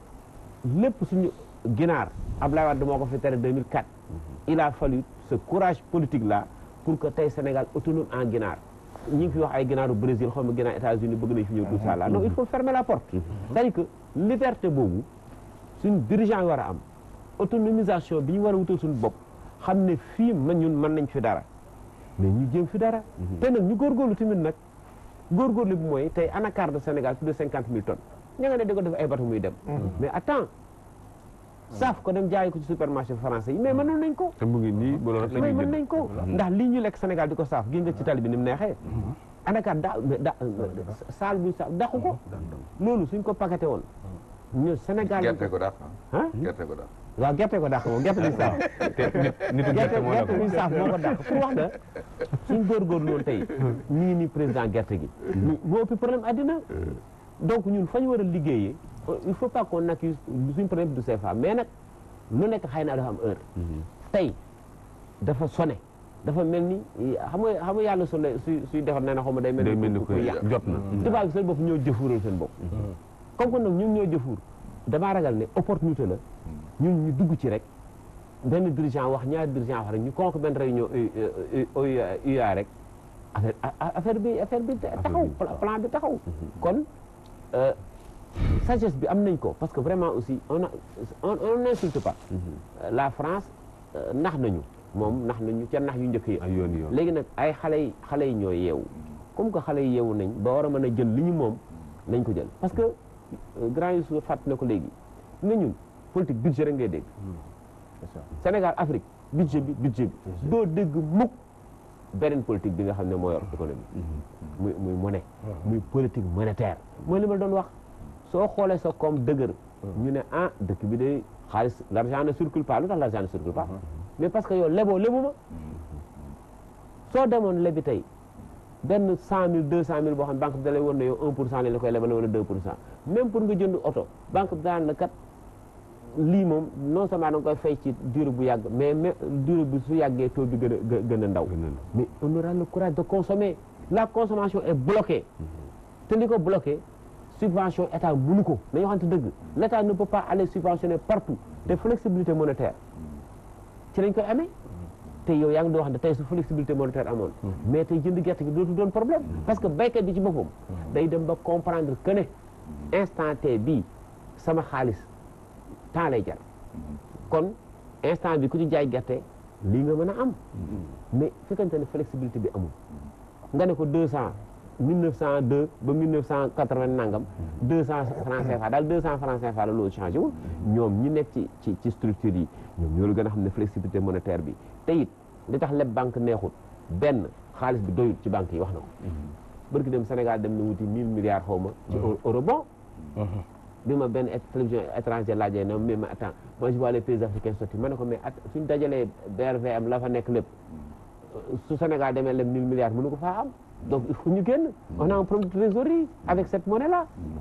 lépp suñu ginaar Abdoulaye Wade moo ko fi tere 2004 il a fallu ce courage politique la pour que tey Sénégal autonome en ginaar ñi ngi fi wax ay ginaaru Brésil xaw ma ginaar États-Unis bëgg nañ fi ñëw tout ça là non il faut fermer la porte que liberté boobu suñu dirigeant yi war a am autonomisation bi ñu war a wutal suñu bopp xam ne fii man ñun mën nañ fi dara mais ñu jéem fi dara ñu mhm. nag ñu góorgóorlu tamit nag góorgóorlu bi mooy tey anacarde de Sénégal plus de cinquante mille tonnes ña nga ne di ko def ay bateau muy dem mhm. mais attends saaf ko dem jaayi ko ci supermarché français yi mais mënoon nañ ko te mu ngi nii lii ñu lekk Sénégal di ko saaf gi nga ci bi mu neexee mhm. anacarde da da euh, saal buy saaf dàqu ko loolu suñ ko paqueté woon ñu Sénégal gerte ko dàq ah ko waaw gerte ko dàq moom gerte bi saaf. nit gerte moo gerte bi saaf moo ko dàq pour wax la suñ góorgóorlu woon tey. ñu ngi ni président gerte gi. moo ëpp problème àddina. donc ñun fa ñu war a liggéeyee. il faut pas qu'on accuse suñ mais nag lu nekk xëy na dafa tey dafa sone dafa mel ni xam nga xam nga yàlla su suy suy defar nee na xaw ma day mel ni ku yàq jot na tubaab bi seen bopp ñoo jëfuural seen bopp. Mm-hmm. comme que nag ñun ñoo jëfuur damaa ragal ne opportunité la. ñun ñu dugg ci rek benn dirigeant wax ñaar dirigeant wax rek ñu convoqué benn réunion UA rek affaire affaire bi affaire bi taxaw plan bi taxaw mhm. kon euh, sagesse bi am nañ ko parce que vraiment aussi on on n'insulte pas mhm. euh, la France euh, nax nañu moom nax nañu ca nax ñu njëkk yi léegi nag ay xale yi xale yi ñoo yeewu comme que xale yi yeewu nañ ba war a mën a jël li ñu moom nañ ko jël parce que grand Youssou fàtt na ko léegi na ñun politique budget rek ngay dégg. senegal Afrique budget bi budget bi. doo dégg mukk beneen politique bi nga xam ne moo yor économie. Mm-hmm. muy muy monnaie. muy politique monétaire. mooy li ma doon wax soo xoolee sa koom dëggër ñu ne ah dëkk bi day xaalis l' argent ne circule pas lu tax l' argent ne circule pas. Mm-hmm. mais parce que yow leboo lebu ma. Mm-hmm. soo demoon lebi tey benn cent mille deux cent mille boo xam ne bi da lay wan ne yow un la koy lebal wala deux pour cent même pour nga jënd oto banque bi lii moom non seulement da koy fay ci durée bu yàgg mais mais durée bu su yàggee taux bi gën a gën a ndaw mais on aura le courage de consommer la consommation est bloquée mm-hmm. te li ko bloqué subvention état mënu ko dañoo xamante dëgg l' état ne peut pas aller subventionner partout te mm-hmm. flexibilité monétaire mm-hmm. ci lañ koy amee te yow yaa ngi doon wax ne tey su flexibilité monétaire amoon mais tey jënd gerte gi dootul doon problème parce que béykat bi ci boppam day dem ba comprendre que ne bii sama xaalis temps lay jar kon instant bi ku ci jaay gerte lii nga mën a am mais fekkante ne flexibilité bi amul nga ne ko deux cent mille neuf deux ba mille neuf cent nangam deux cent francs daal deux cent francs CFA la loolu changé wul ñoom ñi nekk ci ci ci structure yi ñoom ñoo la gën a xam ne flexibilité monétaire bi te it li tax leb banque neexut benn xaalis bi doyul ci banque yi wax na ko mm-hmm. bërki dem Sénégal dem na wuti mille milliards xaw ma ci mm-hmm. eurobond mm-hmm. bi ma benn télévision étranger laajee ne mais ma attends moi je vois les pays sotti ma ne ko mais suñ dajalee BRVM la fa nekk lépp su Sénégal demee lem 1000 milliards mënu ko faa am donc il faut ñu génn mm. on a un problème de trésorerie avec cette monnaie là mm.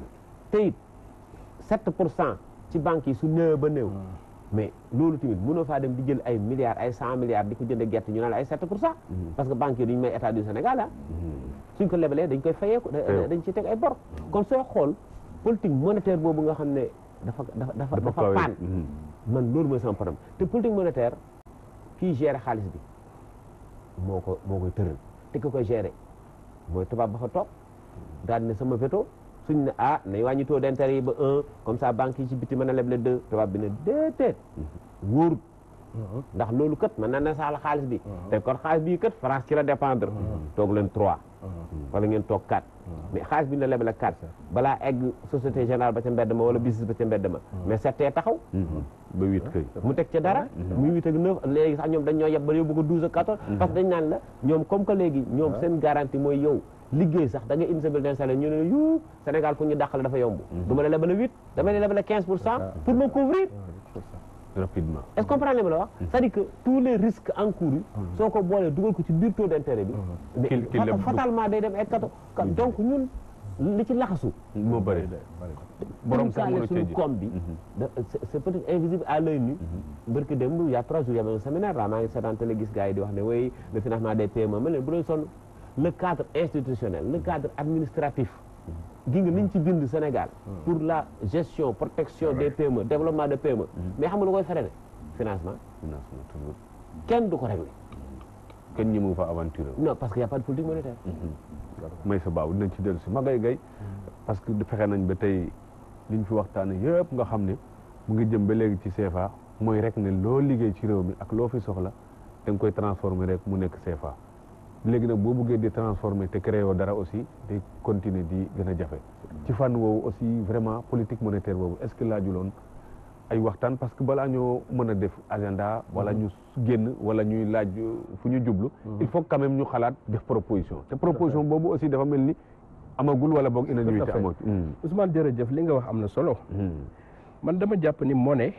te it pour cent ci banques yi su néew ba néew mm. mais loolu tamit mënoo faa dem di jël ay milliards ay cent milliards di ko jënde gerte ñu naan la ay 7 pour cent parce que banques yi duñu may état du Sénégal ah suñ ko lebalee teg ay bor kon soo xool politique monétaire boobu nga xam ne dafa dafa dafa paan man loolu mooy sama problème te politique monétaire kii géré xaalis bi moo ko moo koy tëral te ki koy géré mooy tubaab ba fa toog daal ne sama veto suñ ne ah nañ wàññi taux d'intérêt yi ba un comme ça banque yi ci biti mën a leble deux tubaab bi na déedéet mhm. wóorut ndax loolu kat mën na nasaxal xaalis bi mhm. te kon xaalis bii kat France ci la dépendre mhm. toog leen trois mhm. wala ngeen toog quatre mais xaalis bi ñu la lebal balaa egg société générale ba ca mbedd ma wala business ba ca mbedd ma mais settee taxaw ba huit kay mu teg ca dara muy huit ak neuf léegi sax ñoom dañ ñoo yeb ba yóbbu ko douze ak quatorze parce que dañ naan la ñoom comme que léegi ñoom seen garantie mooy yow liggéey sax da nga indi sa bill d'installé ñu ne yu Sénégal ku dafa yomb du a huit dama la lebal a rapidement est-ce que comprendre nga la wax c'est-à-dire que tous les risques encourus mm-hmm. soo ko boolee dugal ko ci biir taux d'intérêt bi mm-hmm. mais fatalement day dem ay kato mm-hmm. donc ñun li ci laxasu moo bëri borom kaale suñu koom bi c'est peut y a trois jours y avait la maa ngi seetaan gis gars yi di wax ne wooy le financement des PME ma leen bu leen sonn le cadre institutionnel le administratif gi nga liñ ci bind Sénégal pour la gestion protection des PME développement de PME mm-hmm. mais xam nga koy fere ne financement kenn du ko réglé mm-hmm. kenn ñi mu fa aventure non parce que y a pas de politique monétaire mm-hmm. may sa ci dellu si magay gay parce que fexe nañ ba tey liñ fi waxtaane yëpp nga xam ne mu ngi jëm ba léegi ci CFA mooy rek ne loo liggéey ci réew mi ak loo fi soxla da nga koy transformer rek mu nekk CFA léegi nag boo buggee di transformer te créé woo dara aussi di continuer di gën a jafe ci fànn woowu aussi vraiment politique monétaire boobu est-ce que loon ay waxtaan parce que balaa ñoo mën a def agenda wala mhm. ñu génn wala ñuy laaj fu ñu jublu mhm. il faut quand même ñu xalaat def proposition te proposition boobu aussi dafa mel ni amagul wala boog unanimité amoo ci hmm. Ousmane jërëjëf li nga wax am na solo hmm. man dama jàpp ni monnaie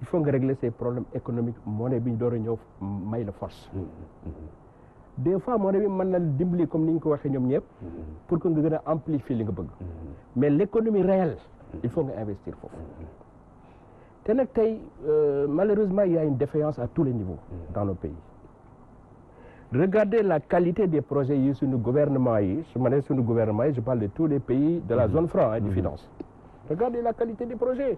il faut nga régler ces problèmes économiques monnaie bi ñu door a ñëw may la force hmm. des fois moo bi mën na dimbali comme ni ñu ko waxee ñoom ñëpp mm-hmm. pour que nga gën a amplifier li nga mm-hmm. mais léconomie économie réelle il faut nga investir foofu mm-hmm. te nag tey euh, malheureusement il y a une défaillance à tous les niveaux dans nos pays regardez la qualité des projets yi suñu gouvernement yi su ma suñu gouvernement yi je parle de tous les pays de la zone franc de finance regardez la qualité des projets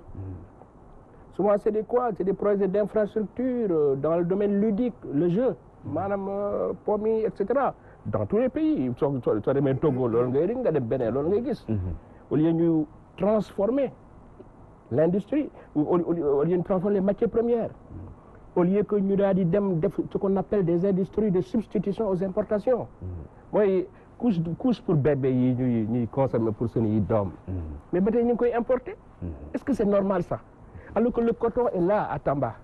souvent c'est des quoi c'est des projets d'infrastructure euh, dans le domaine ludique le jeu maanaam euh, pomi et cetera dans tous les pays soo soo demee Togo loolu ngay dégg nga dem bene loolu nga gis. Mhm. au lieu ñu transformer l' industrie au lieu ñu transformer les matières premières au lieu que ñu daal di dem def ce qu'on appelle des industries de substitution aux importations. Mhm. mooy couche couche pour bébé yi ñuy ñuy consommer pour suñuy doom. Mhm. mais ba tey ñu ngi koy importer. est ce que c' est normal ça alors que le coton est là à Tamba.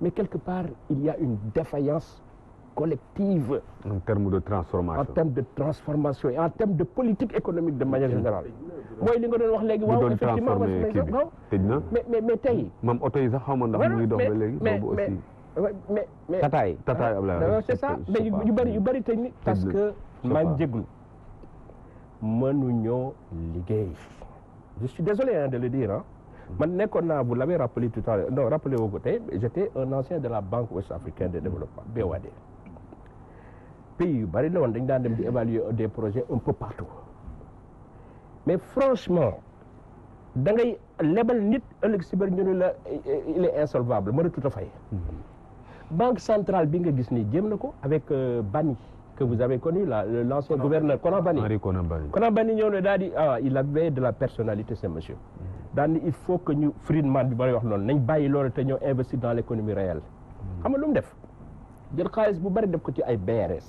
mais quelque part il y a une défaillance collective. En termes de transformation. En termes de transformation et en termes de politique économique de manière générale. mooy li nga doon wax léegi waaw effectivement waaw tëj na mais mais mais tey. moom oto yi sax xaw ma ndax mu ngi dox ba léegi. mais mais mais mais tataay tataay Ablaye c'est ça mais yu bëri yu bëri tey ni parce que maa ngi jéglu mënuñoo liggéey. je suis désolé hein, de le dire ah. man nekkoon naa vous l'avez rappelé tout à l'heure non rappelé woo ko tey j'étais un ancien de la banque ouest-africaine de développement BOAD pays yu bari la woon dañ daan dem di évaluer des projets un peu partout mais franchement da ngay lebal nit ëllëg si bari ñu ne la eh, il est insolvable mënatut a fay mm-hmm. banque centrale bi nga gis nii jéem na ko avec euh, Bani que vous avez connu là l'ancien gouverneur Konan Bani Konan Bani ñëw ne daal di ah il avait de la personnalité ce monsieur mm-hmm. daan il faut que ñu Friedman bi bari wax noonu nañ bàyyi loolu te ñoo investir dans l' économie réelle. Hmm. xam nga lu mu def jël xaalis bu bari def ko ci ay BRS.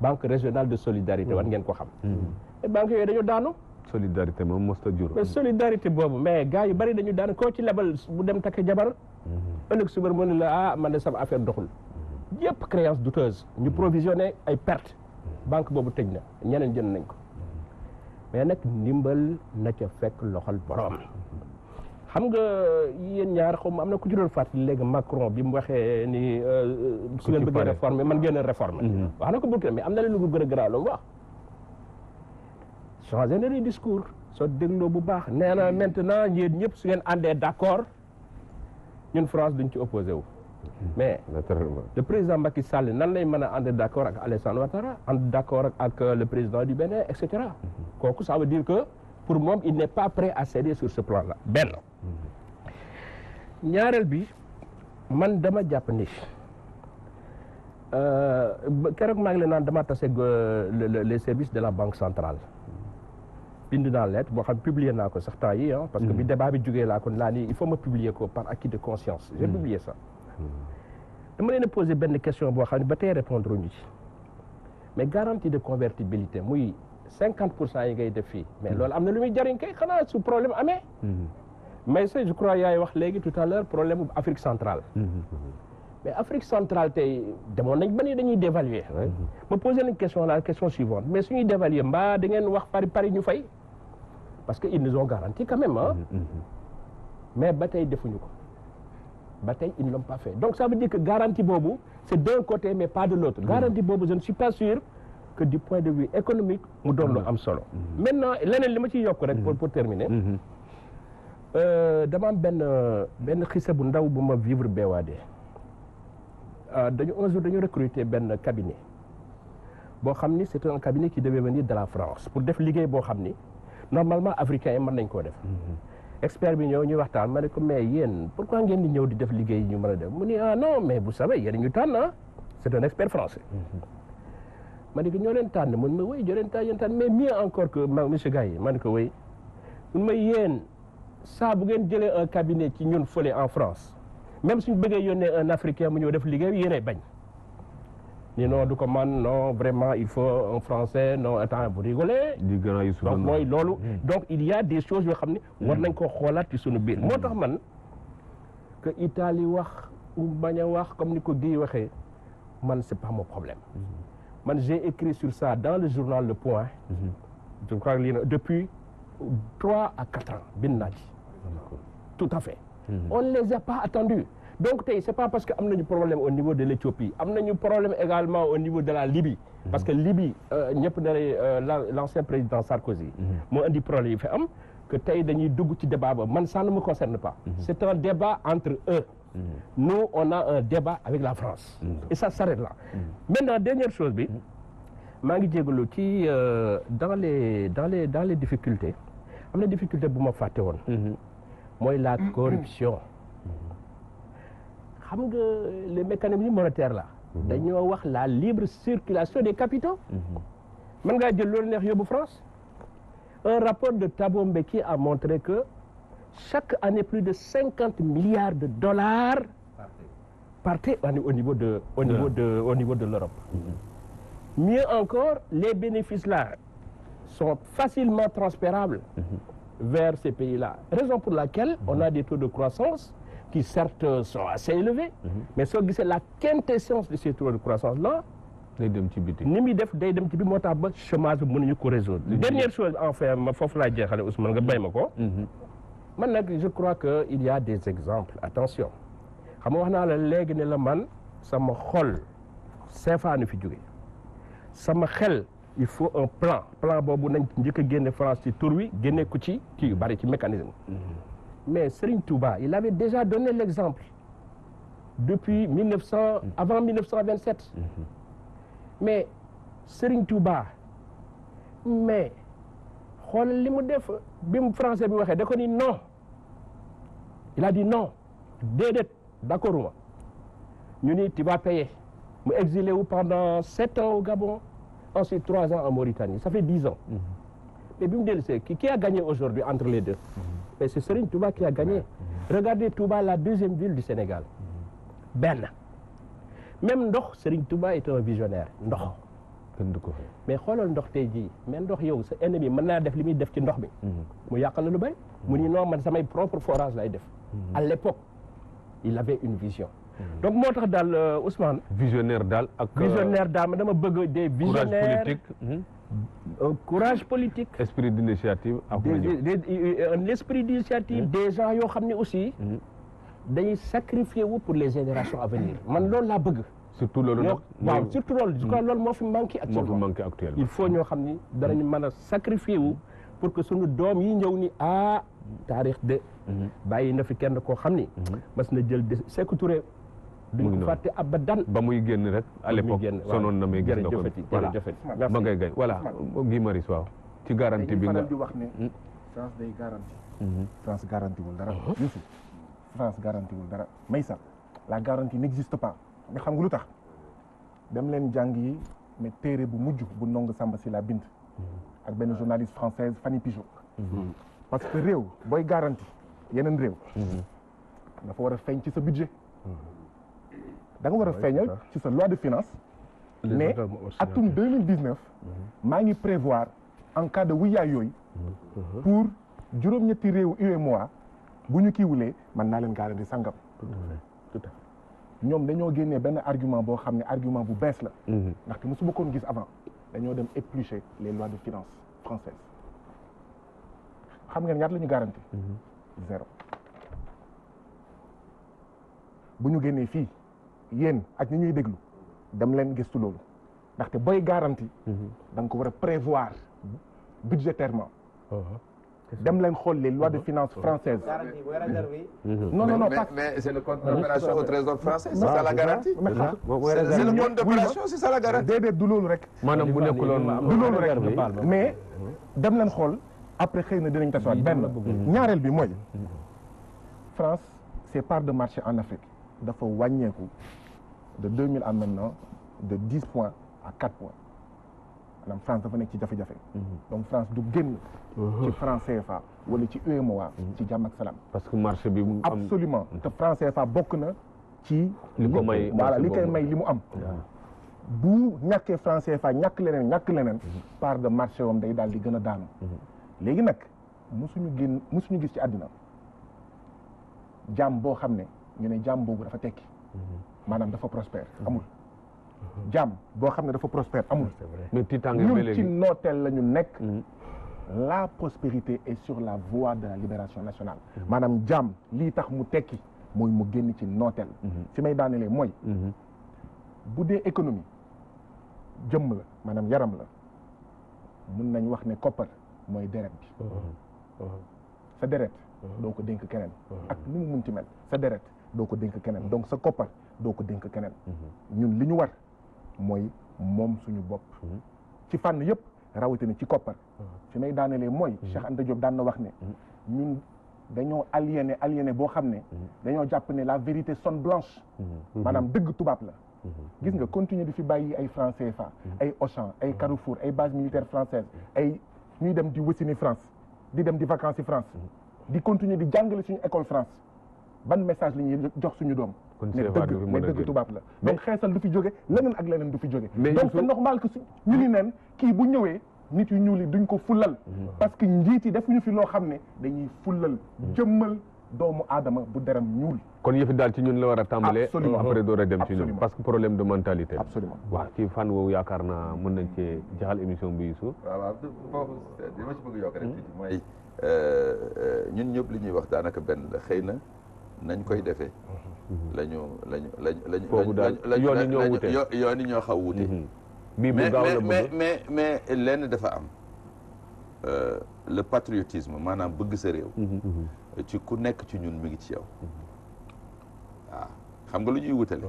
banque régionale de solidarité war hmm. ngeen ko xam. Hmm. te banques yooyu dañoo daanu. solidarité moom most a jur. mais solidarité boobu mais gars yu bari dañu daan koo ci lebal bu dem takk jabar. ëllëg suba mu ne la ah man de sama affaire doxul. yëpp créance douteuse. ñu provisionné ay perte banque boobu tëj na ñeneen jënd nañ ko. mais nag ndimbal na ca fekk loxol borom xam nga yéen ñaar xaw ma am na ku ci doon fàttali léegi Macron bi mu waxee ni. Euh, euh, su ngeen bëggee réformer man ngeen réforme réformer. Mm-hmm. wax na ko Burkina mais am na leen lu ko gën a garaaw loolu wax changé na les discours soo dégloo bu baax nee na mm-hmm. maintenant yéen ñëpp su ngeen àndee d' accord ñun France duñ ci opposé wu. Hmm. mais naturellement le président Macky Sall nan lay mën a ànd d' accord ak Alassane Ouattara ànd d' accord ak le président du Bénin et cetera. Hmm. kooku ça veut dire que pour moom il n' est pas prêt à céder sur ce plan là benn. Hmm. ñaareel bi man dama jàpp ni euh, keroog maa ngi leen naan dama tase euh, les services de la banque centrale. bind boo xam publier naa ko sax temps yi ah. parce que bi débat bi jógee laa ko laa il faut ma publier ko par acquis de conscience. j'ai publié ça. dama leen a posé benn question boo xam ne ba tey répondre ñu ci mais garantie de convertibilité muy cinquante pour cent yi ngay def fii mais hmm. loolu am na lu muy jëriñ kay xanaa su problème amee hmm. mais ça je crois yaay wax léegi tout à l'heure problème Afrique centrale hmm, mais Afrique centrale tey demoon nañ ba dañuy dévaluer ma posé nañ question la question suivante mais suñuy dévaluer mbaa da ngeen wax pari pari ñu fay parce que ils nous ont garanti quand mais ba tey defuñu ko ba tey ils ne l'ont pas fait donc ça veut dire que garantie boobu c'est d'un côté mais pas de l'autre garantie boobu je ne suis pas sûr que du point de vue économique mu doon lu am solo maintenant leneen li ma ci yokk rek pour pour terminer mm-hmm. Mm-hmm. Euh, dama am benn benn xisa bu ndaw bu ma vivre BOAD euh, dañu un jour dañu recruter benn cabinet boo xam ni c'est un cabinet qui devait venir de la France pour def liggéey boo xam ni normalement africain yi mën nañ koo def mm-hmm. expert bi ñëw ñu waxtaan ma ne ko mais yéen pourquoi ngeen di ñëw di def liggéey ñu mën dem def mu ni ah non mais vous savez yéen ñu tànn ah. c'est un expert français. Mm-hmm. ma ne ko ñoo leen tànn mun ma oui ñoo leen tànn yéen tànn mais mieux encore que ma ne ko oui ma yéen saa bu ngeen jëlee un cabinet ci ñun fole en France même suñu bëggee yónnee un africain mu ñoo def liggéey yéenay bañ. ni non du ko man non vraiment il faut un français non attends vous rigolez donc mooy loolu hmm. donc il y des choses yoo xam ne hmm. war nañ ko xoolaat ci sunu biir moo hmm. tax man que Italie wax ou bañ a wax comme ni ko Guèye waxee man c'est pas mon problème man j'ai écrit sur ça dans le journal Le Point je crois lii na depuis trois à quatre ans bind naa tout à fait on ne les a pas attendus donc tey c'est pas parce que am nañu problème au niveau de l'Éthiopie am nañu problème également au niveau de la Libye mhm. parce que Libye euh, ñëpp ne l' euh, l'ancien président Sarkozy mhm. moo indi problème yi fi am que tey dañuy dugg ci débat ba man ça ne me concerne pas mhm. c'est un débat entre eux nous on a un débat avec la France et ça s'arrête là maintenant dernière chose bi maa ngi jégalu ci euh, dans les dans les dans difficultés am na difficulté bu ma fàtte woon mooy la corruption xam nga les mécanismes monétaires la mhm. dañoo wax la libre circulation des capitaux mhm. mën ngaa jël loolu neex yóbbu France un rapport de Thabo Mbeki a montré que chaque année plus de cinquante milliards de dollars partaient au niveau de au niveau de au niveau de l'Europe mhm. mieux encore les bénéfices là sont facilement transférables vers ces pays là raison pour laquelle on a des taux de croissance qui certes sont assez élevés. Mm -hmm. mais soo gisee la quintessence de ces taux de croissance là. day dem ci biti ni muy def day dem ci bi moo tax ba chômage bi mënuñu ko résoudre. dernière chose enfin ma foofu laa jeexale Ousmane nga bay ma ko. Mhm. man nag je crois que il y a des exemples attention xam nga wax naa la léegi ne la man sama xol nu fi juge sama xel. il faut un plan plan boobu nañ njëkk a génne France ci tur wi génne ko ci kii yu bari ci mécanisme. Mhm. mais Serigne Touba il avait déjà donné l'exemple depuis 1900 mm-hmm. avant 1927 mm-hmm. mais Serigne Touba mais xoolal li mu def bi mu français bi waxee da ko ni non il a dit non déedéet d'accord uma ñu ni tu vas mu exilé wu pendant sept ans au Gabon ensuite trois ans en Mauritanie ça fait dix ans mm-hmm. mais bi mu dellu see qui a gagné aujourd'hui entre les deux mais c'est Serigne Touba qui a gagné la deuxième ville du Sénégal mm-hmm. benn même ndox Serigne Touba est un visionnaire ndox mais xoolal ndox tey jii mais ndox yow sa ennemi mën naa def li muy def ci ndox mi mm-hmm. mu yàqal la lu bëri mu ni mm-hmm. man samay propre forage lay def a l'époque il avait une vision donc moo tax daal euh, Ousmane visionnaire daal ak euh, visionnaire daal ma dama bëgg des visionnaires courage Euh, courage politique. esprit d'initiative a euh, un esprit d'initiative hmm. des gens yoo xam ne aussi. Hmm. dañuy sacrifier wu pour les générations à venir hmm. man loolu laa bëgg. surtout loolu nag waaw surtout loolu. je crois moo fi manqué actuellement moo fi manqué actuellement. il faut ñoo xam ni danañu mën a sacrifier wu pour que suñu doom yi ñëw ni ah. taarix de. bàyyi na fi kenn koo xam ni. mas na jël de Sékou duñ ko fàtte abadan ba muy génn rek à l'époque sonoon na mais gis na ko voilà ma ngay gay voilà gi maris waaw ci garantie bi nga di wax ne hmm? France day garantie mhm. France garantie dara uh-huh. Youssou France garantie wul dara Maysa la garantie n'existe pas nga xam nga lu tax dem leen jàng yi mais téere bu mujj bu ndong sàmba si la bind hmm. ak benn journaliste française Fanny Pigeot hmm. parce que réew booy garantie yeneen réew dafa war a feeñ ci sa budget da nga war a feeñal ci sa loi de finance mais atum 2019 mhm. maa ngi prévoir en cas de wuyaay yooyu mhm. Mhm. pour juróom-ñetti réewu UEMOA bu ñu kiiwulee man naa leen garanti sangam ñoom dañoo génnee benn argument boo xam ne argument bu bees la ndaxte mosuma koon gis avant dañoo dem éplucher les lois de finance françaises xam nga ñaata la ñu garanti bu ñu génnee fii yéen ak ñi ñuy déglu dem leen gëstu loolu ndaxte booy garanti. Mhm. da nga ko war a prévoir budgétairement. Uh-huh. dem leen xool les lois de uh-huh. finances uh-huh. françaises. Mhm. non non non parce que. mais c'est le compte d'opération au trésor français. c'est ça la garantie. c'est le compte d'opération c'est ça la garantie. déedéet du loolu rek. maanaam bu nekkul woon du loolu rek mais mhm. dem leen xool après xëy na dinañ tasawaat benn ñaareel bi mooy France ses parts de marché en Afrique. dafa wàññeeku de 2000 à maintenant de 10 points à 4 points maanaam France dafa nekk ci jafe-jafe. Mhm. donc France du génn. Uh-huh. ci franc CFA wala ci UEMOA. Mhm. ci jàmm ak salaam. parce que marché bi mu am absolument mhm. te franc CFA bokk na ci. li ko may voilà li may li mu am. bu ñàkkee franc CFA ñàkk leneen ñàkk leneen. part de marché wom day daal di gën a daanu. léegi nag musuñu génn musuñu gis ci àddina jàmm boo xam ne. ñu ne jaam boobu dafa tekki mhm. maanaam dafa prospère mhm. amul mhm. jàmm boo xam ne dafa prospère amul ñun ci nooteel la ñu nekk la prospérité est sur la voie de la libération nationale maanaam jàmm lii tax mu tekki mooy mu génn ci nooteel fi may daanelee mooy bu dee économie jëmm la maanaam yaram la mun nañ wax ne koppar mooy deret bi sa deret doo ko dénk keneen ak ni mu munti mel sa deret doo ko dénk keneen mm-hmm. donc sa koppar doo ko dénk keneen mm-hmm. ñun li ñu war mooy moom suñu bopp mm-hmm. ci fànn yëpp rawatina ci koppar si may daanelee mooy Cheikh Anta Diop daan na wax ne ñun dañoo aliéné aliéné boo xam ne dañoo jàpp ne la vérité sonne blanche maanaam dëgg tubaab la gis nga continuer di fi bàyyi ay franc CFA ay Auchan ay Carrefour ay base militaire française ay ñuy dem di wësini France di dem di vacances ci France di continuer di jàngale suñu école France ban message la ñuy jox suñu doom. kon CFA du fi mën dëgg tubaab la. donc xeesal du fi jóge leneen ak leneen du fi jóge. donc c'est normal que su ñu ni neen kii bu ñëwee nit yu ñuul yi duñ ko fulal. Mhm. parce que njiit yi defuñu fi loo xam ne dañuy fulal mhm. jëmmal doomu aadama bu deram ñuul. kon yëfi daal ci ñun la war a tàmbalee. absolument après door a dem ci ñun parce que problème de mentalité la. absolument waaw ci fànn woowu yaakaar naa mën nañ cee jaxal émission bi Youssou. waaw waaw ci bëgg yokk rek. Hmm? mooy euh, euh, ñun ñëpp li ñuy wax daanaka benn la xëy na nañ koy defee. Mhm. la ñu la ñu la ñu la ñu. foofu daal yoon yi ñoo yoon yi ñoo xaw wute. Mhm. bii bu gaaw la mais mais mais lenn dafa am. Euh, le patriotisme maanaam bëgg sa réew. Mhm. ci ku nekk ci ñun mi ngi ci yow. waaw ah, xam nga lu ñuy wutale.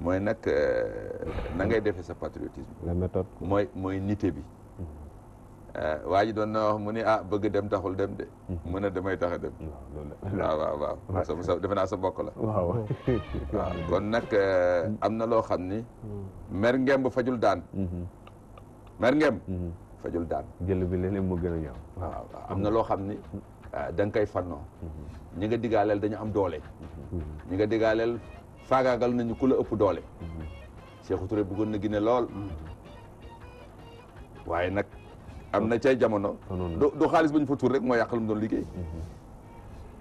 mooy nag euh, na ngay defee sa patriotisme. la mooy mooy nité bi. Eh, waa ji doon na wax mu ni ah bëgg dem taxul dem de mhm. mu ne damay tax a dem waaw ah, waaw waaw sama sa defe naa sa bokk la waaw kon nag eh, am na loo xam ni mm. mer ba fajul daan mhm. mer mhm. fajul daan jël bi leneen mu gën a ñëw mm-hmm. am na loo xam ni eh, da nga koy fannoo mm-hmm. ñi nga digaaleel dañu am doole mm-hmm. ñi nga digaaleel faagaagal nañu ku la ëpp doole Sékou Touré bëggoon na Guinée lool waaye nag am na cay jamono. Oh, du xaalis ba ñu fa tuur rek moo yàq lu mu doon liggéey. Mm-hmm.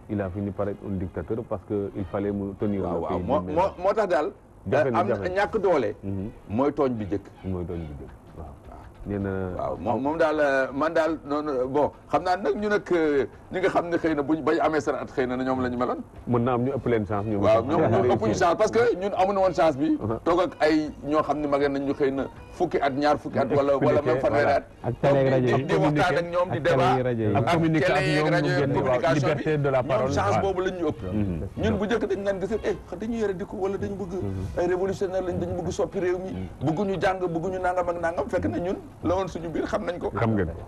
il a fini par être un dictateur parce que il fallait moo tenir. waaw waaw moo moo moo tax daal. Eh, am ñàkk doole. Mm-hmm. mooy tooñ bi jëkk. mooy tooñ bi jëkk waaw. moom daal eh, man daal noonu bon xam naa nag ñu nag. Eh, ñi nga xam ne xëy na buñ bañ amee seen at xëy na ñoom la ñu meloon mën na am ñu ëpp leen chance ñoom waaw ñoom ñu ëpp ñu chance parce que woon chance bi uh-huh. toog ay ñoo xam ne magee nañ ñu mm-hmm. eh, na mm-hmm. mm-hmm. fekk na ñun la woon suñu biir xam nañ ko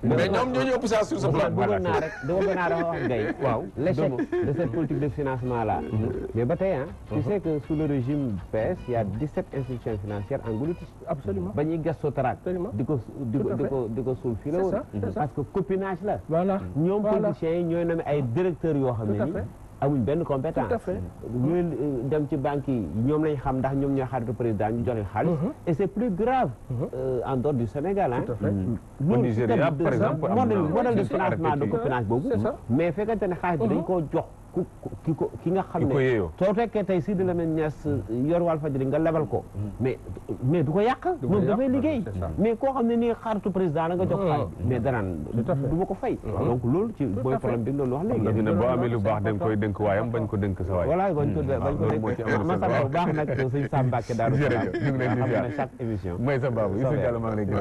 mais ñoom ñoo ñu ëpp chance sur ce plan xaaral wax gay waaw l'échec de cette de financement là mais ba tey ah tu sais que sous le régime PS il y a 17 institutions financières englouties absolument ba ñuy gas Sotrac di ko di ko di ko suul fii la woon parce que copinage la voilà ñoom politiciens ñoo nam ay directeurs yoo xam ne ni amuñ benn compétence. tout à fait ñu euh, dem ci banque yi ñoom lañ xam ndax ñoom ñooy xaritu président ñu joxe xaalis. Mm-hmm. et c' est plus grave. Mm-hmm. Euh, en dehors du Sénégal ah. tout à fait mm-hmm. au Nigéria par exemple modèle de financement de cofinancement boobu. mais fekkante ne xaalis bi dañ koo jox. ku ki ko ki nga xam ne soo fekkee tey Sidi Lamine Niass yor Walfadjri nga lebal ko mais mais du ko yàq moom dafay liggéey mais koo xam ne nii xaritu président nga jox xaalis mais danaan du ma ko fay donc loolu ci booy problème bi loolu wax léegi ne boo amee baax dañ koy dénk waayam bañ ko dénk sa waay voilà bañ ko bañ ko dénk masala bu baax nag daal ñu ngi lay xam ne chaque émission sa baabu Issa Diallo maa ngi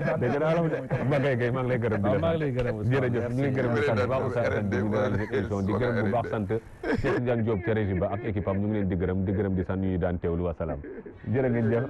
lay dégg naa la ma kay la maa ngi lay gërëm jërëjëf ñu ngi lay gërëm di bu baax sant Cheikh Tidiane Diop ca ba ak équipe am ñu ngi leen di gërëm di gërëm di sant ñu daan teewlu wasalaam jërë ngeen jëf